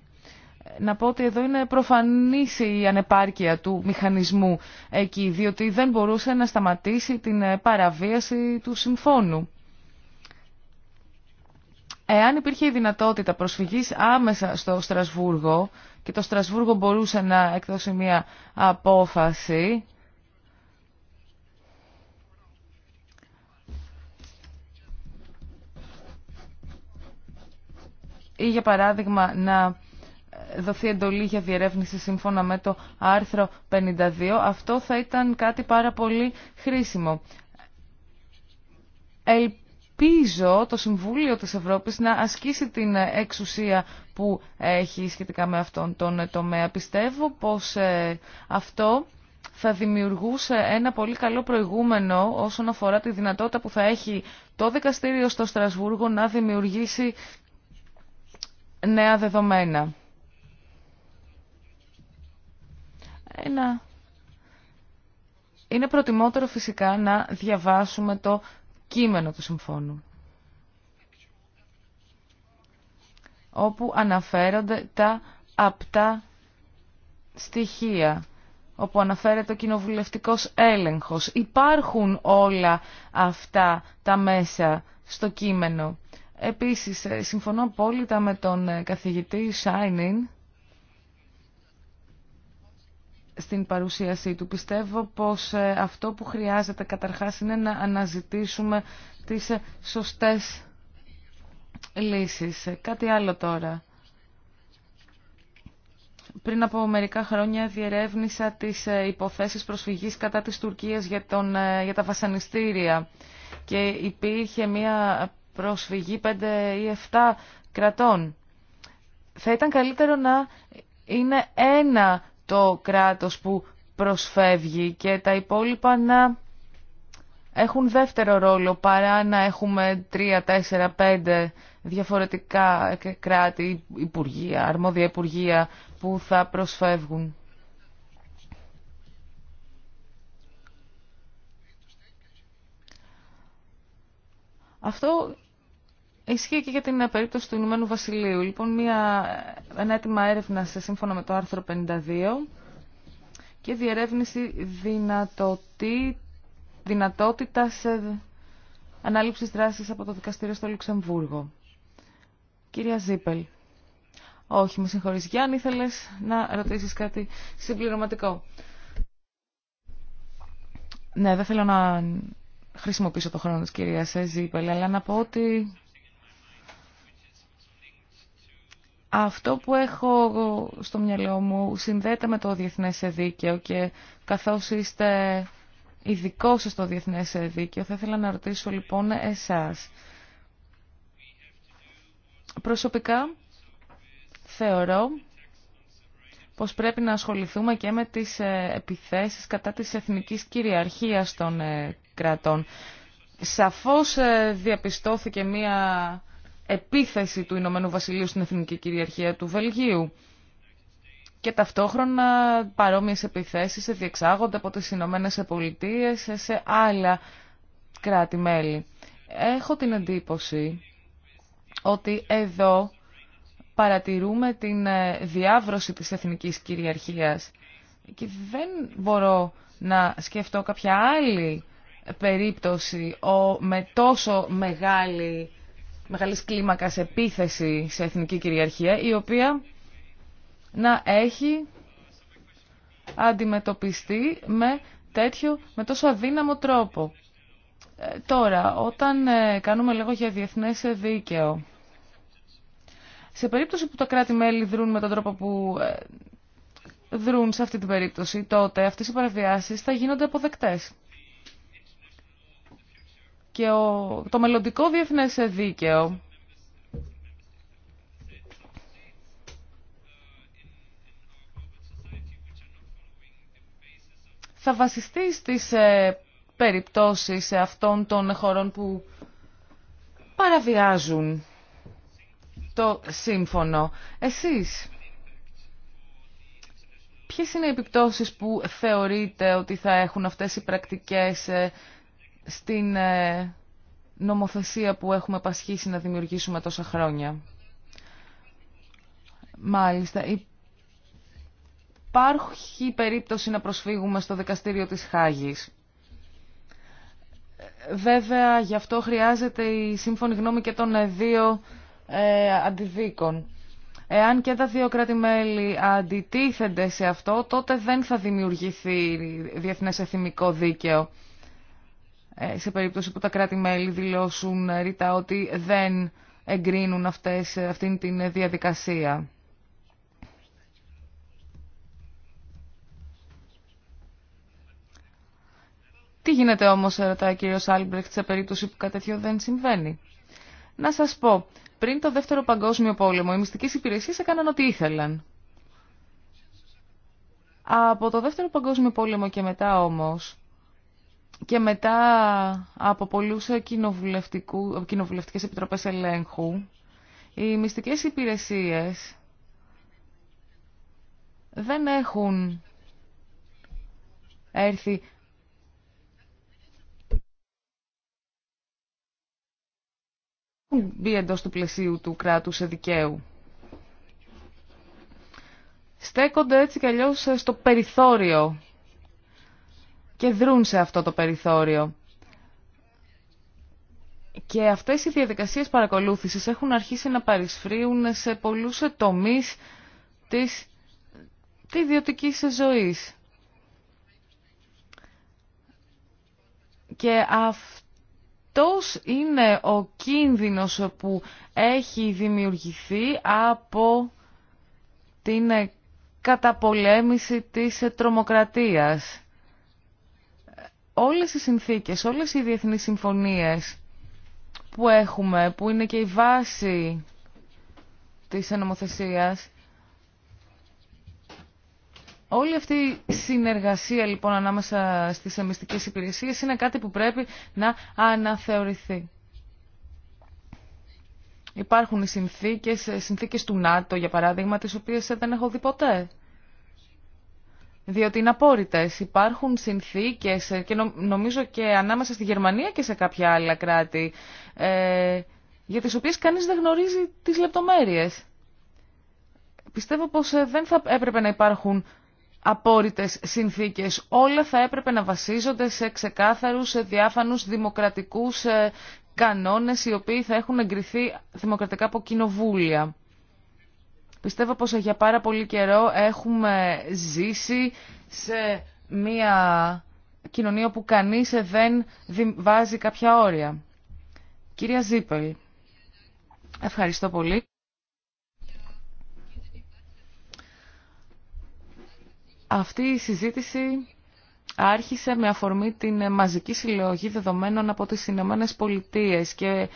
να πω ότι εδώ είναι προφανής η ανεπάρκεια του μηχανισμού εκεί, διότι δεν μπορούσε να σταματήσει την παραβίαση του συμφώνου. Εάν υπήρχε η δυνατότητα προσφυγής άμεσα στο Στρασβούργο και το Στρασβούργο μπορούσε να εκδώσει μια απόφαση ή για παράδειγμα να δοθεί εντολή για διερεύνηση σύμφωνα με το άρθρο 52, αυτό θα ήταν κάτι πάρα πολύ χρήσιμο ελπίζω το Συμβούλιο της Ευρώπης να ασκήσει την εξουσία που έχει σχετικά με αυτόν τον τομέα. Πιστεύω πως ε, αυτό θα δημιουργούσε ένα πολύ καλό προηγούμενο όσον αφορά τη δυνατότητα που θα έχει το δικαστήριο στο Στρασβούργο να δημιουργήσει νέα δεδομένα. Ένα... Είναι προτιμότερο φυσικά να διαβάσουμε το κείμενο του συμφώνου όπου αναφέρονται τα απτά στοιχεία όπου αναφέρεται ο κοινοβουλευτικός έλεγχος. Υπάρχουν όλα αυτά τα μέσα στο κείμενο. Επίσης, ε, συμφωνώ απόλυτα με τον ε, καθηγητή Σάινιν στην παρουσίασή του. Πιστεύω πως ε, αυτό που χρειάζεται καταρχάς είναι να αναζητήσουμε τις ε, σωστές λύσεις. Ε, κάτι άλλο τώρα. Πριν από μερικά χρόνια διερεύνησα τις υποθέσεις προσφυγής κατά της Τουρκίας για, τον, για τα βασανιστήρια και υπήρχε μία προσφυγή 5 ή 7 κρατών. Θα ήταν καλύτερο να είναι ένα το κράτος που προσφεύγει και τα υπόλοιπα να έχουν δεύτερο ρόλο παρά να έχουμε τρία, τέσσερα, πέντε διαφορετικά κράτη, υπουργεία, αρμόδια υπουργεία που θα προσφεύγουν. Αυτό Ισχύει και για την ε, περίπτωση του Ηνωμένου Βασιλείου. Λοιπόν, μια, ένα έτοιμα έρευνα σύμφωνα με το άρθρο 52 και διερεύνηση δυνατοτή, δυνατότητας ε, ανάληψης δράσης από το δικαστήριο στο Λουξεμβούργο. Κυρία Ζίπελ. Όχι, με συγχωρείς. Γιάννη, ήθελες να ρωτήσεις κάτι συμπληρωματικό. Ναι, δεν θέλω να χρησιμοποιήσω το χρόνο της κυρίας ε, Ζίπελ, αλλά να πω ότι Αυτό που έχω στο μυαλό μου συνδέεται με το διεθνές δίκαιο και καθώς είστε ειδικό στο διεθνές δίκαιο, θα ήθελα να ρωτήσω λοιπόν εσάς. Προσωπικά θεωρώ πως πρέπει να ασχοληθούμε και με τις ε, επιθέσεις κατά της εθνικής κυριαρχίας των ε, κρατών. Σαφώς ε, διαπιστώθηκε μία επίθεση του Ηνωμένου Βασιλείου στην εθνική κυριαρχία του Βελγίου. Και ταυτόχρονα παρόμοιες επιθέσεις διεξάγονται από τις Ηνωμένε Πολιτείε σε άλλα κράτη-μέλη. Έχω την εντύπωση ότι εδώ παρατηρούμε την ε, διάβρωση της εθνικής κυριαρχίας και δεν μπορώ να σκεφτώ κάποια άλλη περίπτωση ο, με τόσο μεγάλη μεγάλης κλίμακας επίθεση σε εθνική κυριαρχία, η οποία να έχει αντιμετωπιστεί με, τέτοιο, με τόσο αδύναμο τρόπο. Ε, τώρα, όταν ε, κάνουμε λίγο για διεθνές δίκαιο, σε περίπτωση που τα κράτη-μέλη δρούν με τον τρόπο που ε, δρούν σε αυτή την περίπτωση, τότε αυτές οι παραβιάσεις θα γίνονται αποδεκτές και το μελλοντικό διεθνές δίκαιο θα βασιστεί στις ε, περιπτώσεις αυτών των χωρών που παραβιάζουν το σύμφωνο. Εσείς, ποιες είναι οι επιπτώσεις που θεωρείτε ότι θα έχουν αυτές οι πρακτικές ε, στην ε, νομοθεσία που έχουμε πασχίσει να δημιουργήσουμε τόσα χρόνια. Μάλιστα, υπάρχει περίπτωση να προσφύγουμε στο δικαστήριο της Χάγης. Βέβαια, γι' αυτό χρειάζεται η σύμφωνη γνώμη και των ε, δύο ε, αντιδίκων. Εάν και τα δύο κράτη-μέλη αντιτίθενται σε αυτό, τότε δεν θα δημιουργηθεί διεθνές εθνικό δίκαιο. Ε, σε περίπτωση που τα κράτη-μέλη δηλώσουν ε, ρητά ότι δεν εγκρίνουν αυτές, ε, αυτήν την διαδικασία. Τι γίνεται όμως, ρωτάει ο κύριος Άλμπρεχτ, σε περίπτωση που κάτι τέτοιο δεν συμβαίνει. Να σας πω, πριν το δεύτερο παγκόσμιο πόλεμο, οι μυστικές υπηρεσίες έκαναν ό,τι ήθελαν. Από το δεύτερο παγκόσμιο πόλεμο και μετά όμως, και μετά από πολλούς κοινοβουλευτικές επιτροπές ελέγχου, οι μυστικές υπηρεσίες δεν έχουν έρθει έχουν μπει εντό του πλαισίου του κράτου σε δικαίου. Στέκονται έτσι κι αλλιώς στο περιθώριο και δρούν σε αυτό το περιθώριο. Και αυτές οι διαδικασίες παρακολούθησης έχουν αρχίσει να παρισφρίουν σε πολλούς τομείς της, της ιδιωτικής ζωής. Και αυτός είναι ο κίνδυνος που έχει δημιουργηθεί από την καταπολέμηση της τρομοκρατίας όλες οι συνθήκες, όλες οι διεθνείς συμφωνίες που έχουμε, που είναι και η βάση της ενομοθεσίας, όλη αυτή η συνεργασία λοιπόν ανάμεσα στις εμιστικές υπηρεσίες είναι κάτι που πρέπει να αναθεωρηθεί. Υπάρχουν οι συνθήκες, ε, συνθήκες του ΝΑΤΟ για παράδειγμα, τις οποίες δεν έχω δει ποτέ διότι είναι απόρριτε. Υπάρχουν συνθήκες ε, και νομίζω και ανάμεσα στη Γερμανία και σε κάποια άλλα κράτη ε, για τι οποίε κανείς δεν γνωρίζει τις λεπτομέρειες. Πιστεύω πως ε, δεν θα έπρεπε να υπάρχουν απόρριτε συνθήκες. Όλα θα έπρεπε να βασίζονται σε ξεκάθαρου σε διάφανους, δημοκρατικούς κανόνες οι οποίοι θα έχουν εγκριθεί δημοκρατικά από κοινοβούλια. Πιστεύω πως για πάρα πολύ καιρό έχουμε ζήσει σε μια κοινωνία που κανείς δεν βάζει κάποια όρια. Κυρία Ζήπελ, ευχαριστώ πολύ. Αυτή η συζήτηση άρχισε με αφορμή την μαζική συλλογή δεδομένων από τις Ηνωμένε Πολιτείες και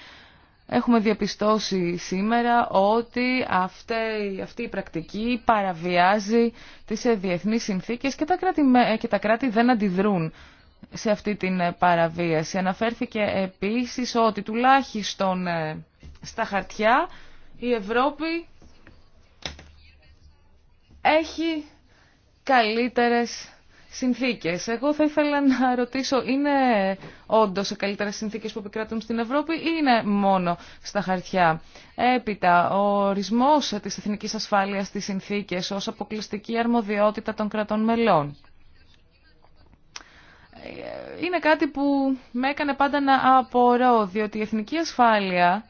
Έχουμε διαπιστώσει σήμερα ότι αυτή, αυτή η πρακτική παραβιάζει τις διεθνείς συνθήκες και τα, κράτη, και τα κράτη δεν αντιδρούν σε αυτή την παραβίαση. Αναφέρθηκε επίσης ότι τουλάχιστον ε, στα χαρτιά η Ευρώπη έχει καλύτερες συνθήκες. Εγώ θα ήθελα να ρωτήσω, είναι όντω οι καλύτερες συνθήκες που επικρατούν στην Ευρώπη ή είναι μόνο στα χαρτιά. Έπειτα, ο ορισμός τη εθνικής ασφάλειας στις συνθήκες ως αποκλειστική αρμοδιότητα των κρατών μελών. Είναι κάτι που με έκανε πάντα να απορώ, διότι η εθνική ασφάλεια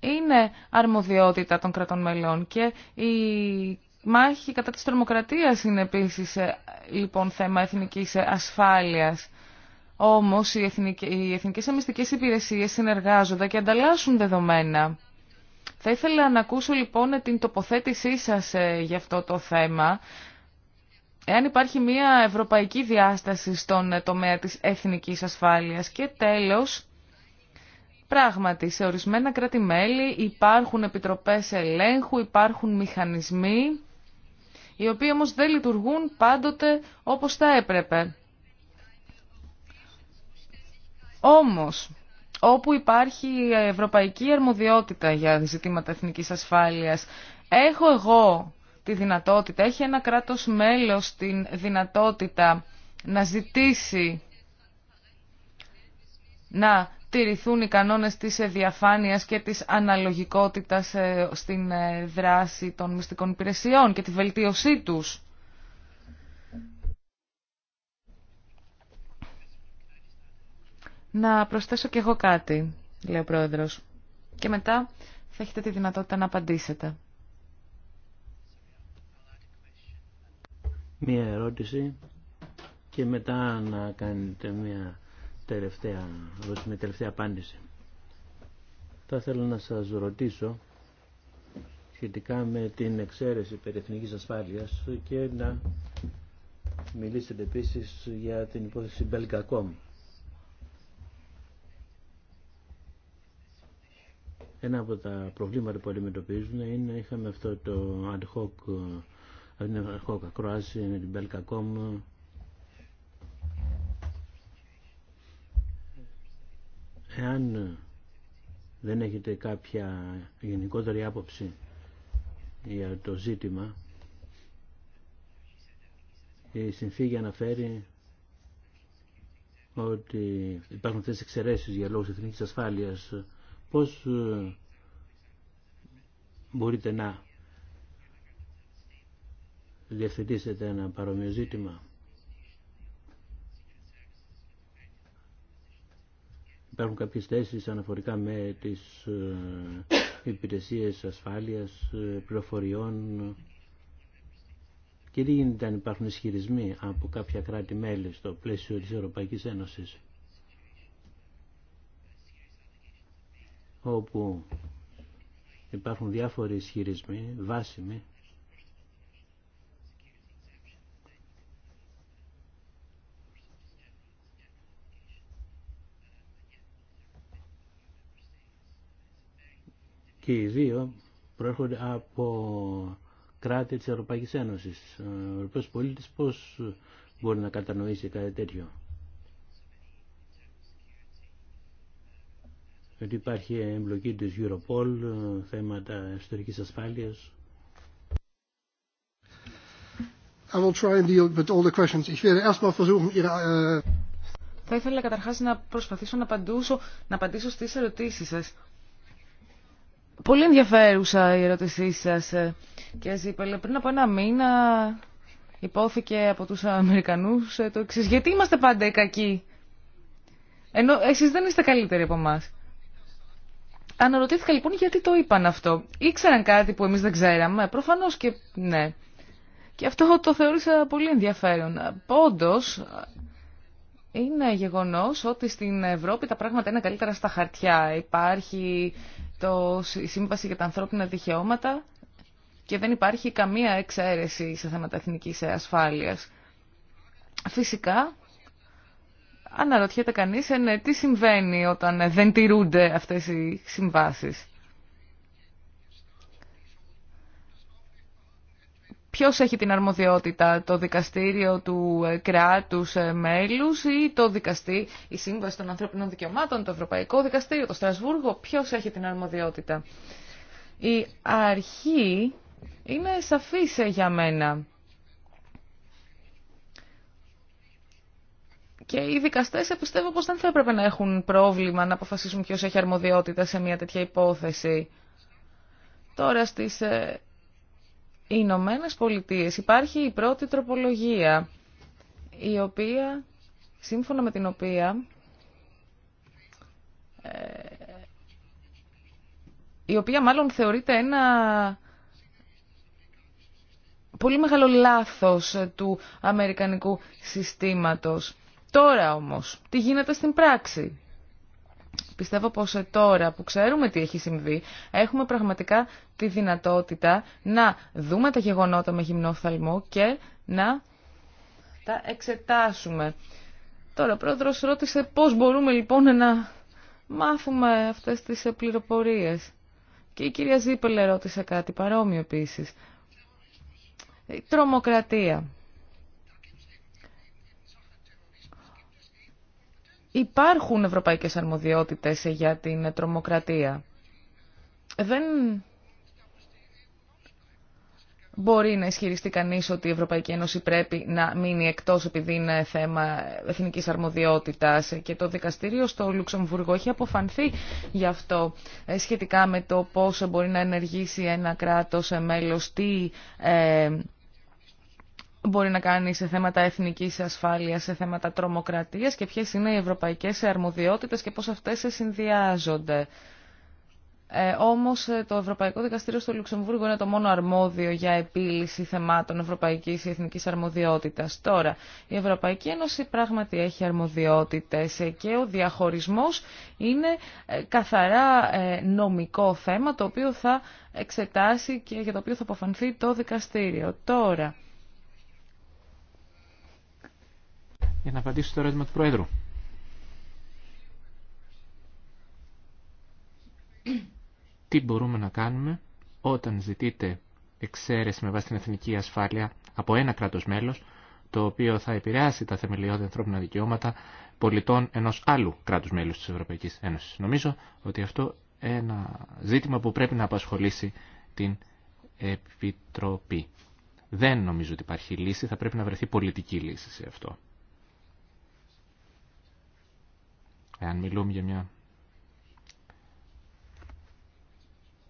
είναι αρμοδιότητα των κρατών μελών και η μάχη κατά της τρομοκρατίας είναι επίσης ε, λοιπόν θέμα εθνικής ε, ασφάλειας. Όμως οι, εθνικές, οι εθνικές αμυστικές υπηρεσίες συνεργάζονται και ανταλλάσσουν δεδομένα. Θα ήθελα να ακούσω λοιπόν την τοποθέτησή σας ε, για αυτό το θέμα. Εάν υπάρχει μια ευρωπαϊκή διάσταση στον τομέα της εθνικής ασφάλειας και τέλος, πράγματι σε ορισμένα κράτη-μέλη υπάρχουν επιτροπές ελέγχου, υπάρχουν μηχανισμοί οι οποίοι όμως δεν λειτουργούν πάντοτε όπως θα έπρεπε. Όμως, όπου υπάρχει ευρωπαϊκή αρμοδιότητα για ζητήματα εθνικής ασφάλειας, έχω εγώ τη δυνατότητα, έχει ένα κράτος μέλος τη δυνατότητα να ζητήσει να τηρηθούν οι κανόνες της διαφάνειας και της αναλογικότητας ε, στην ε, δράση των μυστικών υπηρεσιών και τη βελτίωσή τους. Να προσθέσω κι εγώ κάτι, λέει ο Πρόεδρος. Και μετά θα έχετε τη δυνατότητα να απαντήσετε. Μία ερώτηση και μετά να κάνετε μία τελευταία, με τελευταία απάντηση. Θα ήθελα να σας ρωτήσω σχετικά με την εξαίρεση εθνικής ασφάλειας και να μιλήσετε επίσης για την υπόθεση Belgacom. Ένα από τα προβλήματα που αντιμετωπίζουν είναι είχαμε αυτό το ad hoc, ε, ad hoc ακρόαση με την Belgacom Εάν ε, δεν έχετε κάποια γενικότερη άποψη για το ζήτημα, η συνθήκη αναφέρει ότι υπάρχουν αυτές εξαιρέσεις για λόγους εθνικής ασφάλειας. Πώς ε, μπορείτε να διευθυντήσετε ένα παρόμοιο ζήτημα. Υπάρχουν κάποιες θέσεις αναφορικά με τις ε, υπηρεσίες ασφάλειας, ε, πληροφοριών και τι γίνεται αν υπάρχουν ισχυρισμοί από κάποια κράτη-μέλη στο πλαίσιο της Ευρωπαϊκής Ένωσης όπου υπάρχουν διάφοροι ισχυρισμοί βάσιμοι και οι δύο προέρχονται από κράτη της Ευρωπαϊκής Ένωσης. Ο Ευρωπαίος πολίτης πώς μπορεί να κατανοήσει κάτι τέτοιο. Ότι υπάρχει εμπλοκή της Europol, θέματα εσωτερικής ασφάλειας. Äh, Θα ήθελα καταρχάς να προσπαθήσω να απαντήσω, να απαντήσω στις ερωτήσεις σας. Πολύ ενδιαφέρουσα η ερώτησή σας, κύριε Ζήπελε. Πριν από ένα μήνα υπόθηκε από τους Αμερικανούς ε, το εξής. Γιατί είμαστε πάντα οι κακοί, ενώ εσείς δεν είστε καλύτεροι από εμά. Αναρωτήθηκα λοιπόν γιατί το είπαν αυτό. Ήξεραν κάτι που εμείς δεν ξέραμε, προφανώς και ναι. Και αυτό το θεώρησα πολύ ενδιαφέρον. Όντως, είναι γεγονός ότι στην Ευρώπη τα πράγματα είναι καλύτερα στα χαρτιά. Υπάρχει το, η Σύμβαση για τα Ανθρώπινα Δικαιώματα και δεν υπάρχει καμία εξαίρεση σε θέματα εθνικής ε, ασφάλειας. Φυσικά, αναρωτιέται κανείς ε, ναι, τι συμβαίνει όταν ε, δεν τηρούνται αυτές οι συμβάσεις. Ποιος έχει την αρμοδιότητα, το δικαστήριο του ε, κράτους ε, μέλους ή το δικαστή, η Σύμβαση των Ανθρώπινων Δικαιωμάτων, το Ευρωπαϊκό Δικαστήριο, το Στρασβούργο, ποιος έχει την αρμοδιότητα. Η αρχή είναι σαφής ε, για μένα. Και οι δικαστές πιστεύω πως δεν θα έπρεπε να έχουν πρόβλημα να αποφασίσουν ποιος έχει αρμοδιότητα σε μια τέτοια υπόθεση. Τώρα στις οι Ηνωμένε Πολιτείε υπάρχει η πρώτη τροπολογία, η οποία, σύμφωνα με την οποία ε, η οποία μάλλον θεωρείται ένα πολύ μεγάλο λάθος του αμερικανικού συστήματος. Τώρα όμως, τι γίνεται στην πράξη. Πιστεύω πως ε, τώρα που ξέρουμε τι έχει συμβεί, έχουμε πραγματικά τη δυνατότητα να δούμε τα γεγονότα με γυμνόφθαλμό και να τα εξετάσουμε. Τώρα, ο πρόεδρος ρώτησε πώς μπορούμε λοιπόν να μάθουμε αυτές τις ε, πληροφορίες. Και η κυρία Ζήπελε ρώτησε κάτι παρόμοιο επίσης. τρομοκρατία. υπάρχουν ευρωπαϊκές αρμοδιότητες για την τρομοκρατία. Δεν μπορεί να ισχυριστεί κανείς ότι η Ευρωπαϊκή Ένωση πρέπει να μείνει εκτός επειδή είναι θέμα εθνικής αρμοδιότητας και το δικαστήριο στο Λουξεμβουργό έχει αποφανθεί γι' αυτό ε, σχετικά με το πώς μπορεί να ενεργήσει ένα κράτος ε, μέλος, τι ε, μπορεί να κάνει σε θέματα εθνικής ασφάλειας, σε θέματα τρομοκρατίας και ποιες είναι οι ευρωπαϊκές αρμοδιότητες και πώς αυτές σε συνδυάζονται. Ε, όμως ε, το Ευρωπαϊκό Δικαστήριο στο Λουξεμβούργο είναι το μόνο αρμόδιο για επίλυση θεμάτων ευρωπαϊκής ή εθνικής αρμοδιότητας. Τώρα, η Ευρωπαϊκή Ένωση πράγματι έχει αρμοδιότητες ε, και ο διαχωρισμός είναι ε, καθαρά νομικό θέμα το οποίο θα εξετάσει και για το οποίο θα αποφανθεί το δικαστήριο. Τώρα, για να απαντήσω στο ερώτημα του Πρόεδρου. Τι μπορούμε να κάνουμε όταν ζητείτε εξαίρεση με βάση την εθνική ασφάλεια από ένα κράτος μέλος, το οποίο θα επηρεάσει τα θεμελιώδη ανθρώπινα δικαιώματα πολιτών ενός άλλου κράτους μέλους της Ευρωπαϊκής Ένωσης. Νομίζω ότι αυτό είναι ένα ζήτημα που πρέπει να απασχολήσει την Επιτροπή. Δεν νομίζω ότι υπάρχει λύση, θα πρέπει να βρεθεί πολιτική λύση σε αυτό. Εάν μιλούμε για μια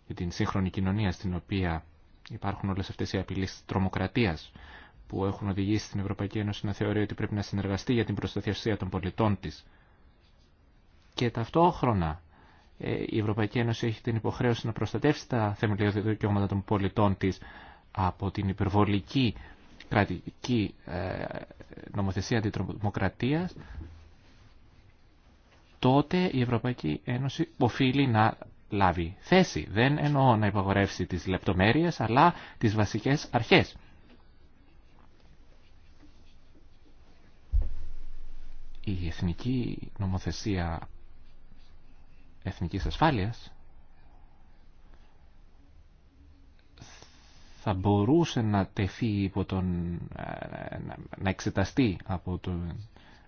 για την σύγχρονη κοινωνία στην οποία υπάρχουν όλες αυτές οι απειλές τρομοκρατίας που έχουν οδηγήσει στην Ευρωπαϊκή Ένωση να θεωρεί ότι πρέπει να συνεργαστεί για την προστασία των πολιτών της. Και ταυτόχρονα ε, η Ευρωπαϊκή Ένωση έχει την υποχρέωση να προστατεύσει τα θεμελιώδη δικαιώματα των πολιτών της από την υπερβολική κρατική ε, νομοθεσία αντιτρομοκρατίας τότε η Ευρωπαϊκή Ένωση οφείλει να λάβει θέση. Δεν εννοώ να υπαγορεύσει τις λεπτομέρειες, αλλά τις βασικές αρχές. Η εθνική νομοθεσία εθνικής ασφάλειας θα μπορούσε να τεθεί υπό τον, ε, να εξεταστεί από τον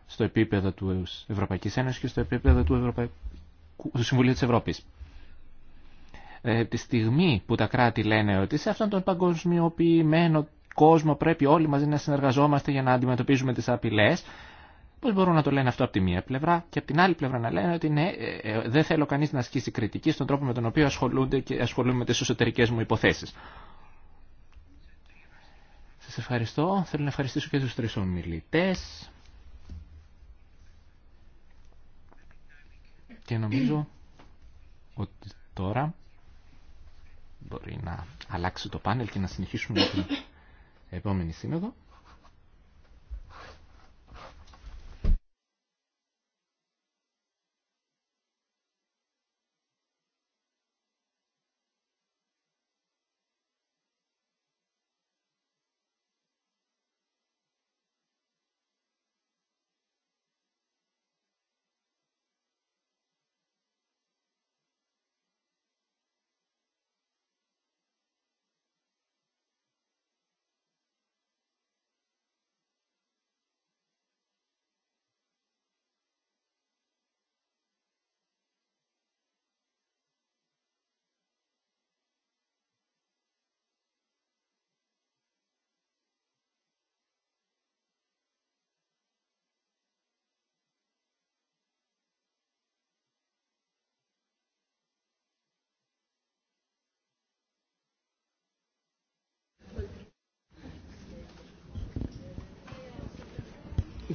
στο επίπεδο του Ευρωπαϊκή Ένωση και στο επίπεδο του, Ευρωπαϊκού, του Συμβουλίου τη Ευρώπη. Ε, τη στιγμή που τα κράτη λένε ότι σε αυτόν τον παγκοσμιοποιημένο κόσμο πρέπει όλοι μαζί να συνεργαζόμαστε για να αντιμετωπίζουμε τι απειλέ. Πώ μπορούν να το λένε αυτό από τη μία πλευρά και από την άλλη πλευρά να λένε ότι ναι, ε, ε, δεν θέλω κανεί να ασκήσει κριτική στον τρόπο με τον οποίο ασχολούνται και ασχολούμαι με τι εσωτερικέ μου υποθέσει. Σα ευχαριστώ. Θέλω να ευχαριστήσω και του τρει ομιλητέ. και νομίζω ότι τώρα μπορεί να αλλάξει το πάνελ και να συνεχίσουμε την επόμενη σύνοδο.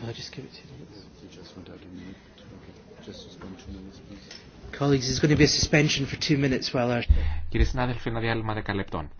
I just give it two minutes? Colleagues, there's going to be a suspension for two minutes while our... Κύριε συνάδελφοι, ένα διάλειμμα 10 λεπτών.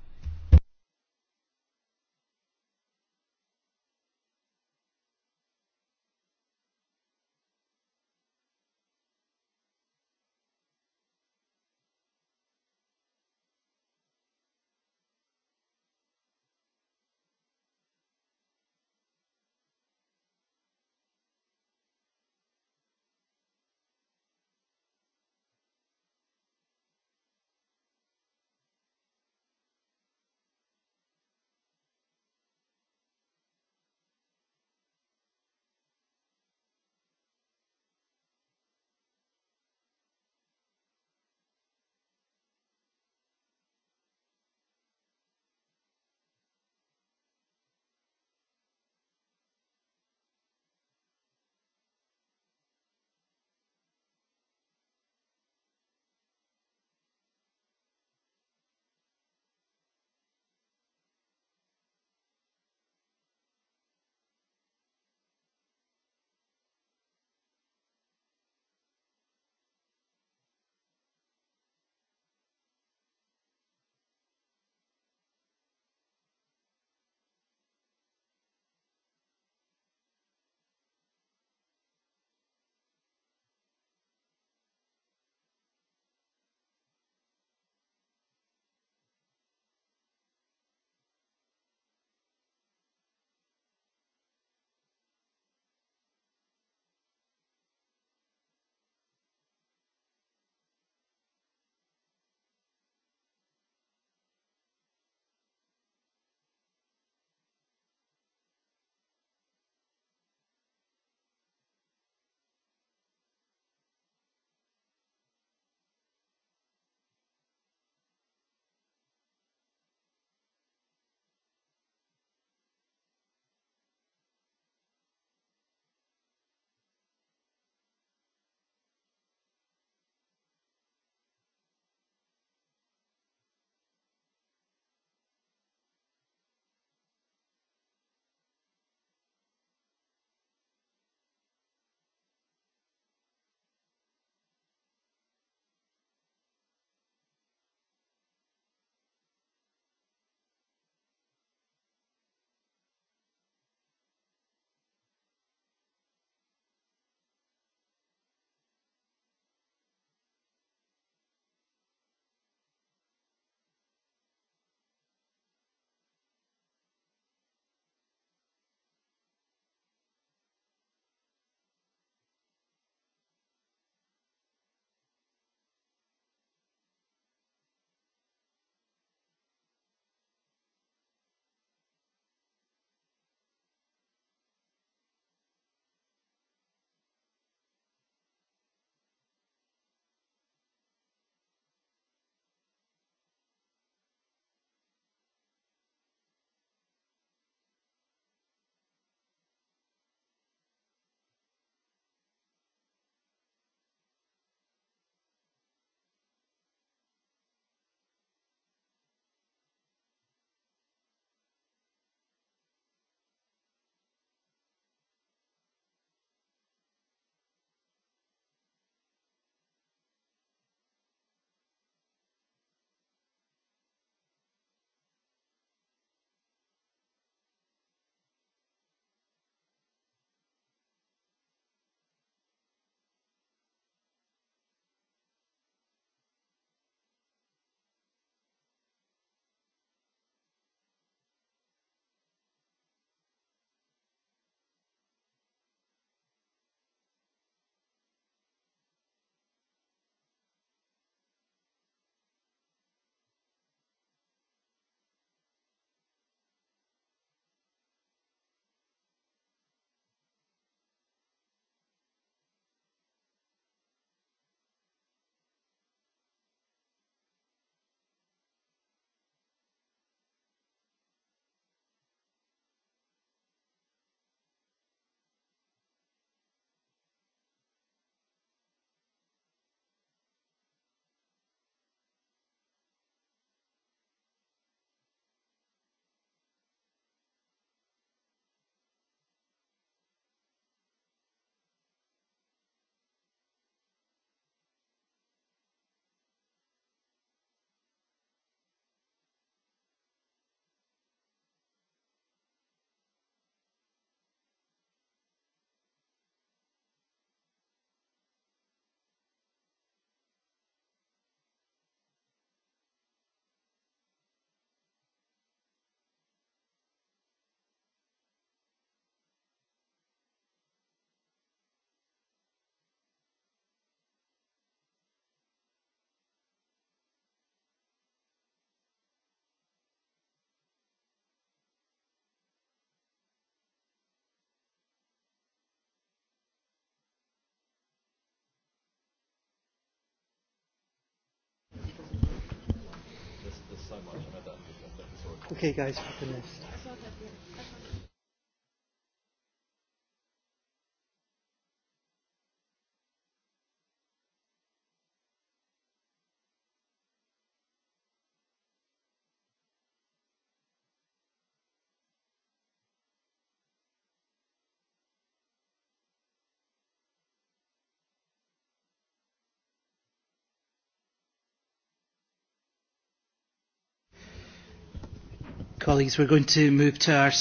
Okay, guys, for the next.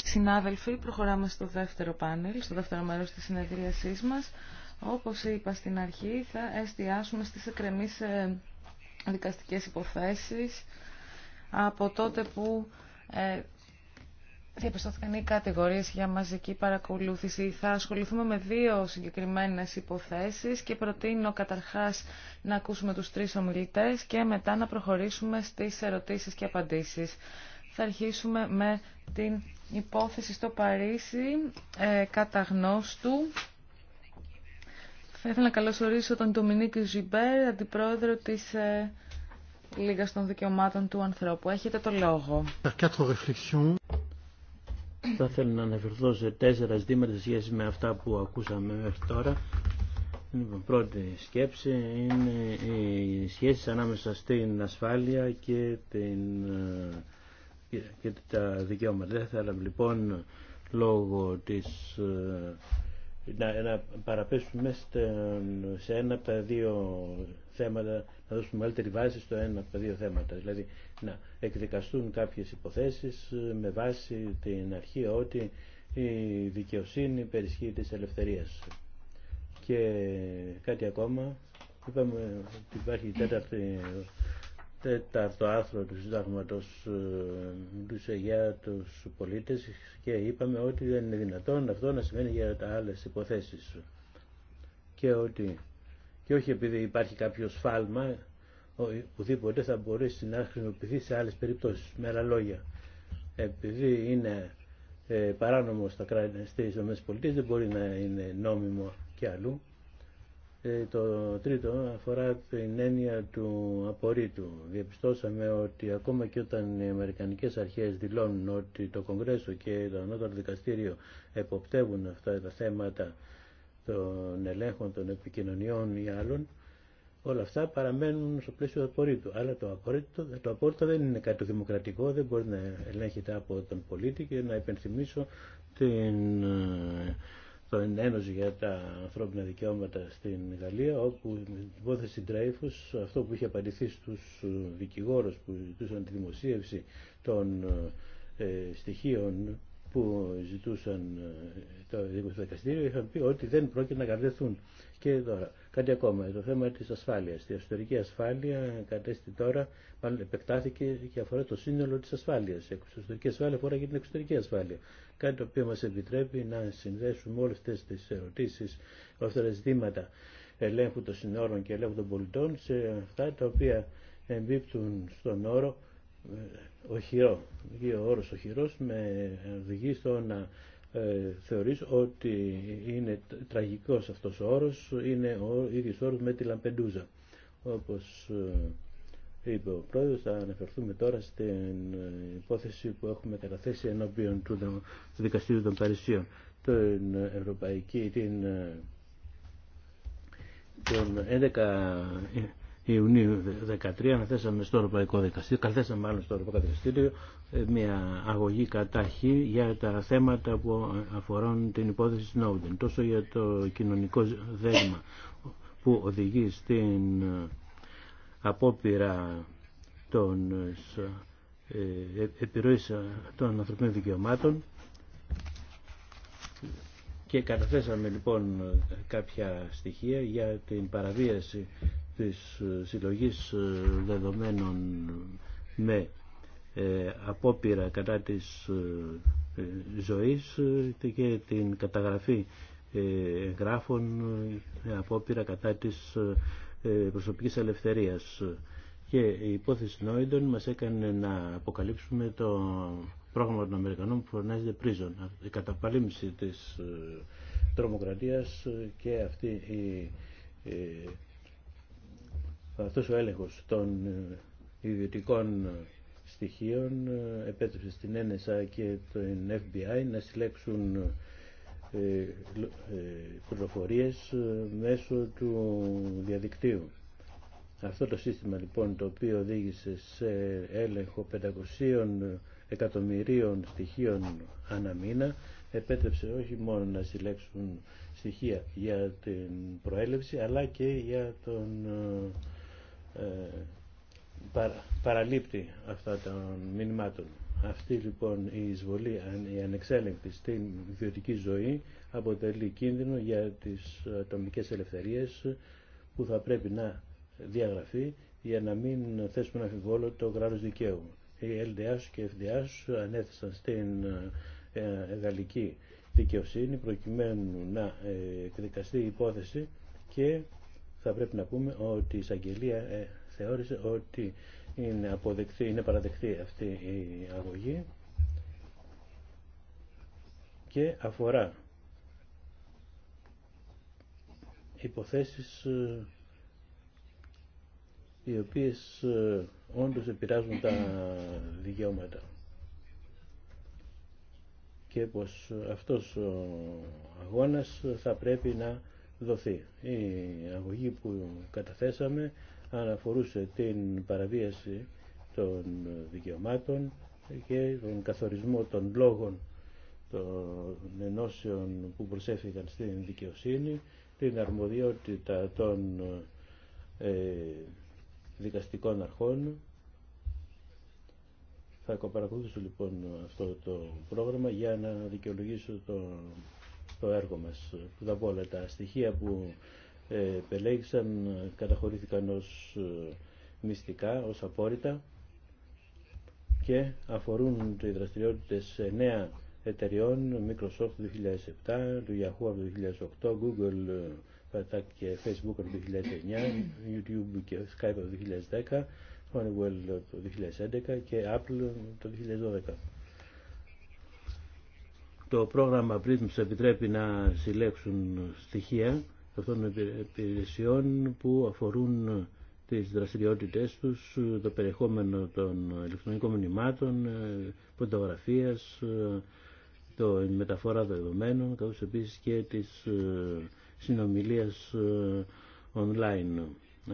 Συνάδελφοι, προχωράμε στο δεύτερο πάνελ, στο δεύτερο μέρος της συνεδρίασής μας. Όπως είπα στην αρχή, θα εστιάσουμε στις εκκρεμείς ε, δικαστικές υποθέσεις από τότε που ε, διαπιστώθηκαν οι κατηγορίες για μαζική παρακολούθηση. Θα ασχοληθούμε με δύο συγκεκριμένες υποθέσεις και προτείνω καταρχάς να ακούσουμε τους τρεις ομιλητές και μετά να προχωρήσουμε στις ερωτήσεις και απαντήσεις. Θα αρχίσουμε με την υπόθεση στο Παρίσι ε, κατά γνώστου. Θα ήθελα να καλωσορίσω τον Ντομινίκη Ζιμπέρ, αντιπρόεδρο της ε, Λίγας των Δικαιωμάτων του Ανθρώπου. Έχετε το λόγο. Θα ήθελα να αναφερθώ σε τέσσερα ζητήματα σχέση με αυτά που ακούσαμε μέχρι τώρα. Λοιπόν, πρώτη σκέψη είναι οι σχέση ανάμεσα στην ασφάλεια και την ε, και τα δικαιώματα. Δεν θέλαμε λοιπόν λόγω της ε, να, να παραπέσουμε σε ένα από τα δύο θέματα, να δώσουμε μεγαλύτερη βάση στο ένα από τα δύο θέματα. Δηλαδή να εκδικαστούν κάποιες υποθέσεις ε, με βάση την αρχή ότι η δικαιοσύνη περισχύει της ελευθερίας. Και κάτι ακόμα, είπαμε ότι υπάρχει η τέταρτη τέταρτο άρθρο του συντάγματος του ε, για τους πολίτες και είπαμε ότι δεν είναι δυνατόν αυτό να σημαίνει για τα άλλες υποθέσεις και ότι και όχι επειδή υπάρχει κάποιο σφάλμα ουδήποτε θα μπορέσει να χρησιμοποιηθεί σε άλλες περιπτώσεις με άλλα λόγια επειδή είναι ε, παράνομο στα κράτη στις ΗΠΑ δεν μπορεί να είναι νόμιμο και αλλού το τρίτο αφορά την έννοια του απορρίτου. Διαπιστώσαμε ότι ακόμα και όταν οι Αμερικανικές αρχές δηλώνουν ότι το Κογκρέσο και το Ανώτατο Δικαστήριο εποπτεύουν αυτά τα θέματα των ελέγχων των επικοινωνιών ή άλλων, όλα αυτά παραμένουν στο πλαίσιο του απορρίτου. Αλλά το απορρίτο, το απορρίτο δεν είναι κάτι δημοκρατικό, δεν μπορεί να ελέγχεται από τον πολίτη και να υπενθυμίσω την ε, το Ένωση για τα ανθρώπινα δικαιώματα στην Γαλλία, όπου με την υπόθεση τρέφου αυτό που είχε απαντηθεί στου δικηγόρου που ζητούσαν τη δημοσίευση των ε, στοιχείων που ζητούσαν ε, το δικαστήριο, είχαν πει ότι δεν πρόκειται να καρδεθούν. Και τώρα, Κάτι ακόμα, το θέμα της ασφάλειας. Η εσωτερική ασφάλεια κατέστη τώρα, μάλλον επεκτάθηκε και αφορά το σύνολο της ασφάλειας. Η εσωτερική ασφάλεια αφορά και την εξωτερική ασφάλεια. Κάτι το οποίο μας επιτρέπει να συνδέσουμε όλες αυτές τις ερωτήσεις, όλα αυτά τα ζητήματα ελέγχου των συνόρων και ελέγχου των πολιτών σε αυτά τα οποία εμπίπτουν στον όρο ε, οχυρό. Ο όρος οχυρός με στο να ε, θεωρείς ότι είναι τραγικός αυτός ο όρος, είναι ο ίδιος όρος με τη Λαμπεντούζα. Όπως ε, είπε ο πρόεδρος, θα αναφερθούμε τώρα στην ε, υπόθεση που έχουμε καταθέσει ενώπιον του Δικαστήριου των Παρισίων, την Ευρωπαϊκή, την, τον 11 Ιουνίου 2013 αναθέσαμε στο Ευρωπαϊκό Δικαστήριο, μάλλον στο Ευρωπαϊκό Δικαστήριο μια αγωγή κατάχη για τα θέματα που αφορούν την υπόθεση Snowden, τόσο για το κοινωνικό δέσμα που οδηγεί στην ε, απόπειρα των ε, ε, επιρροής των ανθρωπίνων δικαιωμάτων και καταθέσαμε λοιπόν κάποια στοιχεία για την παραβίαση της συλλογής δεδομένων με ε, απόπειρα κατά της ε, ζωής ε, και την καταγραφή γράφων απόπειρα κατά της προσωπικής ελευθερίας. Και η υπόθεση Νόιντον μας έκανε να αποκαλύψουμε το πρόγραμμα των Αμερικανών που φωνάζεται Prison. Η καταπαλήμψη της τρομοκρατίας και αυτή η, αυτός ο έλεγχος των ιδιωτικών στοιχείων ε, επέτρεψε στην NSA και την FBI να συλλέξουν ε, ε, πληροφορίες μέσω του διαδικτύου. Αυτό το σύστημα λοιπόν το οποίο οδήγησε σε έλεγχο 500 εκατομμυρίων στοιχείων αναμίνα επέτρεψε όχι μόνο να συλλέξουν στοιχεία για την προέλευση αλλά και για τον παραλείπτει αυτά των μηνυμάτων. Αυτή λοιπόν η εισβολή, η ανεξέλεγκτη στην ιδιωτική ζωή αποτελεί κίνδυνο για τις ατομικές ελευθερίες που θα πρέπει να διαγραφεί για να μην θέσουμε να αμφιβόλο το κράτος δικαίου. Οι LDA και FDA ανέθεσαν στην ε, γαλλική δικαιοσύνη προκειμένου να ε, εκδικαστεί η υπόθεση και θα πρέπει να πούμε ότι η εισαγγελία ε, θεώρησε ότι είναι, αποδεκτή, είναι παραδεκτή αυτή η αγωγή και αφορά υποθέσεις ε, οι οποίες ε, όντως επηρεάζουν τα δικαιώματα και πως αυτός ο αγώνας θα πρέπει να δοθεί. Η αγωγή που καταθέσαμε Αναφορούσε την παραβίαση των δικαιωμάτων και τον καθορισμό των λόγων των ενώσεων που προσέφηκαν στην δικαιοσύνη, την αρμοδιότητα των ε, δικαστικών αρχών. Θα παρακολουθήσω λοιπόν αυτό το πρόγραμμα για να δικαιολογήσω το, το έργο μας. τα πω όλα τα στοιχεία που επελέγησαν, καταχωρήθηκαν ως ε, μυστικά, ως απόρριτα και αφορούν οι δραστηριότητες νέα εταιριών Microsoft 2007, του Yahoo το 2008, Google ε, και Facebook το 2009, YouTube και Skype το 2010, Honeywell το 2011 και Apple το 2012. Το πρόγραμμα Prism επιτρέπει να συλλέξουν στοιχεία αυτών των υπηρεσιών που αφορούν τις δραστηριότητές τους, το περιεχόμενο των ηλεκτρονικών μηνυμάτων, ε, φωτογραφίας, ε, το μεταφορά δεδομένων, καθώς επίσης και της ε, συνομιλίας online.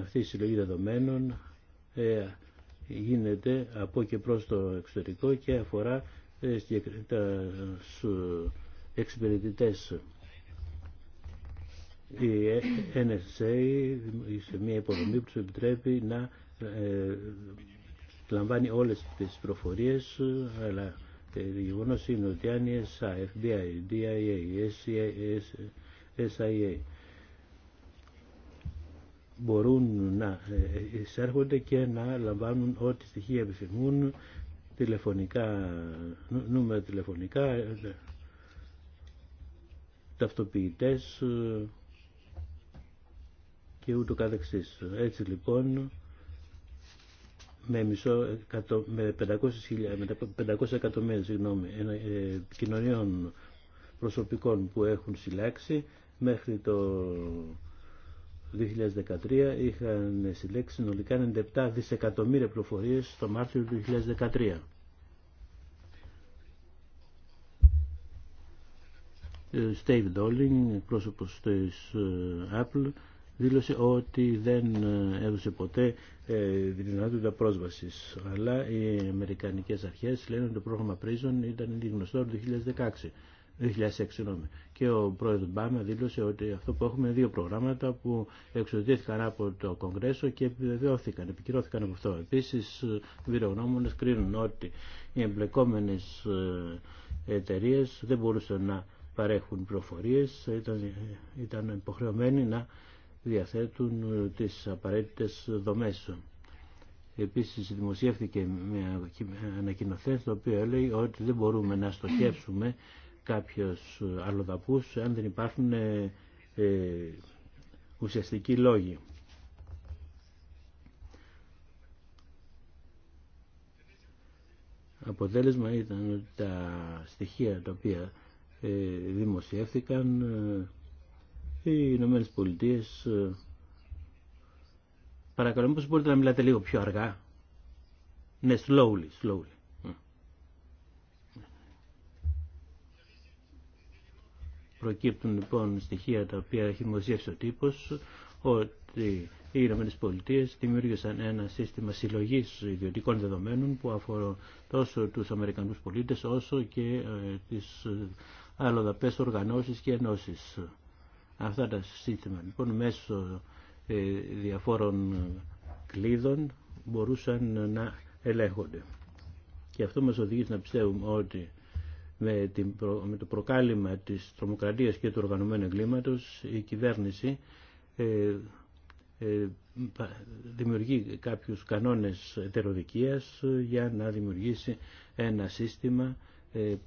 Αυτή η συλλογή δεδομένων γίνεται από και προς το εξωτερικό και αφορά τα εξυπηρετητές η NSA σε μια υποδομή που του επιτρέπει να ε, λαμβάνει όλες τις προφορίες αλλά το γεγονό είναι ότι αν η SA, FBI, DIA, SIA μπορούν να ε, εισέρχονται και να λαμβάνουν ό,τι στοιχεία επιθυμούν τηλεφωνικά, νούμερα τηλεφωνικά, ταυτοποιητές, και ούτω καθεξής. Έτσι λοιπόν με, μισό, με 500, με 500 εκατομμύρια συγγνώμη, ε, κοινωνιών προσωπικών που έχουν συλλάξει μέχρι το 2013 είχαν συλλέξει συνολικά 97 δισεκατομμύρια πληροφορίες το Μάρτιο του 2013. Στέιβ Ντόλινγκ, πρόσωπος της ε, Apple, δήλωσε ότι δεν ε, έδωσε ποτέ ε, δυνατότητα πρόσβασης. Αλλά οι Αμερικανικές αρχές λένε ότι το πρόγραμμα Prison ήταν ήδη γνωστό το 2016. 2006, Και ο πρόεδρος Μπάμα δήλωσε ότι αυτό που έχουμε είναι δύο προγράμματα που εξοδοτήθηκαν από το Κογκρέσο και επιβεβαιώθηκαν, επικυρώθηκαν από αυτό. Επίσης, βυρογνώμονες κρίνουν ότι οι εμπλεκόμενες ε, εταιρείε δεν μπορούσαν να παρέχουν πληροφορίε, ήταν, ήταν υποχρεωμένοι να διαθέτουν ε, τις απαραίτητες δομές. Επίσης δημοσιεύτηκε μια ανακοινωθέν το οποίο λέει ότι δεν μπορούμε να στοχεύσουμε κάποιους αλλοδαπούς αν δεν υπάρχουν ε, ε ουσιαστικοί λόγοι. Αποτέλεσμα ήταν ότι τα στοιχεία τα οποία ε, δημοσιεύθηκαν οι Ηνωμένε Πολιτείε. Ε, παρακαλώ, μήπως μπορείτε να μιλάτε λίγο πιο αργά. Ναι, slowly, slowly. Προκύπτουν λοιπόν στοιχεία τα οποία έχει δημοσιεύσει ο τύπο, ότι οι Ηνωμένε Πολιτείε δημιούργησαν ένα σύστημα συλλογή ιδιωτικών δεδομένων που αφορά τόσο του Αμερικανού πολίτε όσο και ε, τι ε, αλλοδαπέ οργανώσει και ενώσει αυτά τα σύστημα. Λοιπόν, μέσω ε, διαφόρων ε, κλείδων μπορούσαν να ελέγχονται. Και αυτό μας οδηγεί να πιστεύουμε ότι με, την με το προκάλημα της τρομοκρατίας και του οργανωμένου εγκλήματος η κυβέρνηση ε, δημιουργεί κάποιους κανόνες ετεροδικίας για να δημιουργήσει ένα σύστημα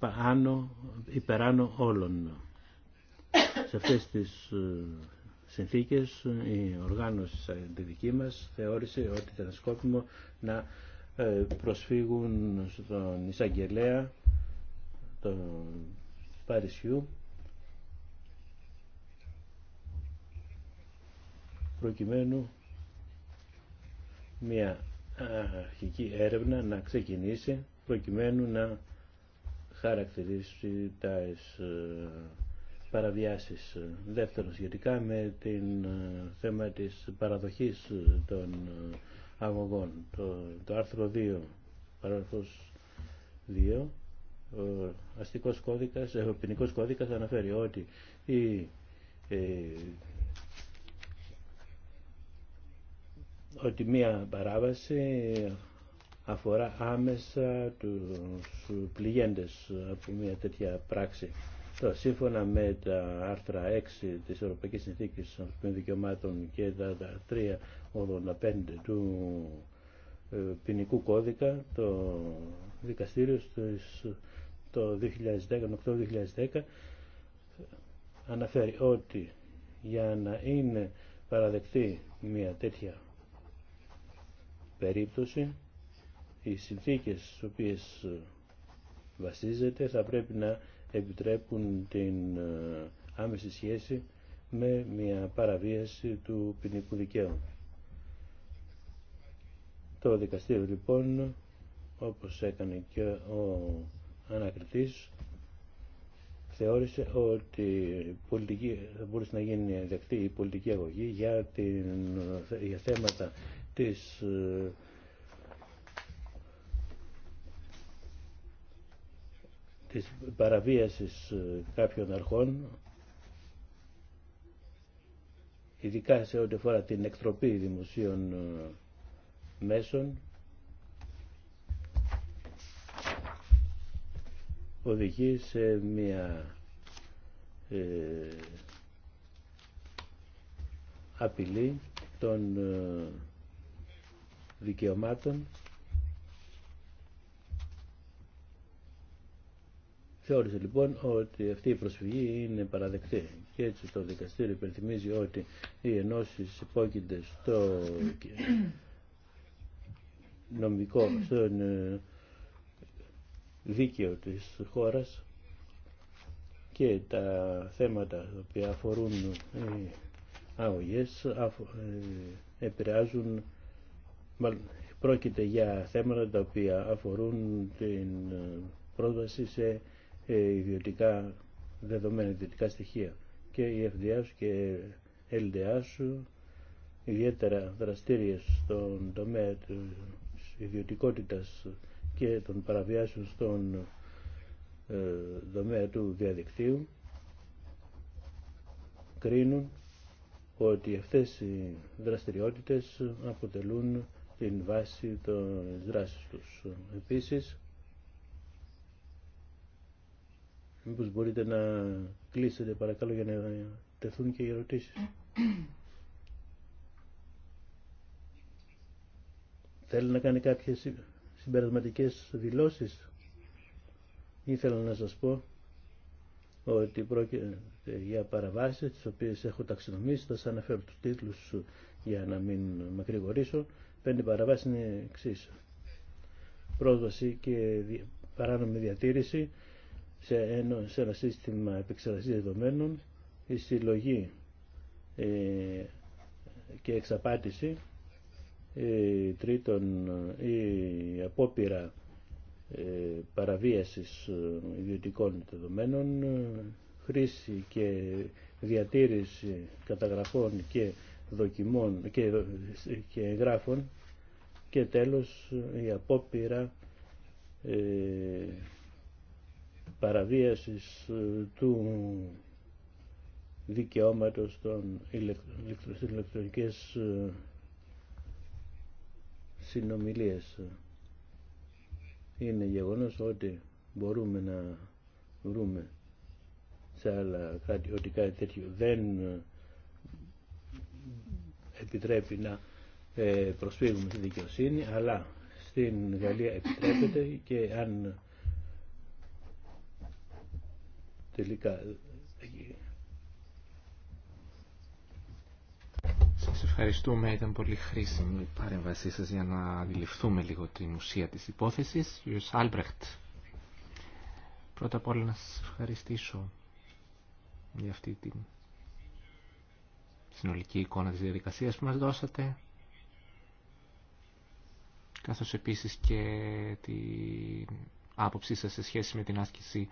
πάνω, υπεράνω όλων. Σε αυτές τις ε, συνθήκες ε, η οργάνωση τη δική μας θεώρησε ότι ήταν σκόπιμο να ε, προσφύγουν στον εισαγγελέα του Παρισιού προκειμένου μια αρχική έρευνα να ξεκινήσει προκειμένου να χαρακτηρίσει τα παραβιάσεις. Δεύτερον, σχετικά με την ε, θέμα της παραδοχής ε, των ε, αγωγών. Το, άρθρο 2, παράγραφος 2, ο αστικός κώδικας, ο κώδικας αναφέρει ότι η, ότι μία παράβαση αφορά άμεσα τους πληγέντες από μία τέτοια πράξη σύμφωνα με τα άρθρα 6 της Ευρωπαϊκής Συνθήκης των Δικαιωμάτων και τα 385 του ε, ποινικού κώδικα, το δικαστήριο το 2010, Οκτώβριο 2010 αναφέρει ότι για να είναι παραδεκτή μια τέτοια περίπτωση οι συνθήκες στις οποίες βασίζεται θα πρέπει να επιτρέπουν την ε, άμεση σχέση με μια παραβίαση του ποινικού δικαίου. Το δικαστήριο λοιπόν, όπως έκανε και ο ανακριτής, θεώρησε ότι πολιτική, θα μπορούσε να γίνει δεκτή η πολιτική αγωγή για, την, ε, για θέματα της ε, της παραβίασης ε, κάποιων αρχών, ειδικά σε ό,τι φορά την εκτροπή δημοσίων ε, μέσων, οδηγεί σε μια ε, απειλή των ε, δικαιωμάτων Θεώρησε λοιπόν ότι αυτή η προσφυγή είναι παραδεκτή και έτσι το δικαστήριο υπενθυμίζει ότι οι ενώσεις υπόκεινται στο νομικό, στο ε, δίκαιο της χώρας και τα θέματα που αφορούν οι αγωγές ε, επηρεάζουν πρόκειται για θέματα τα οποία αφορούν την ε, πρόσβαση σε ε, ιδιωτικά δεδομένα, ιδιωτικά στοιχεία. Και η FDA και LDA σου ιδιαίτερα δραστήριες στον τομέα της ιδιωτικότητας και των παραβιάσεων στον ε, τομέα του διαδικτύου κρίνουν ότι αυτές οι δραστηριότητες αποτελούν την βάση των δράσεων τους. Επίσης, Μήπως μπορείτε να κλείσετε παρακαλώ για να τεθούν και οι ερωτήσεις. Θέλει να κάνει κάποιες συμπερασματικές δηλώσεις. Ήθελα να σας πω ότι πρόκειται για παραβάσεις τις οποίες έχω ταξινομήσει, θα σας αναφέρω τους τίτλους για να μην μακρηγορήσω. Πέντε παραβάσεις είναι εξίσου. Πρόσβαση και παράνομη διατήρηση, σε ένα, σε ένα σύστημα επεξεργασία δεδομένων η συλλογή ε, και εξαπάτηση ε, τρίτον η απόπειρα ε, παραβίασης ε, ιδιωτικών δεδομένων ε, χρήση και διατήρηση καταγραφών και δοκιμών και, και εγγράφων και τέλος η απόπειρα παραβίασης ε, του δικαιώματος των ηλεκτρονικές ε, συνομιλίες. Είναι γεγονός ότι μπορούμε να βρούμε σε άλλα κάτι, ότι κάτι τέτοιο δεν ε, επιτρέπει να προσφύγουμε στη δικαιοσύνη, αλλά στην Γαλλία επιτρέπεται και αν τελικά. Ε, σας ευχαριστούμε. Ήταν πολύ χρήσιμη η παρέμβασή σας για να αντιληφθούμε λίγο την ουσία της υπόθεσης. Κύριο Άλμπρεχτ, πρώτα απ' όλα να σας ευχαριστήσω για αυτή την συνολική εικόνα της διαδικασίας που μας δώσατε καθώς επίσης και την άποψή σας σε σχέση με την άσκηση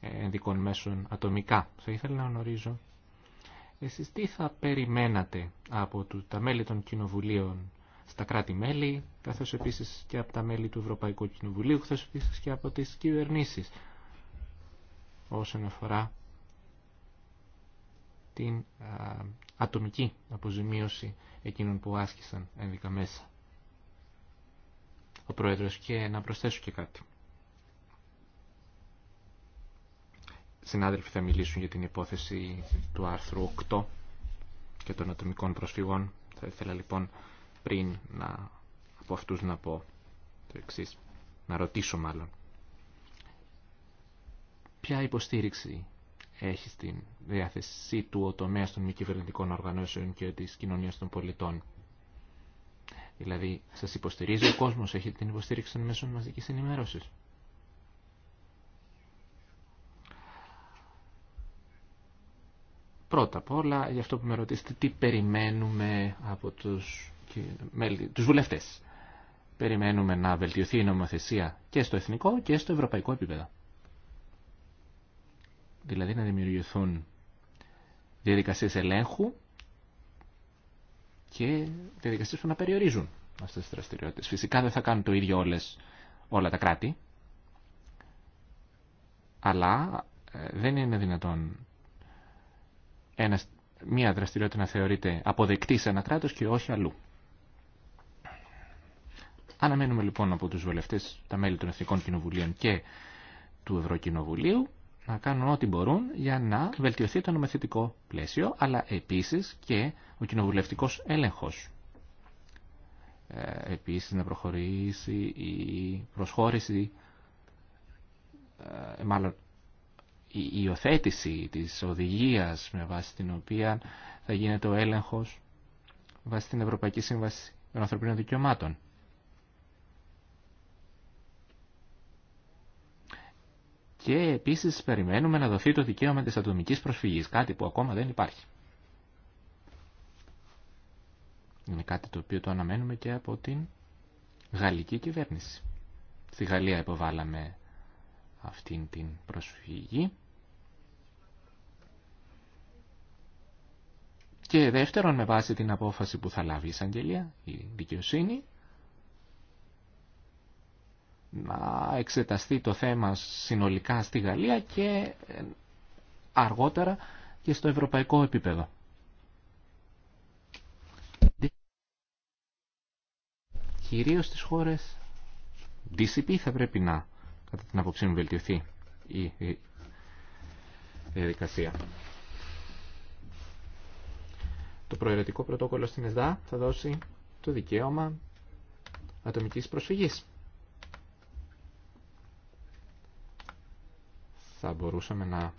ενδικών μέσων ατομικά. Θα ήθελα να γνωρίζω εσείς τι θα περιμένατε από τα μέλη των κοινοβουλίων στα κράτη-μέλη, καθώς επίσης και από τα μέλη του Ευρωπαϊκού Κοινοβουλίου, καθώς επίσης και από τις κυβερνήσεις όσον αφορά την ατομική αποζημίωση εκείνων που άσκησαν ένδικα μέσα. Ο Πρόεδρος και να προσθέσω και κάτι. συνάδελφοι θα μιλήσουν για την υπόθεση του άρθρου 8 και των ατομικών προσφυγών. Θα ήθελα λοιπόν πριν να, από αυτούς να πω το εξή, να ρωτήσω μάλλον. Ποια υποστήριξη έχει στην διάθεσή του ο τομέα των μη κυβερνητικών οργανώσεων και της κοινωνίας των πολιτών. Δηλαδή, σας υποστηρίζει ο κόσμος, έχει την υποστήριξη των μέσων μαζικής ενημέρωση. Πρώτα απ' όλα, για αυτό που με ρωτήσετε, τι περιμένουμε από τους, τους βουλευτές. Περιμένουμε να βελτιωθεί η νομοθεσία και στο εθνικό και στο ευρωπαϊκό επίπεδο. Δηλαδή να δημιουργηθούν διαδικασίες ελέγχου και διαδικασίες που να περιορίζουν αυτές τις δραστηριότητες. Φυσικά δεν θα κάνουν το ίδιο όλες, όλα τα κράτη, αλλά ε, δεν είναι δυνατόν μία δραστηριότητα να θεωρείται αποδεκτή σε ένα κράτο και όχι αλλού. Αναμένουμε λοιπόν από τους βουλευτές, τα μέλη των Εθνικών Κοινοβουλίων και του Ευρωκοινοβουλίου να κάνουν ό,τι μπορούν για να βελτιωθεί το νομοθετικό πλαίσιο, αλλά επίσης και ο κοινοβουλευτικός έλεγχος. Ε, επίσης να προχωρήσει η προσχώρηση, ε, μάλλον η υιοθέτηση της οδηγίας με βάση την οποία θα γίνεται ο έλεγχος βάσει βάση την Ευρωπαϊκή Σύμβαση των Ανθρωπίνων Δικαιωμάτων. Και επίσης περιμένουμε να δοθεί το δικαίωμα της ατομικής προσφυγής, κάτι που ακόμα δεν υπάρχει. Είναι κάτι το οποίο το αναμένουμε και από την γαλλική κυβέρνηση. Στη Γαλλία υποβάλαμε αυτήν την προσφυγή. Και δεύτερον, με βάση την απόφαση που θα λάβει η εισαγγελία, η δικαιοσύνη, να εξεταστεί το θέμα συνολικά στη Γαλλία και ε, αργότερα και στο ευρωπαϊκό επίπεδο. Κυρίως στις χώρες DCP θα πρέπει να κατά την άποψή μου βελτιωθεί η διαδικασία. Το προαιρετικό πρωτόκολλο στην ΕΣΔΑ θα δώσει το δικαίωμα ατομικής προσφυγής. Θα μπορούσαμε να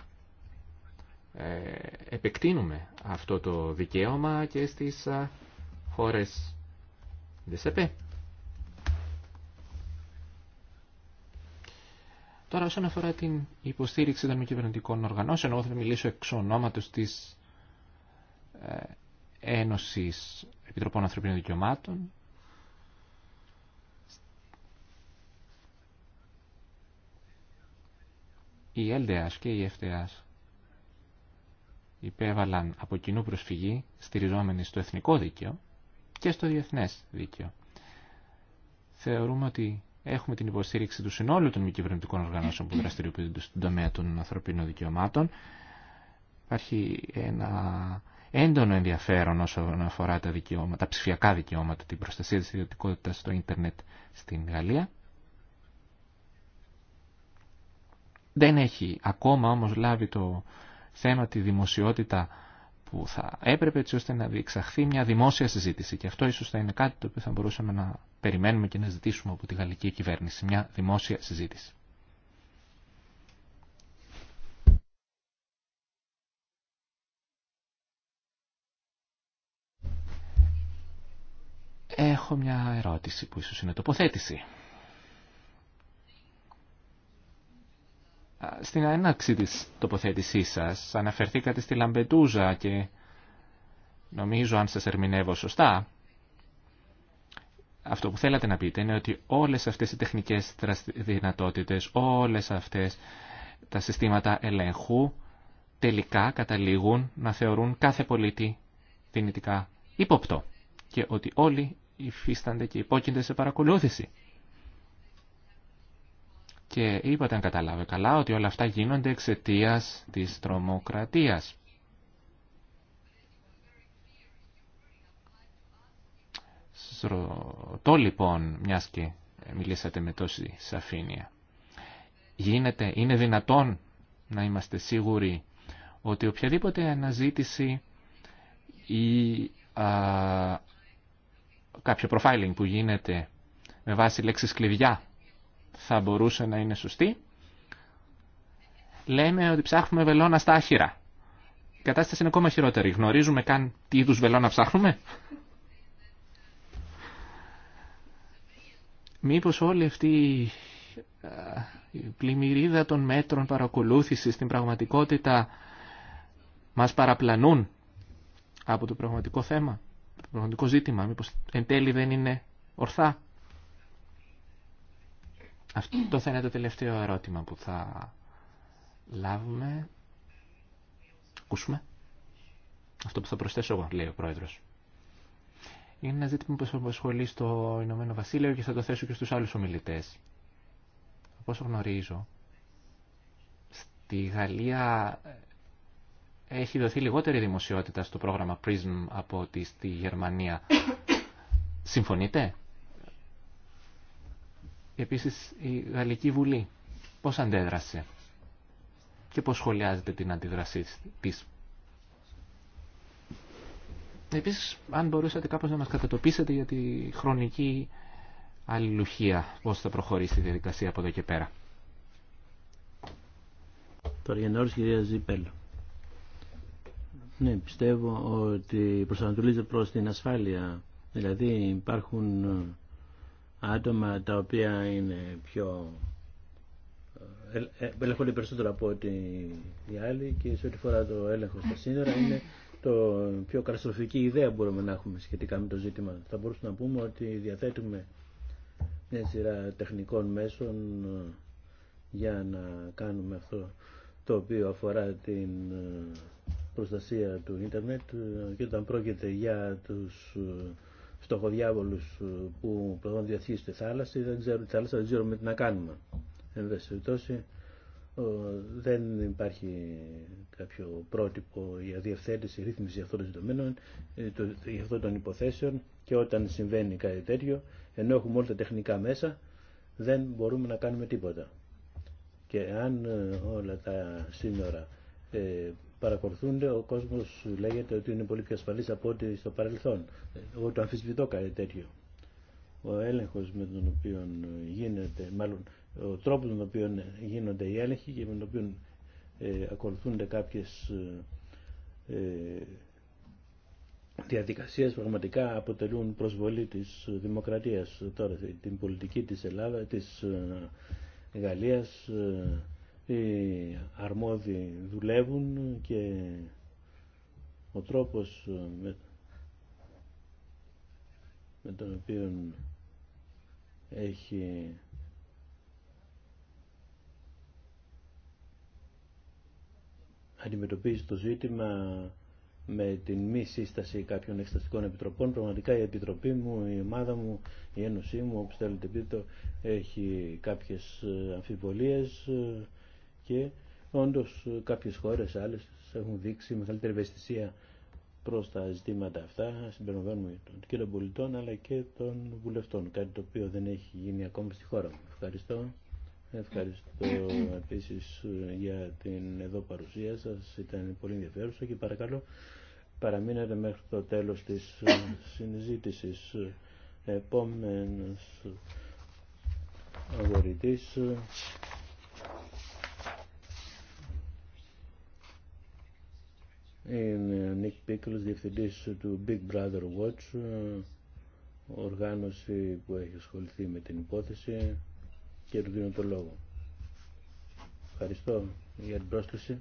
ε, επεκτείνουμε αυτό το δικαίωμα και στις ε, χώρες ΔΣΕΠΕ. Τώρα όσον αφορά την υποστήριξη των μη κυβερνητικών οργανώσεων, εγώ θα μιλήσω εξ τη της ε, Ένωσης Επιτροπών Ανθρωπίνων Δικαιωμάτων. Η ΕΛΔΕΑ και η ΕΦΤΕΑ υπέβαλαν από κοινού προσφυγή στηριζόμενη στο εθνικό δίκαιο και στο διεθνές δίκαιο. Θεωρούμε ότι Έχουμε την υποστήριξη του συνόλου των μη κυβερνητικών οργανώσεων που δραστηριοποιούνται στον τομέα των ανθρωπίνων δικαιωμάτων. Υπάρχει ένα έντονο ενδιαφέρον όσον αφορά τα, δικαιώματα, τα ψηφιακά δικαιώματα, την προστασία της ιδιωτικότητας στο ίντερνετ στην Γαλλία. Δεν έχει ακόμα όμως λάβει το θέμα τη δημοσιότητα που θα έπρεπε έτσι ώστε να διεξαχθεί μια δημόσια συζήτηση και αυτό ίσως θα είναι κάτι το οποίο θα μπορούσαμε να περιμένουμε και να ζητήσουμε από τη γαλλική κυβέρνηση μια δημόσια συζήτηση. Έχω μια ερώτηση που ίσως είναι τοποθέτηση. Στην έναρξη της τοποθέτησής σας αναφερθήκατε στη Λαμπετούζα και νομίζω αν σας ερμηνεύω σωστά αυτό που θέλατε να πείτε είναι ότι όλες αυτές οι τεχνικές δυνατότητες, όλες αυτές τα συστήματα ελέγχου τελικά καταλήγουν να θεωρούν κάθε πολίτη δυνητικά ύποπτο και ότι όλοι υφίστανται και υπόκεινται σε παρακολούθηση. Και είπατε αν κατάλαβε καλά ότι όλα αυτά γίνονται εξαιτία της τρομοκρατίας. το λοιπόν, μιας και μιλήσατε με τόση σαφήνεια, γίνεται, είναι δυνατόν να είμαστε σίγουροι ότι οποιαδήποτε αναζήτηση ή α, κάποιο profiling που γίνεται με βάση λέξεις κλειδιά θα μπορούσε να είναι σωστή, λέμε ότι ψάχνουμε βελόνα στα άχυρα. Η κατάσταση είναι ακόμα χειρότερη. Γνωρίζουμε καν τι είδου βελόνα ψάχνουμε. Μήπως όλη αυτή η πλημμυρίδα των μέτρων παρακολούθησης στην πραγματικότητα μας παραπλανούν από το πραγματικό θέμα, το πραγματικό ζήτημα, μήπως εν τέλει δεν είναι ορθά. Αυτό θα είναι το τελευταίο ερώτημα που θα λάβουμε. Ακούσουμε. Αυτό που θα προσθέσω εγώ, λέει ο Πρόεδρος. Είναι ένα ζήτημα που απασχολεί στο Ηνωμένο Βασίλειο και θα το θέσω και στους άλλους ομιλητές. Από γνωρίζω, στη Γαλλία ε, έχει δοθεί λιγότερη δημοσιότητα στο πρόγραμμα PRISM από ότι στη Γερμανία. Συμφωνείτε? Επίσης η Γαλλική Βουλή πώς αντέδρασε και πώς σχολιάζεται την αντίδρασή της Επίσης, αν μπορούσατε κάπως να μας κατατοπίσετε για τη χρονική αλληλουχία, πώς θα προχωρήσει η διαδικασία από εδώ και πέρα. Τώρα για κυρία Ζήπελ. Ναι, πιστεύω ότι προσανατολίζεται προς την ασφάλεια. Δηλαδή υπάρχουν ε, άτομα τα οποία είναι πιο ε, ε, ελέγχονται περισσότερο από ότι οι άλλοι και σε ό,τι φορά το έλεγχο στα σύνορα είναι το πιο καταστροφική ιδέα μπορούμε να έχουμε σχετικά με το ζήτημα. Θα μπορούσαμε να πούμε ότι διαθέτουμε μια σειρά τεχνικών μέσων ε, για να κάνουμε αυτό το οποίο αφορά την ε, προστασία του ίντερνετ ε, και όταν πρόκειται για τους φτωχοδιάβολους που προσπαθούν να διασχίσουν τη θάλασσα, δεν ξέρουμε τι να κάνουμε. Εν ε, δεν υπάρχει κάποιο πρότυπο για διευθέτηση, ρύθμιση αυτών των δεδομένων, ε, αυτών των υποθέσεων και όταν συμβαίνει κάτι τέτοιο, ενώ έχουμε όλα τα τεχνικά μέσα, δεν μπορούμε να κάνουμε τίποτα. Και αν ε, όλα τα σύνορα ε, παρακολουθούνται, ο κόσμος λέγεται ότι είναι πολύ πιο ασφαλής από ό,τι στο παρελθόν. Εγώ το αμφισβητώ κάτι τέτοιο. Ο έλεγχος με τον οποίο γίνεται, μάλλον ο τρόπος με τον οποίο γίνονται οι έλεγχοι και με τον οποίο ε, ακολουθούνται κάποιες ε, ε διαδικασίες πραγματικά αποτελούν προσβολή της δημοκρατίας τώρα την πολιτική της Ελλάδα της ε, Γαλλίας ε, οι αρμόδιοι δουλεύουν και ο τρόπος με, με τον οποίο έχει αντιμετωπίζει το ζήτημα με την μη σύσταση κάποιων εξεταστικών επιτροπών. Πραγματικά η επιτροπή μου, η ομάδα μου, η ένωσή μου, όπως θέλετε πείτε έχει κάποιες ε, αμφιβολίες ε, και όντως ε, κάποιες χώρες άλλες έχουν δείξει μεγαλύτερη ευαισθησία προς τα ζητήματα αυτά, συμπεριλαμβάνουμε των κύριο πολιτών αλλά και των βουλευτών, κάτι το οποίο δεν έχει γίνει ακόμα στη χώρα μου. Ευχαριστώ. Ευχαριστώ επίσης ε, για την εδώ παρουσία σας. Ήταν πολύ ενδιαφέρουσα και παρακαλώ παραμείνετε μέχρι το τέλος της ε, συζήτησης. Επόμενος αγορητής ε, είναι ο Νίκ Πίκλος, διευθυντής του Big Brother Watch, οργάνωση που έχει ασχοληθεί με την υπόθεση και του δίνω το λόγο. Ευχαριστώ για την πρόσκληση.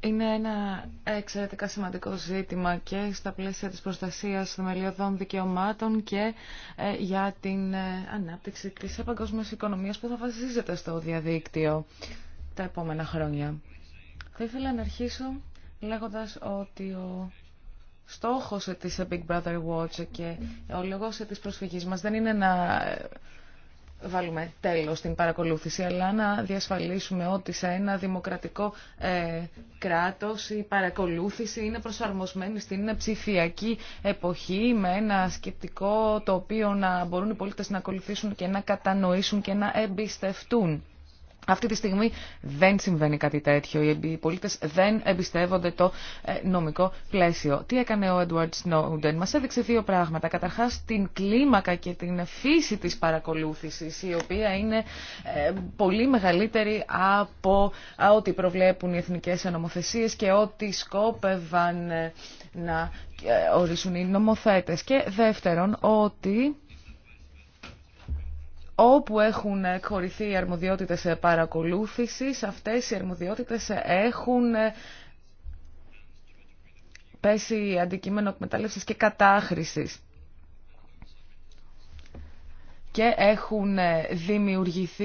Είναι ένα εξαιρετικά σημαντικό ζήτημα και στα πλαίσια της προστασίας των μελιωδών δικαιωμάτων και ε, για την ε, ανάπτυξη της Παγκόσμια οικονομίας που θα βασίζεται στο διαδίκτυο τα επόμενα χρόνια. Θα ήθελα να αρχίσω λέγοντας ότι ο στόχος τη Big Brother Watch και ο λόγος της προσφυγής μας δεν είναι να βάλουμε τέλος στην παρακολούθηση, αλλά να διασφαλίσουμε ότι σε ένα δημοκρατικό ε, κράτος η παρακολούθηση είναι προσαρμοσμένη στην ψηφιακή εποχή με ένα σκεπτικό το οποίο να μπορούν οι πολίτες να ακολουθήσουν και να κατανοήσουν και να εμπιστευτούν. Αυτή τη στιγμή δεν συμβαίνει κάτι τέτοιο. Οι πολίτε δεν εμπιστεύονται το ε, νομικό πλαίσιο. Τι έκανε ο Edward Snowden. Μα έδειξε δύο πράγματα. Καταρχά την κλίμακα και την φύση τη παρακολούθηση, η οποία είναι ε, πολύ μεγαλύτερη από ό,τι προβλέπουν οι εθνικέ νομοθεσίε και ό,τι σκόπευαν ε, να ορίσουν οι νομοθέτες. Και δεύτερον, ότι όπου έχουν εκχωρηθεί οι αρμοδιότητες παρακολούθησης, αυτές οι αρμοδιότητες έχουν ε, πέσει αντικείμενο εκμετάλλευση και κατάχρησης και έχουν ε, δημιουργηθεί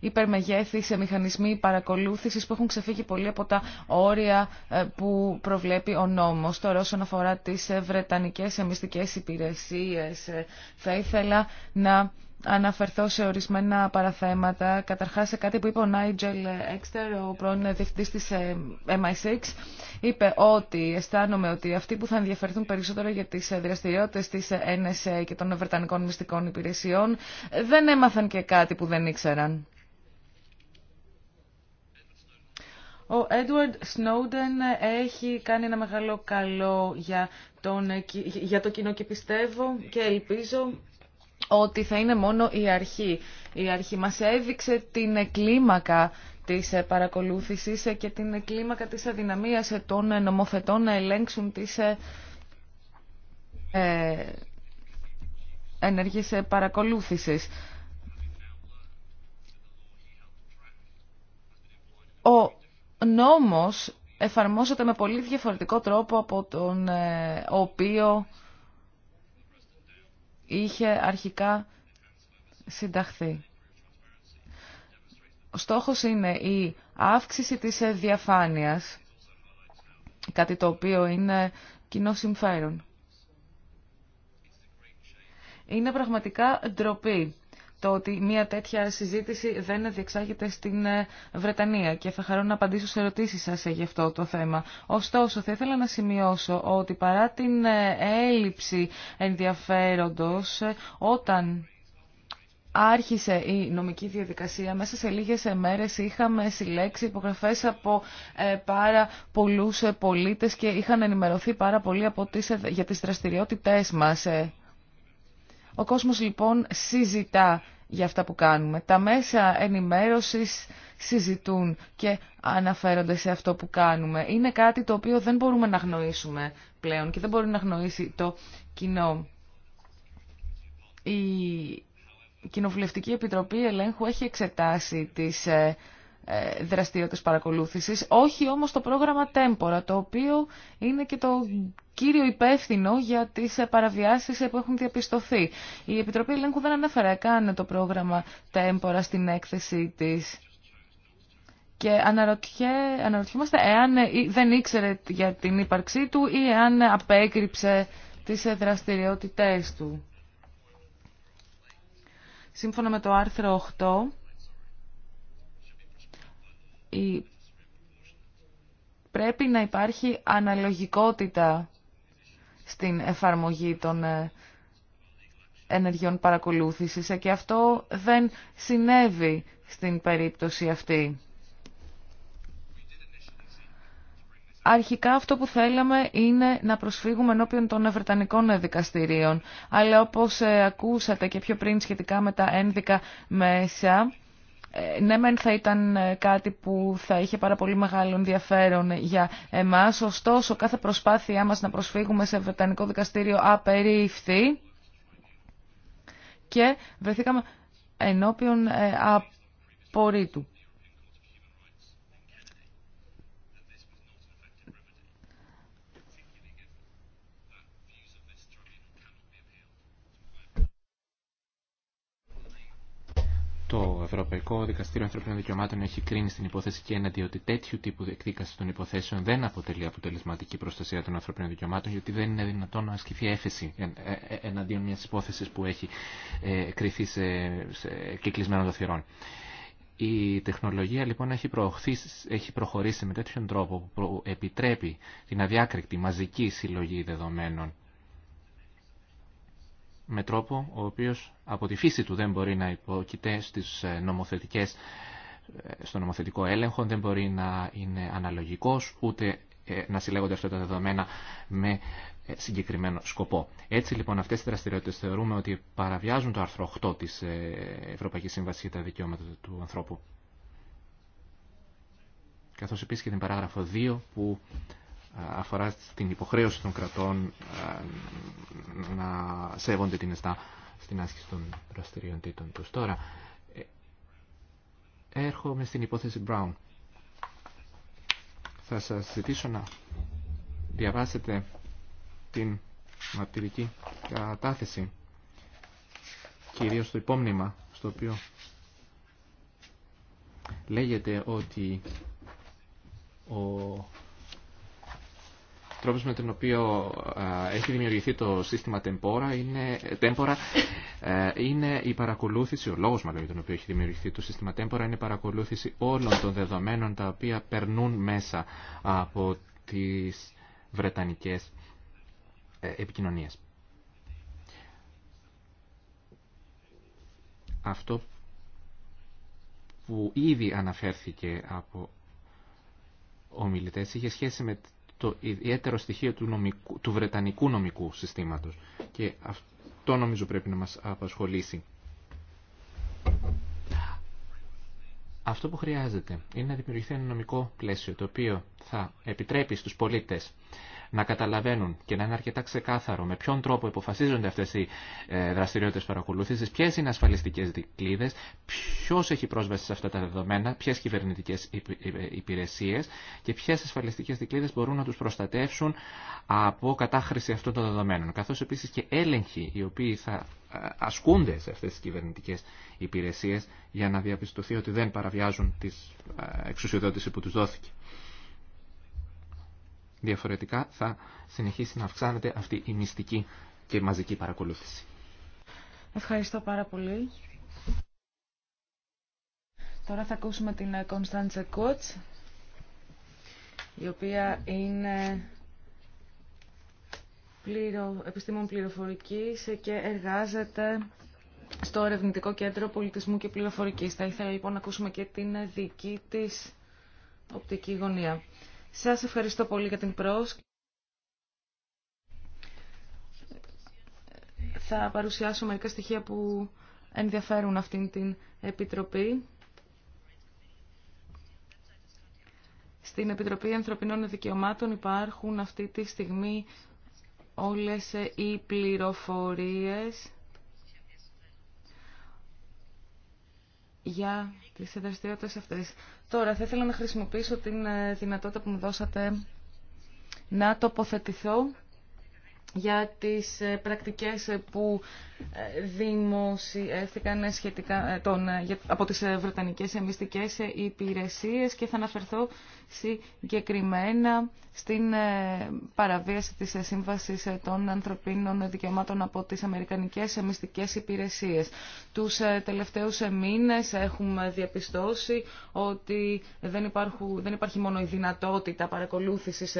υπερμεγέθη σε μηχανισμοί παρακολούθησης που έχουν ξεφύγει πολύ από τα όρια ε, που προβλέπει ο νόμος. Τώρα όσον αφορά τις βρετανικές μυστικές υπηρεσίες θα ήθελα να αναφερθώ σε ορισμένα παραθέματα. Καταρχάς σε κάτι που είπε ο Νάιτζελ Έξτερ, ο πρώην διευθυντής της ε, MI6, είπε ότι αισθάνομαι ότι αυτοί που θα ενδιαφερθούν περισσότερο για τις ε, δραστηριότητες της ε, NSA και των Βρετανικών Μυστικών Υπηρεσιών δεν έμαθαν και κάτι που δεν ήξεραν. Ο Έντουαρντ Σνόντεν έχει κάνει ένα μεγάλο καλό για, τον, για το κοινό και πιστεύω και ελπίζω ότι θα είναι μόνο η αρχή. Η αρχή μας έδειξε την κλίμακα της παρακολούθησης και την κλίμακα της αδυναμίας των νομοθετών να ελέγξουν τις ε, ε, ενέργειες παρακολούθησης. Ο νόμος εφαρμόζεται με πολύ διαφορετικό τρόπο από τον ε, οποίο είχε αρχικά συνταχθεί. Ο στόχος είναι η αύξηση της διαφάνειας, κάτι το οποίο είναι κοινό συμφέρον. Είναι πραγματικά ντροπή το ότι μια τέτοια συζήτηση δεν διεξάγεται στην ε, Βρετανία και θα χαρώ να απαντήσω σε ερωτήσεις σας ε, γι' αυτό το θέμα. Ωστόσο, θα ήθελα να σημειώσω ότι παρά την ε, έλλειψη ενδιαφέροντος, όταν άρχισε η νομική διαδικασία. Μέσα σε λίγες μέρες είχαμε συλλέξει υπογραφές από πάρα πολλούς πολίτες και είχαν ενημερωθεί πάρα πολύ από τις, για τις δραστηριότητές μας. Ο κόσμος λοιπόν συζητά για αυτά που κάνουμε. Τα μέσα ενημέρωσης συζητούν και αναφέρονται σε αυτό που κάνουμε. Είναι κάτι το οποίο δεν μπορούμε να γνωρίσουμε πλέον και δεν μπορεί να γνωρίσει το κοινό. Η Κοινοβουλευτική Επιτροπή Ελέγχου έχει εξετάσει τις ε, ε, δραστηριότητες παρακολούθησης, όχι όμως το πρόγραμμα Τέμπορα, το οποίο είναι και το κύριο υπεύθυνο για τις ε, παραβιάσεις ε, που έχουν διαπιστωθεί. Η Επιτροπή Ελέγχου δεν ανέφερε καν το πρόγραμμα Τέμπορα στην έκθεσή της. Και αναρωτιέ, αναρωτιόμαστε εάν δεν ήξερε για την ύπαρξή του ή εάν απέκρυψε τις δραστηριότητές του. Σύμφωνα με το άρθρο 8 πρέπει να υπάρχει αναλογικότητα στην εφαρμογή των ε, ενεργειών παρακολούθησης ε, και αυτό δεν συνέβη στην περίπτωση αυτή. Αρχικά αυτό που θέλαμε είναι να προσφύγουμε ενώπιον των Βρετανικών δικαστηρίων, αλλά όπως ε, ακούσατε και πιο πριν σχετικά με τα ένδικα μέσα, ε, ναι μεν θα ήταν ε, κάτι που θα είχε πάρα πολύ μεγάλο ενδιαφέρον για εμάς, ωστόσο κάθε προσπάθειά μας να προσφύγουμε σε Βρετανικό Δικαστήριο απερίφθη και βρεθήκαμε ενώπιον ε, απορρίτου. Το Ευρωπαϊκό Δικαστήριο Ανθρωπίνων Δικαιωμάτων έχει κρίνει στην υπόθεση και έναντι ότι τέτοιου τύπου εκδίκαση των υποθέσεων δεν αποτελεί αποτελεσματική προστασία των ανθρωπίνων δικαιωμάτων, γιατί δεν είναι δυνατόν να ασκηθεί έφεση ε- ε- εναντίον μια υπόθεση που έχει ε, κρυθεί σε, κυκλισμένο το Η τεχνολογία λοιπόν έχει, έχει προχωρήσει με τέτοιον τρόπο που επιτρέπει την αδιάκρηκτη μαζική συλλογή δεδομένων με τρόπο ο οποίος από τη φύση του δεν μπορεί να υποκειται στις ε, νομοθετικές, ε, στο νομοθετικό έλεγχο, δεν μπορεί να είναι αναλογικός, ούτε ε, να συλλέγονται αυτά τα δεδομένα με συγκεκριμένο σκοπό. Έτσι λοιπόν αυτές οι δραστηριότητες θεωρούμε ότι παραβιάζουν το άρθρο 8 της Ευρωπαϊκής Σύμβασης για τα δικαιώματα του ανθρώπου. Καθώς επίσης και την παράγραφο 2 που αφορά στην υποχρέωση των κρατών να σέβονται την ΕΣΤΑ στην άσκηση των δραστηριοτήτων τους. Τώρα, ε, έρχομαι στην υπόθεση Brown. Θα σας ζητήσω να διαβάσετε την μαρτυρική κατάθεση, κυρίως το υπόμνημα, στο οποίο λέγεται ότι ο τρόπος με τον οποίο έχει δημιουργηθεί το σύστημα τεμπόρα είναι, τέμπορα ε, είναι η παρακολούθηση, ο λόγος μάλλον για τον οποίο έχει δημιουργηθεί το σύστημα τέμπορα είναι η παρακολούθηση όλων των δεδομένων τα οποία περνούν μέσα από τις βρετανικές ε, επικοινωνίες. Αυτό που ήδη αναφέρθηκε από ομιλητές είχε σχέση με το ιδιαίτερο στοιχείο του, του βρετανικού νομικού συστήματος. Και αυτό νομίζω πρέπει να μας απασχολήσει. Αυτό που χρειάζεται είναι να δημιουργηθεί ένα νομικό πλαίσιο το οποίο θα επιτρέπει στους πολίτες να καταλαβαίνουν και να είναι αρκετά ξεκάθαρο με ποιον τρόπο υποφασίζονται αυτές οι ε, δραστηριότητες παρακολούθησης, ποιες είναι ασφαλιστικές δικλείδες, ποιος έχει πρόσβαση σε αυτά τα δεδομένα, ποιες κυβερνητικές ε, υπηρεσίες και ποιες ασφαλιστικές δικλείδες μπορούν να τους προστατεύσουν από κατάχρηση αυτών των δεδομένων, καθώς επίσης και έλεγχοι οι οποίοι θα ε, ασκούνται σε αυτές τις κυβερνητικές υπηρεσίες για να διαπιστωθεί ότι δεν παραβιάζουν τις εξουσιοδότηση που τους δόθηκε. Διαφορετικά θα συνεχίσει να αυξάνεται αυτή η μυστική και μαζική παρακολούθηση. Ευχαριστώ πάρα πολύ. Τώρα θα ακούσουμε την Κωνσταντζε Κότς, η οποία είναι πλήρω, επιστήμων πληροφορικής και εργάζεται στο Ερευνητικό Κέντρο Πολιτισμού και Πληροφορικής. Θα ήθελα λοιπόν να ακούσουμε και την δική της οπτική γωνία. Σας ευχαριστώ πολύ για την πρόσκληση. Θα παρουσιάσω μερικά στοιχεία που ενδιαφέρουν αυτήν την Επιτροπή. Στην Επιτροπή Ανθρωπινών Δικαιωμάτων υπάρχουν αυτή τη στιγμή όλες οι πληροφορίες για τις δραστηριότητες αυτές. Τώρα θα ήθελα να χρησιμοποιήσω την ε, δυνατότητα που μου δώσατε να τοποθετηθώ για τις ε, πρακτικές ε, που ε, δημοσιεύθηκαν σχετικά τον, από τις Βρετανικές εμιστικές υπηρεσίες και θα αναφερθώ συγκεκριμένα στην παραβίαση της σύμβασης των ανθρωπίνων δικαιωμάτων από τις Αμερικανικές εμιστικές υπηρεσίες. Τους τελευταίους μήνες έχουμε διαπιστώσει ότι δεν, υπάρχουν, δεν υπάρχει μόνο η δυνατότητα παρακολούθησης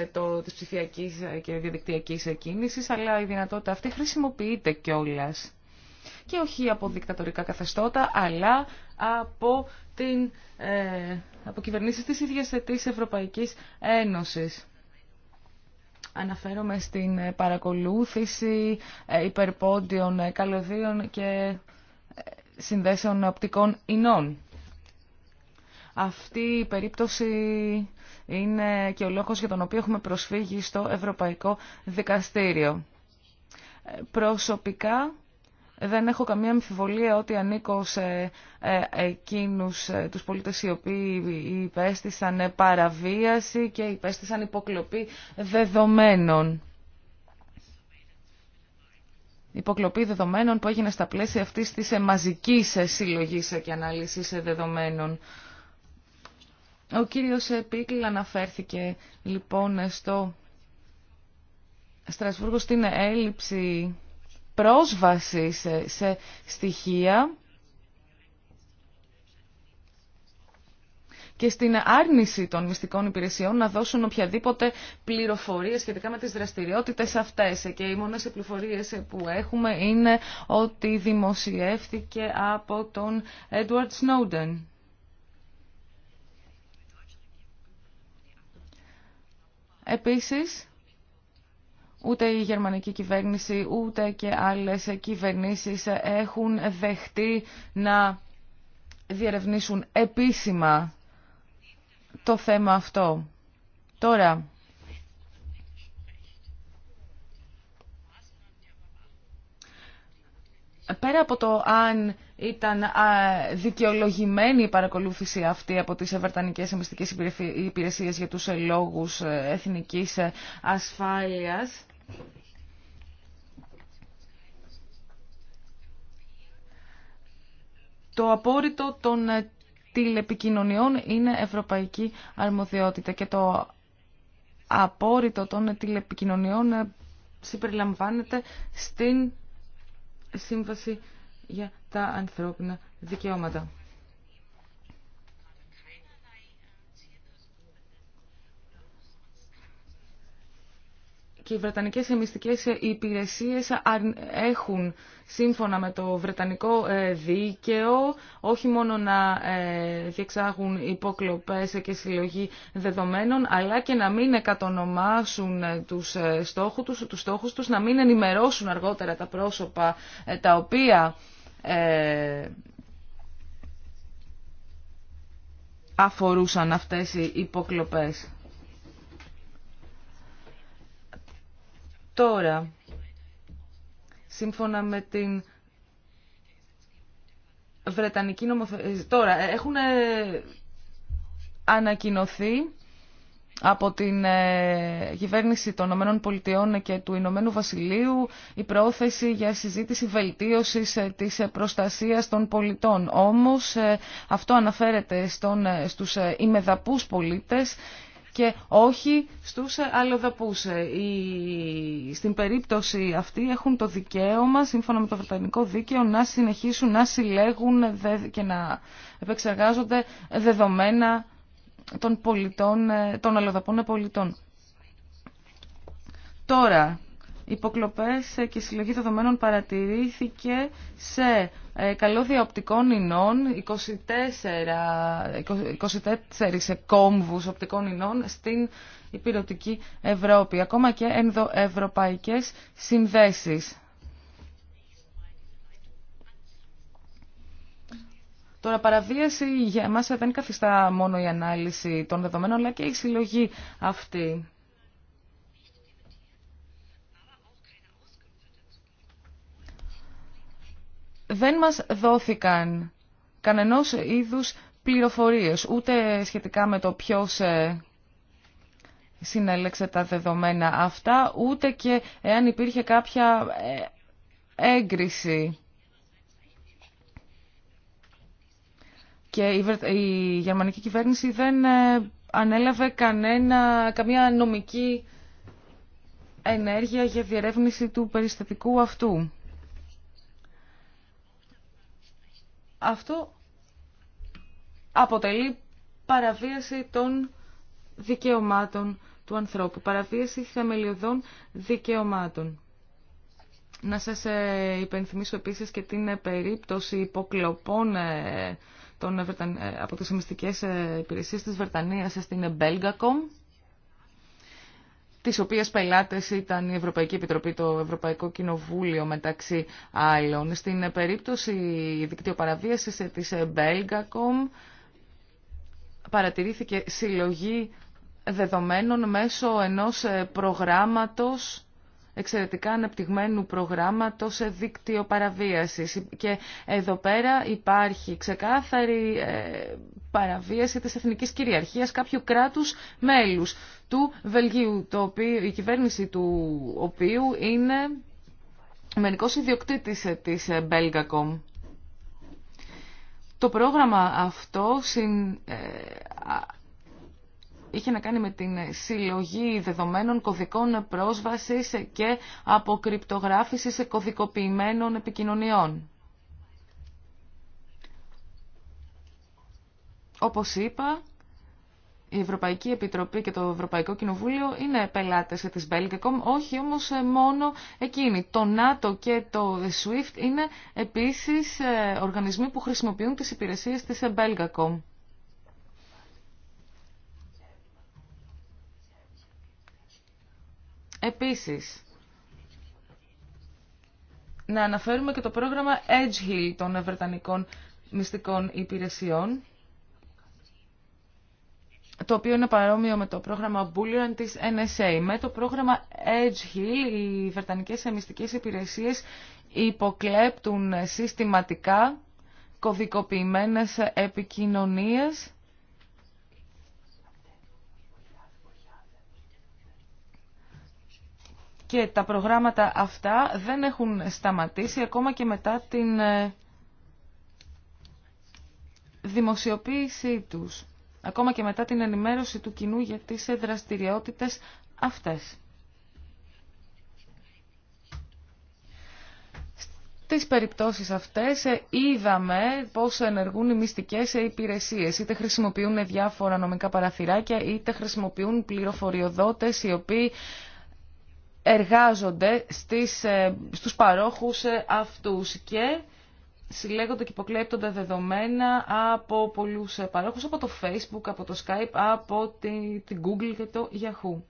της ψηφιακής και διαδικτυακής κίνησης, αλλά η δυνατότητα αυτή χρησιμοποιείται κιόλα. Και όχι από δικτατορικά καθεστώτα, αλλά από, την, ε, από κυβερνήσεις της ίδιας της Ευρωπαϊκής Ένωσης. Αναφέρομαι στην παρακολούθηση ε, υπερπόντιων καλωδίων και ε, συνδέσεων οπτικών ινών. Αυτή η περίπτωση είναι και ο λόγος για τον οποίο έχουμε προσφύγει στο Ευρωπαϊκό Δικαστήριο. Ε, προσωπικά δεν έχω καμία αμφιβολία ότι ανήκω σε ε, εκείνους ε, τους πολίτες οι οποίοι υπέστησαν παραβίαση και υπέστησαν υποκλοπή δεδομένων. Υποκλοπή δεδομένων που έγινε στα πλαίσια αυτής της μαζικής συλλογής και ανάλυσης δεδομένων. Ο κύριος Πίκλ αναφέρθηκε λοιπόν στο Στρασβούργο στην έλλειψη πρόσβαση σε, στοιχεία και στην άρνηση των μυστικών υπηρεσιών να δώσουν οποιαδήποτε πληροφορία σχετικά με τις δραστηριότητες αυτές. Και οι μόνες πληροφορίες που έχουμε είναι ότι δημοσιεύθηκε από τον Edward Snowden. Επίσης, ούτε η γερμανική κυβέρνηση ούτε και άλλες κυβερνήσεις έχουν δεχτεί να διερευνήσουν επίσημα το θέμα αυτό. Τώρα, πέρα από το αν ήταν δικαιολογημένη η παρακολούθηση αυτή από τις Βρετανικές Εμιστικές Υπηρεσίες για τους ε, λόγους ε, εθνικής ε, ασφάλειας. Το απόρριτο των τηλεπικοινωνιών είναι ευρωπαϊκή αρμοδιότητα και το απόρριτο των τηλεπικοινωνιών συμπεριλαμβάνεται στην σύμβαση για τα ανθρώπινα δικαιώματα. και οι Βρετανικές εμιστικές υπηρεσίες έχουν σύμφωνα με το Βρετανικό ε, δίκαιο όχι μόνο να ε, διεξάγουν υποκλοπές και συλλογή δεδομένων αλλά και να μην εκατονομάσουν ε, τους στόχους τους, τους στόχους τους να μην ενημερώσουν αργότερα τα πρόσωπα τα οποία ε, αφορούσαν αυτές οι υποκλοπές. Τώρα, σύμφωνα με την Βρετανική νομοθεσία, ε, τώρα έχουν ε, ανακοινωθεί από την ε, κυβέρνηση των Πολιτειών και του Ηνωμένου Βασιλείου η πρόθεση για συζήτηση βελτίωσης ε, της ε, προστασίας των πολιτών. Όμως αυτό αναφέρεται στον, στους ημεδαπούς πολίτες και όχι στους αλλοδαπούς. Οι... Στην περίπτωση αυτή έχουν το δικαίωμα, σύμφωνα με το Βρετανικό Δίκαιο, να συνεχίσουν να συλλέγουν και να επεξεργάζονται δεδομένα των, πολιτών, ε, των αλλοδαπών πολιτών. Τώρα, υποκλοπές ε, και συλλογή δεδομένων παρατηρήθηκε σε ε, καλώδια οπτικών ινών, 24, 24 κόμβους οπτικών ινών στην υπηρετική Ευρώπη, ακόμα και ενδοευρωπαϊκές συνδέσεις. Τώρα, παραβίαση για εμά δεν καθιστά μόνο η ανάλυση των δεδομένων, αλλά και η συλλογή αυτή. Δεν μας δόθηκαν κανενός είδους πληροφορίες, ούτε σχετικά με το ποιος ε, συνέλεξε τα δεδομένα αυτά, ούτε και εάν υπήρχε κάποια ε, έγκριση και η γερμανική κυβέρνηση δεν ε, ανέλαβε κανένα, καμία νομική ενέργεια για διερεύνηση του περιστατικού αυτού. Αυτό αποτελεί παραβίαση των δικαιωμάτων του ανθρώπου, παραβίαση θεμελιωδών δικαιωμάτων. Να σας ε, υπενθυμίσω επίσης και την ε, περίπτωση υποκλοπών των, ε, ε, από τις μυστικές ε, υπηρεσίες της Βρετανίας στην Belgacom, τις οποίες πελάτες ήταν η Ευρωπαϊκή Επιτροπή, το Ευρωπαϊκό Κοινοβούλιο μεταξύ άλλων. Στην περίπτωση δικτυοπαραβίασης της Belgacom παρατηρήθηκε συλλογή δεδομένων μέσω ενός προγράμματος εξαιρετικά αναπτυγμένου προγράμματος σε δίκτυο παραβίασης. Και εδώ πέρα υπάρχει ξεκάθαρη ε, παραβίαση της εθνικής κυριαρχίας κάποιου κράτους μέλους του Βελγίου, το οποίο, η κυβέρνηση του οποίου είναι μερικός ιδιοκτήτης της Belgacom. Το πρόγραμμα αυτό συν, ε, είχε να κάνει με την συλλογή δεδομένων κωδικών πρόσβασης και αποκρυπτογράφησης κωδικοποιημένων επικοινωνιών. Όπως είπα, η Ευρωπαϊκή Επιτροπή και το Ευρωπαϊκό Κοινοβούλιο είναι πελάτες της Belgacom, όχι όμως μόνο εκείνοι. Το ΝΑΤΟ και το SWIFT είναι επίσης ε, οργανισμοί που χρησιμοποιούν τις υπηρεσίες της Belgacom. Επίσης, να αναφέρουμε και το πρόγραμμα Edge Hill των Βρετανικών Μυστικών Υπηρεσιών, το οποίο είναι παρόμοιο με το πρόγραμμα Bullion της NSA. Με το πρόγραμμα Edge Hill, οι Βρετανικές Μυστικές Υπηρεσίες υποκλέπτουν συστηματικά κωδικοποιημένες επικοινωνίες και τα προγράμματα αυτά δεν έχουν σταματήσει ακόμα και μετά την ε, δημοσιοποίησή τους, ακόμα και μετά την ενημέρωση του κοινού για τις ε, δραστηριότητες αυτές. Στις περιπτώσεις αυτές ε, είδαμε πώς ενεργούν οι μυστικές υπηρεσίες. Είτε χρησιμοποιούν διάφορα νομικά παραθυράκια, είτε χρησιμοποιούν πληροφοριοδότες οι οποίοι εργάζονται στις, ε, στους παρόχους ε, αυτούς και συλλέγονται και υποκλέπτονται δεδομένα από πολλούς ε, παρόχους, από το Facebook, από το Skype, από την Google και το Yahoo.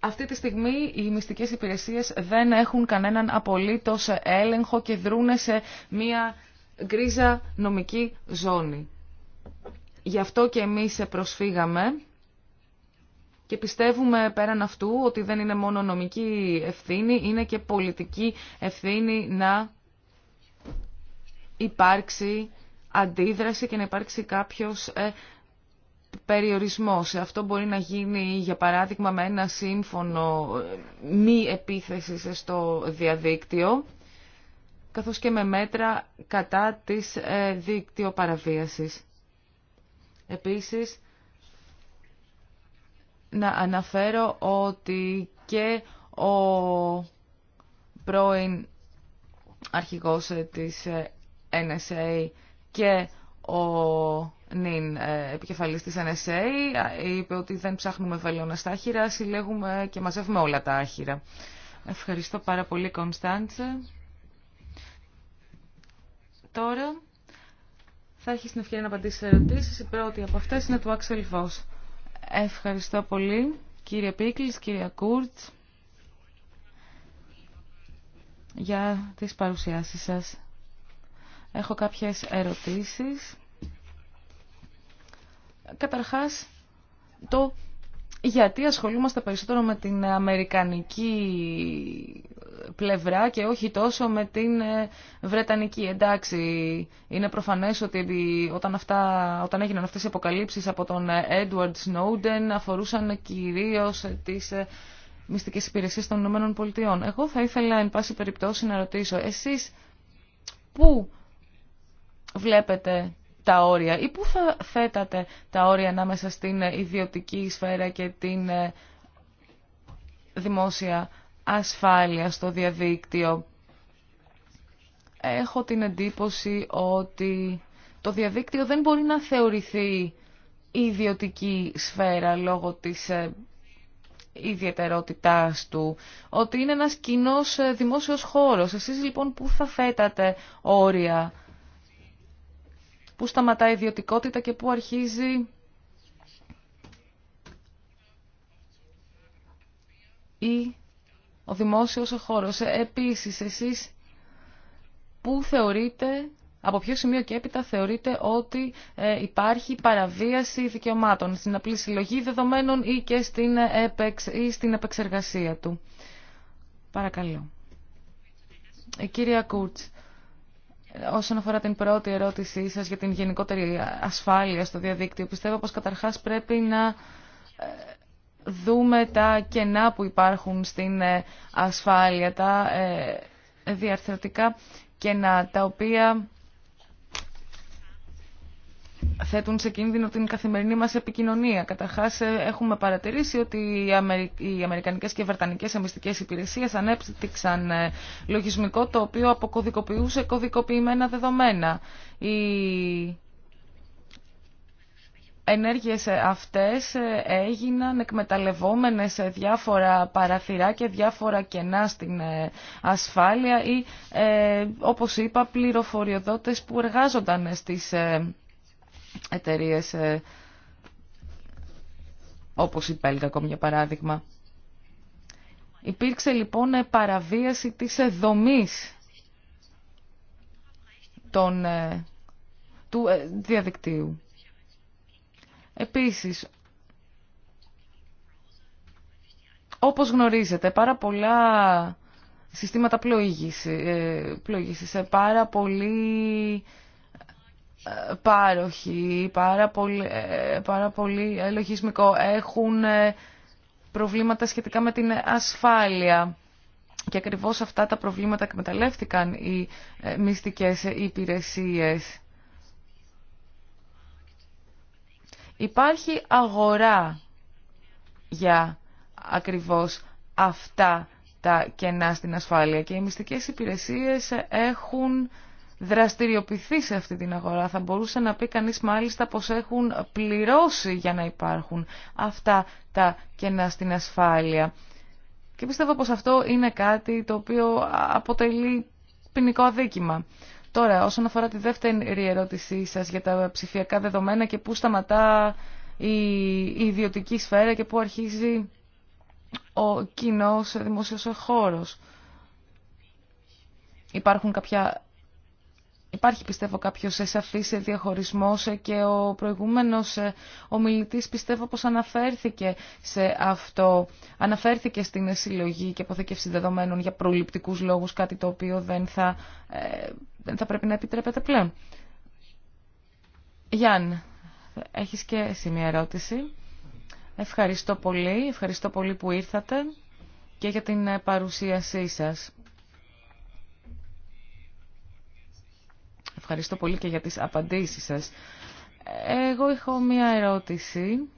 Αυτή τη στιγμή οι μυστικές υπηρεσίες δεν έχουν κανέναν απολύτως έλεγχο και δρούνε σε μία γκρίζα νομική ζώνη. Γι' αυτό και εμείς προσφύγαμε και πιστεύουμε πέραν αυτού ότι δεν είναι μόνο νομική ευθύνη, είναι και πολιτική ευθύνη να υπάρξει αντίδραση και να υπάρξει κάποιος ε, περιορισμός. Αυτό μπορεί να γίνει για παράδειγμα με ένα σύμφωνο ε, μη επίθεση στο διαδίκτυο καθώς και με μέτρα κατά της ε, δίκτυο Επίσης, να αναφέρω ότι και ο πρώην αρχηγός ε, της NSA ε, και ο νυν ε, επικεφαλής της NSA είπε ότι δεν ψάχνουμε βελόνα στα άχυρα, συλλέγουμε και μαζεύουμε όλα τα άχυρα. Ευχαριστώ πάρα πολύ Κωνσταντζε. Τώρα θα έχει την ευκαιρία να απαντήσει σε ερωτήσεις. Η πρώτη από αυτέ είναι του Άξελ Βό. Ευχαριστώ πολύ, κύριε Πίκλη, κύριε Κουρτ για τι παρουσιάσει σα. Έχω κάποιες ερωτήσεις. Καταρχά το γιατί ασχολούμαστε περισσότερο με την αμερικανική πλευρά και όχι τόσο με την ε, Βρετανική. Εντάξει, είναι προφανές ότι όταν, αυτά, όταν έγιναν αυτές οι αποκαλύψεις από τον ε, Edward Snowden αφορούσαν κυρίως ε, τις μυστικές υπηρεσίες των Ηνωμένων Πολιτειών. Εγώ θα ήθελα εν πάση περιπτώσει να ρωτήσω, εσείς πού βλέπετε τα όρια ή πού θα θέτατε τα όρια ανάμεσα στην ιδιωτική σφαίρα και την δημόσια ασφάλεια στο διαδίκτυο. Έχω την εντύπωση ότι το διαδίκτυο δεν μπορεί να θεωρηθεί ιδιωτική σφαίρα λόγω της ε, ιδιαιτερότητάς του, ότι είναι ένας κοινός ε, δημόσιος χώρος. Εσείς λοιπόν πού θα φετατε όρια, πού σταματα η ιδιωτικότητα και πού αρχίζει η ο δημόσιος χώρος. Επίσης, εσείς που θεωρείτε, από ποιο σημείο και έπειτα θεωρείτε ότι ε, υπάρχει παραβίαση δικαιωμάτων στην απλή συλλογή δεδομένων ή και στην, επεξ, ή στην επεξεργασία του. Παρακαλώ. Η ε, κυρία Κούρτς, όσον αφορά την πρώτη ερώτησή σας για την γενικότερη ασφάλεια στο διαδίκτυο, πιστεύω πως καταρχάς πρέπει να ε, δούμε τα κενά που υπάρχουν στην ε, ασφάλεια, τα ε, διαρθρωτικά κενά, τα οποία θέτουν σε κίνδυνο την καθημερινή μας επικοινωνία. Καταρχάς ε, έχουμε παρατηρήσει ότι οι, Αμερικανικές και Βρετανικές αμυστικές υπηρεσίες ανέπτυξαν λογισμικό το οποίο αποκωδικοποιούσε κωδικοποιημένα δεδομένα ενέργειες αυτές έγιναν εκμεταλλευόμενες σε διάφορα παραθυρά και διάφορα κενά στην ε, ασφάλεια ή ε, όπως είπα πληροφοριοδότες που εργάζονταν στις ε, εταιρείες όπως η οπως ειπα πληροφοριοδοτες που εργαζονταν στις εταιρειες οπως η ακόμη για παράδειγμα. Υπήρξε λοιπόν παραβίαση της δομής των, του διαδικτύου. Επίσης, όπως γνωρίζετε, πάρα πολλά συστήματα ε, πλοήγησης, ε, πάρα πολύ ε, πάροχοι, πάρα πολύ, πάρα λογισμικό, έχουν προβλήματα σχετικά με την ασφάλεια. Και ακριβώς αυτά τα προβλήματα εκμεταλλεύτηκαν οι μυστικές υπηρεσίες. Υπάρχει αγορά για ακριβώς αυτά τα κενά στην ασφάλεια και οι μυστικές υπηρεσίες έχουν δραστηριοποιηθεί σε αυτή την αγορά. Θα μπορούσε να πει κανείς μάλιστα πως έχουν πληρώσει για να υπάρχουν αυτά τα κενά στην ασφάλεια. Και πιστεύω πως αυτό είναι κάτι το οποίο αποτελεί ποινικό αδίκημα. Τώρα, όσον αφορά τη δεύτερη ερώτησή σας για τα ψηφιακά δεδομένα και πού σταματά η ιδιωτική σφαίρα και πού αρχίζει ο κοινός δημόσιος χώρος. Υπάρχουν κάποια Υπάρχει πιστεύω κάποιος σαφή διαχωρισμός ε, και ο προηγούμενος ε, ομιλητής πιστεύω πως αναφέρθηκε σε αυτό. Αναφέρθηκε στην συλλογή και αποθήκευση δεδομένων για προληπτικούς λόγους, κάτι το οποίο δεν θα, ε, δεν θα πρέπει να επιτρέπεται πλέον. Γιάννη, έχεις και εσύ μια ερώτηση. Ευχαριστώ πολύ, ευχαριστώ πολύ που ήρθατε και για την παρουσίασή σας. Ευχαριστώ πολύ και για τις απαντήσεις σας. Εγώ έχω μία ερώτηση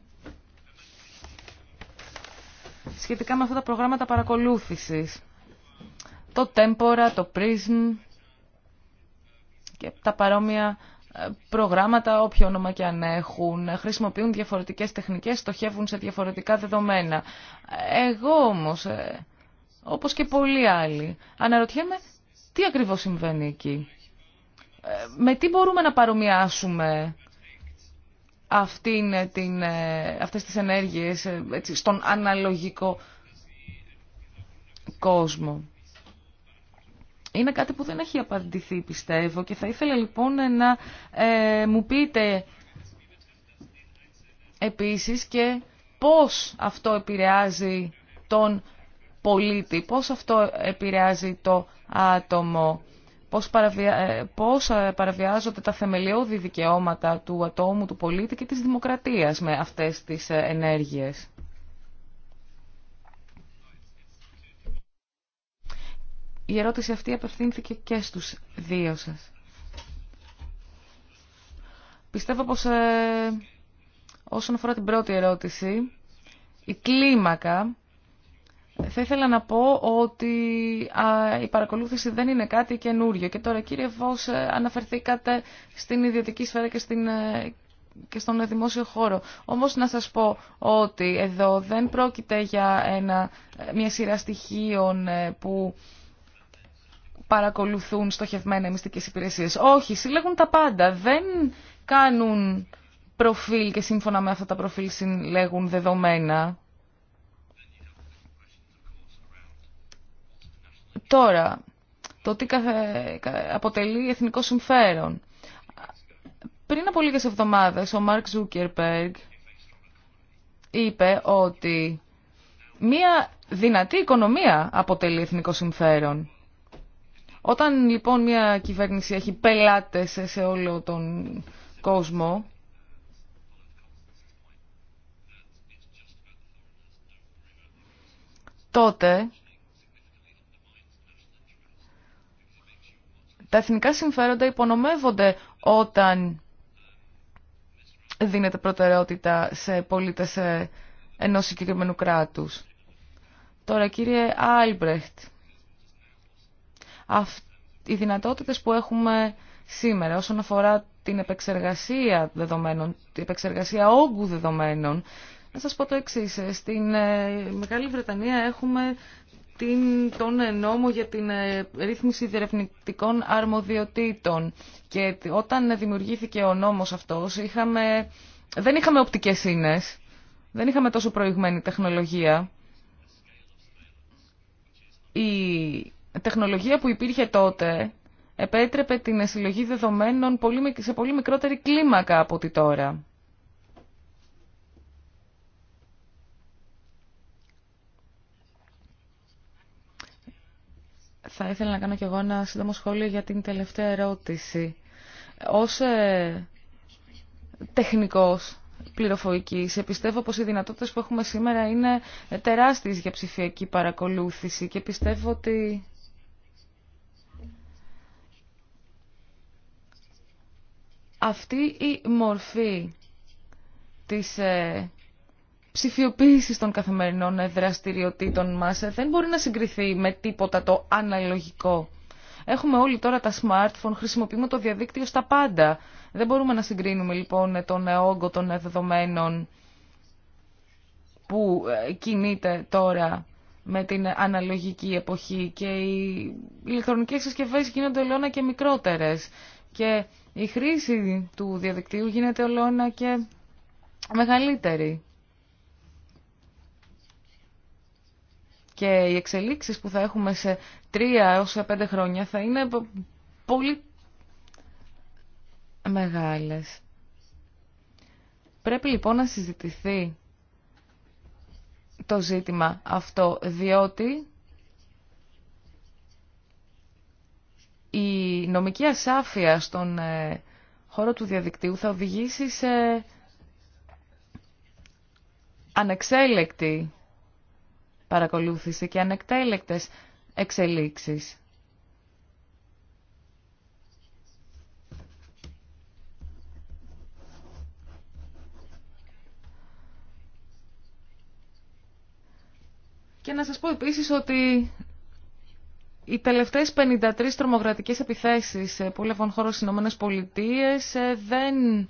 σχετικά με αυτά τα προγράμματα παρακολούθησης. Το Tempora, το Prism και τα παρόμοια ε, προγράμματα, όποιο όνομα και αν έχουν, χρησιμοποιούν διαφορετικές τεχνικές, στοχεύουν σε διαφορετικά δεδομένα. Εγώ όμως, ε, όπως και πολλοί άλλοι, αναρωτιέμαι τι ακριβώς συμβαίνει εκεί. Ε, με τι μπορούμε να παρομοιάσουμε αυτήν, ε, την, ε, αυτές τις ενέργειες έτσι, στον αναλογικό κόσμο. Είναι κάτι που δεν έχει απαντηθεί πιστεύω και θα ήθελα λοιπόν να ε, μου πείτε επίσης και πώς αυτό επηρεάζει τον πολίτη, πώς αυτό επηρεάζει το άτομο πώς, ε, πώς ε, παραβιάζονται τα θεμελιώδη δικαιώματα του ατόμου, του πολίτη και της δημοκρατίας με αυτές τις ε, ενέργειες. Η ερώτηση αυτή απευθύνθηκε και στους δύο σας. Πιστεύω πως ε, όσον αφορά την πρώτη ερώτηση, η κλίμακα θα ήθελα να πω ότι η παρακολούθηση δεν είναι κάτι καινούριο. Και τώρα κύριε Βός ε, αναφερθήκατε στην ιδιωτική σφαίρα και στην ε, και στον δημόσιο χώρο. Όμως να σας πω ότι εδώ δεν πρόκειται για ένα, ε, μια σειρά στοιχείων που παρακολουθούν στοχευμένα μυστικές υπηρεσίες. Όχι, συλλέγουν τα πάντα. Δεν κάνουν προφίλ και σύμφωνα με αυτά τα προφίλ συλλέγουν δεδομένα. Τώρα, το τι αποτελεί εθνικό συμφέρον. Πριν από λίγες εβδομάδες, ο Μάρκ Ζούκερπεργκ είπε ότι μία δυνατή οικονομία αποτελεί εθνικό συμφέρον. Όταν λοιπόν μια κυβέρνηση έχει πελάτες σε όλο τον κόσμο, τότε Τα εθνικά συμφέροντα υπονομεύονται όταν δίνεται προτεραιότητα σε πολίτες ε, ενός συγκεκριμένου κράτους. Τώρα κύριε Άλμπρεχτ, οι δυνατότητες που έχουμε σήμερα όσον αφορά την επεξεργασία δεδομένων, την επεξεργασία όγκου δεδομένων, να σας πω το εξής. Ε, στην ε, Μεγάλη Βρετανία έχουμε τον νόμο για την ε, ρύθμιση διερευνητικών αρμοδιοτήτων. Και όταν δημιουργήθηκε ο νόμος αυτός, είχαμε... δεν είχαμε οπτικές σύνες, δεν είχαμε τόσο προηγμένη τεχνολογία. Η τεχνολογία που υπήρχε τότε επέτρεπε την συλλογή δεδομένων σε πολύ μικρότερη κλίμακα από ό,τι τώρα. θα ήθελα να κάνω κι εγώ ένα σύντομο σχόλιο για την τελευταία ερώτηση. Ω ε, τεχνικός πληροφορικής, πιστεύω πως οι δυνατότητε που έχουμε σήμερα είναι ε, τεράστιες για ψηφιακή παρακολούθηση και πιστεύω ότι αυτή η μορφή της ε, ψηφιοποίηση των καθημερινών δραστηριοτήτων μα. δεν μπορεί να συγκριθεί με τίποτα το αναλογικό. Έχουμε όλοι τώρα τα smartphone, χρησιμοποιούμε το διαδίκτυο στα πάντα. Δεν μπορούμε να συγκρίνουμε λοιπόν τον όγκο των δεδομένων που ε, κινείται τώρα με την αναλογική εποχή και οι ηλεκτρονικές συσκευές γίνονται ολόνα και μικρότερες και η χρήση του διαδικτύου γίνεται ολόνα και μεγαλύτερη. και οι εξελίξεις που θα έχουμε σε τρία έως πέντε χρόνια θα είναι πολύ μεγάλες. Πρέπει λοιπόν να συζητηθεί το ζήτημα αυτό, διότι η νομική ασάφεια στον ε, χώρο του διαδικτύου θα οδηγήσει σε ανεξέλεκτη παρακολούθησε και ανεκτέλεκτες εξελίξεις. Και να σας πω επίσης ότι οι τελευταίες 53 τρομοκρατικές επιθέσεις που έλεγαν χώρο στις ΗΠΑ ε, δεν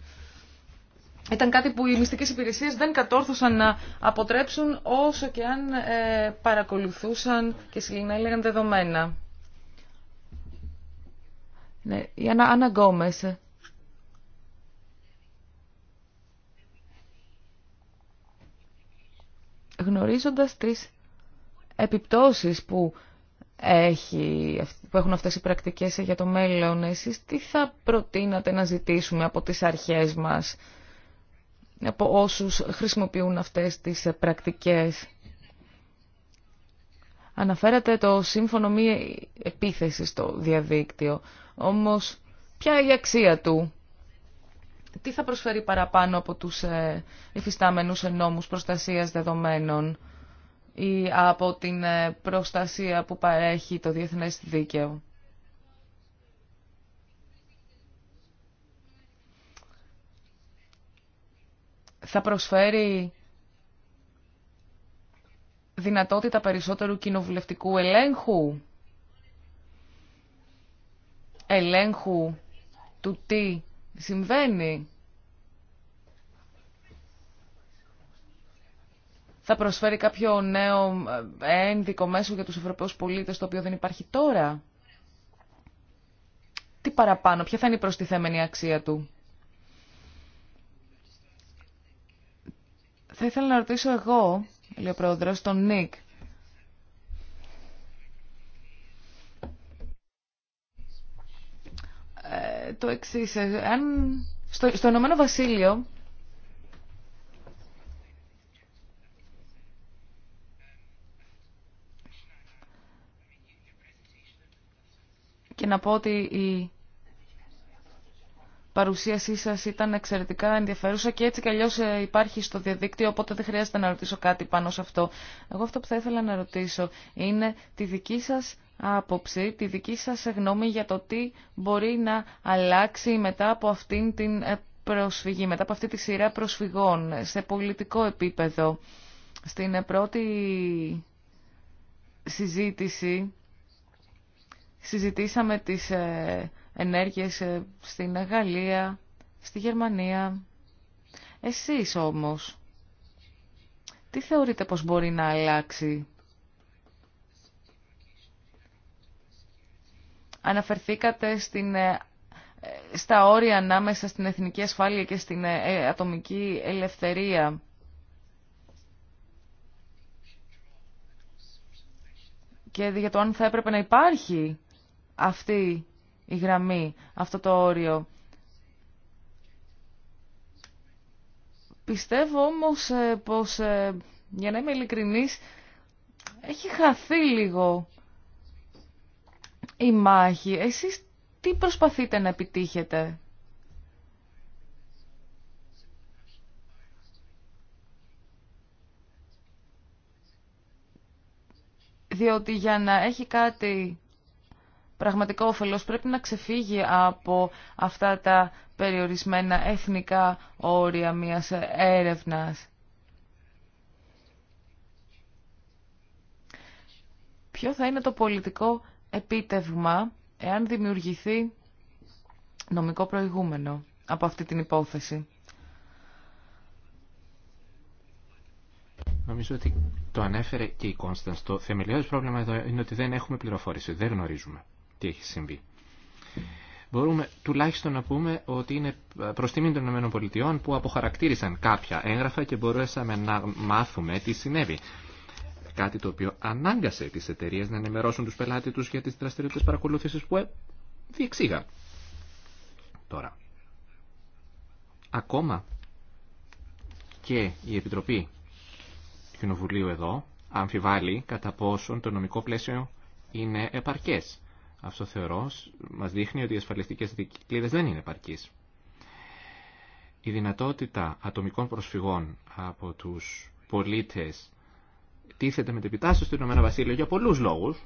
ήταν κάτι που οι μυστικές υπηρεσίες δεν κατόρθωσαν να αποτρέψουν όσο και αν ε, παρακολουθούσαν και συλληνέλεγαν δεδομένα. Ναι, η Άννα Γκόμες. Γνωρίζοντας τις επιπτώσεις που, έχει, που έχουν αυτές οι πρακτικές για το μέλλον, εσείς τι θα προτείνατε να ζητήσουμε από τις αρχές μας από όσους χρησιμοποιούν αυτές τις πρακτικές. Αναφέρατε το σύμφωνο μη επίθεση στο διαδίκτυο. Όμως, ποια είναι η αξία του. Τι θα προσφέρει παραπάνω από τους ε, υφιστάμενους νόμους προστασίας δεδομένων ή από την ε, προστασία που παρέχει το διεθνές δίκαιο. θα προσφέρει δυνατότητα περισσότερου κοινοβουλευτικού ελέγχου, ελέγχου του τι συμβαίνει. Θα προσφέρει κάποιο νέο ε, ένδικο μέσο για τους Ευρωπαίους πολίτες, το οποίο δεν υπάρχει τώρα. Τι παραπάνω, ποια θα είναι η προστιθέμενη αξία του. Θα ήθελα να ρωτήσω εγώ, λέει ο τον Νίκ. Ε, το εξής, ε, αν στο, στο Ηνωμένο Βασίλειο και να πω ότι η παρουσίασή σα ήταν εξαιρετικά ενδιαφέρουσα και έτσι κι αλλιώς ε, υπάρχει στο διαδίκτυο, οπότε δεν χρειάζεται να ρωτήσω κάτι πάνω σε αυτό. Εγώ αυτό που θα ήθελα να ρωτήσω είναι τη δική σα άποψη, τη δική σα γνώμη για το τι μπορεί να αλλάξει μετά από αυτήν την ε, προσφυγή, μετά από αυτή τη σειρά προσφυγών σε πολιτικό επίπεδο. Στην ε, πρώτη συζήτηση συζητήσαμε τις ενέργειες ε, στην Γαλλία, στη Γερμανία. Εσείς όμως, τι θεωρείτε πως μπορεί να αλλάξει. Αναφερθήκατε στην, ε, ε, στα όρια ανάμεσα στην εθνική ασφάλεια και στην ατομική ελευθερία. Και για το αν θα έπρεπε να υπάρχει αυτή η γραμμή, αυτό το όριο. Πιστεύω όμως ε, πως, ε, για να είμαι ειλικρινής, έχει χαθεί λίγο η μάχη. Εσείς τι προσπαθείτε να επιτύχετε. Διότι για να έχει κάτι πραγματικό όφελος πρέπει να ξεφύγει από αυτά τα περιορισμένα εθνικά όρια μιας έρευνας. Ποιο θα είναι το πολιτικό επίτευγμα εάν δημιουργηθεί νομικό προηγούμενο από αυτή την υπόθεση. Νομίζω ότι το ανέφερε και η Κόνσταντ. Το θεμελιώδες πρόβλημα εδώ είναι ότι δεν έχουμε πληροφόρηση, δεν γνωρίζουμε τι έχει συμβεί. Μπορούμε τουλάχιστον να πούμε ότι είναι προ τιμή των ΗΠΑ που αποχαρακτήρισαν κάποια έγγραφα και μπορέσαμε να μάθουμε τι συνέβη. Κάτι το οποίο ανάγκασε τι εταιρείε να ενημερώσουν του πελάτε του για τι δραστηριότητε παρακολούθηση που ε, διεξήγαν. Τώρα. Ακόμα και η Επιτροπή του Κοινοβουλίου εδώ αμφιβάλλει κατά πόσον το νομικό πλαίσιο είναι επαρκές. Αυτό θεωρώ μας δείχνει ότι οι ασφαλιστικέ δικλείδες δεν είναι επαρκεί. Η δυνατότητα ατομικών προσφυγών από τους πολίτε τίθεται με την επιτάσταση στο Ηνωμένο Βασίλειο για πολλούς λόγους.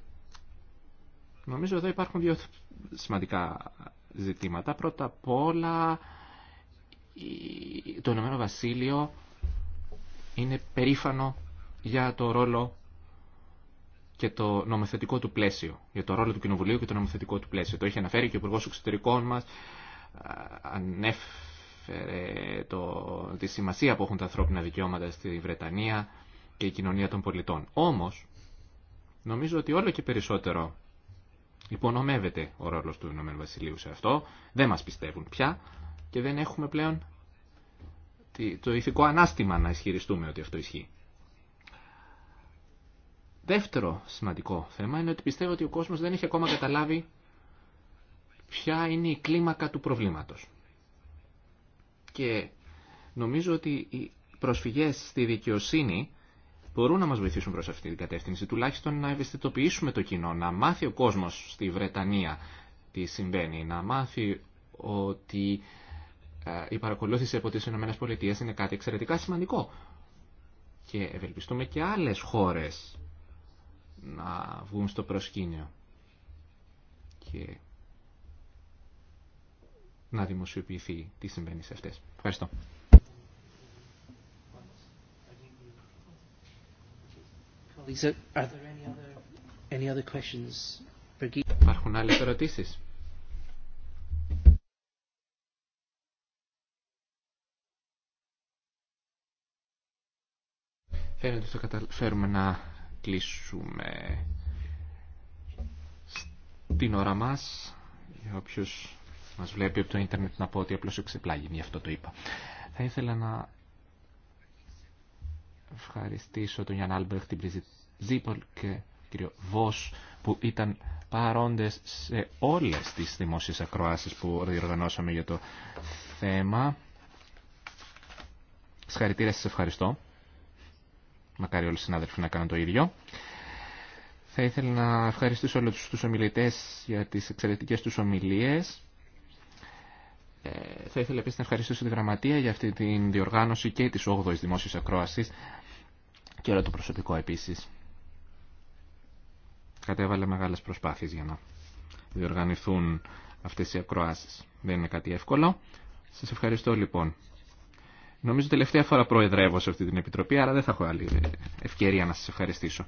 Νομίζω εδώ υπάρχουν δύο σημαντικά ζητήματα. Πρώτα απ' όλα το Ηνωμένο Βασίλειο είναι περήφανο για το ρόλο και το νομοθετικό του πλαίσιο, για το ρόλο του Κοινοβουλίου και το νομοθετικό του πλαίσιο. Το είχε αναφέρει και ο Υπουργό Εξωτερικών μα, ανέφερε το, τη σημασία που έχουν τα ανθρώπινα δικαιώματα στη Βρετανία και η κοινωνία των πολιτών. Όμω, νομίζω ότι όλο και περισσότερο υπονομεύεται ο ρόλο του Ηνωμένου Βασιλείου σε αυτό, δεν μα πιστεύουν πια και δεν έχουμε πλέον το ηθικό ανάστημα να ισχυριστούμε ότι αυτό ισχύει. Δεύτερο σημαντικό θέμα είναι ότι πιστεύω ότι ο κόσμος δεν έχει ακόμα καταλάβει ποια είναι η κλίμακα του προβλήματος. Και νομίζω ότι οι προσφυγές στη δικαιοσύνη μπορούν να μας βοηθήσουν προς αυτή την κατεύθυνση, τουλάχιστον να ευαισθητοποιήσουμε το κοινό, να μάθει ο κόσμος στη Βρετανία τι συμβαίνει, να μάθει ότι ε, η παρακολούθηση από τις ΗΠΑ είναι κάτι εξαιρετικά σημαντικό. Και ευελπιστούμε και άλλες χώρες να βγουν στο προσκήνιο και να δημοσιοποιηθεί τι συμβαίνει σε αυτές. Ευχαριστώ. Υπάρχουν άλλες ερωτήσεις. Φαίνεται ότι θα καταφέρουμε να κλείσουμε την ώρα μας. Για όποιος μας βλέπει από το ίντερνετ να πω ότι απλώς εξεπλάγει, γι' αυτό το είπα. Θα ήθελα να ευχαριστήσω τον Γιάννα Άλμπερχ την Πριζή Ζίπολ και κύριο Βος που ήταν παρόντες σε όλες τις δημόσιες ακροάσεις που διοργανώσαμε για το θέμα. Συγχαρητήρια, σας ευχαριστώ. Μακάρι όλοι οι συνάδελφοι να κάνουν το ίδιο. Θα ήθελα να ευχαριστήσω όλους τους ομιλητές για τις εξαιρετικές τους ομιλίες. Ε, θα ήθελα επίσης να ευχαριστήσω τη Γραμματεία για αυτή την διοργάνωση και της 8ης Δημόσιας Ακρόασης και όλο το προσωπικό επίσης. Κατέβαλε μεγάλες προσπάθειες για να διοργανηθούν αυτές οι ακροάσεις. Δεν είναι κάτι εύκολο. Σας ευχαριστώ λοιπόν. Νομίζω τελευταία φορά προεδρεύω σε αυτή την επιτροπή, άρα δεν θα έχω άλλη ευκαιρία να σας ευχαριστήσω.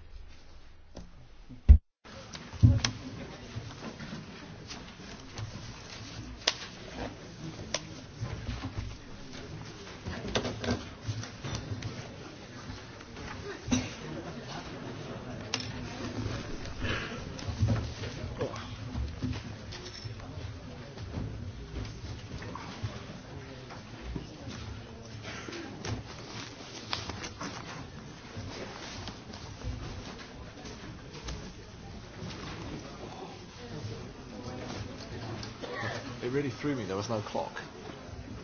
no clock.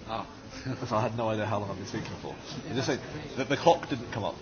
Ah, I had no idea how long I'd been speaking for. You just said that the clock didn't come up.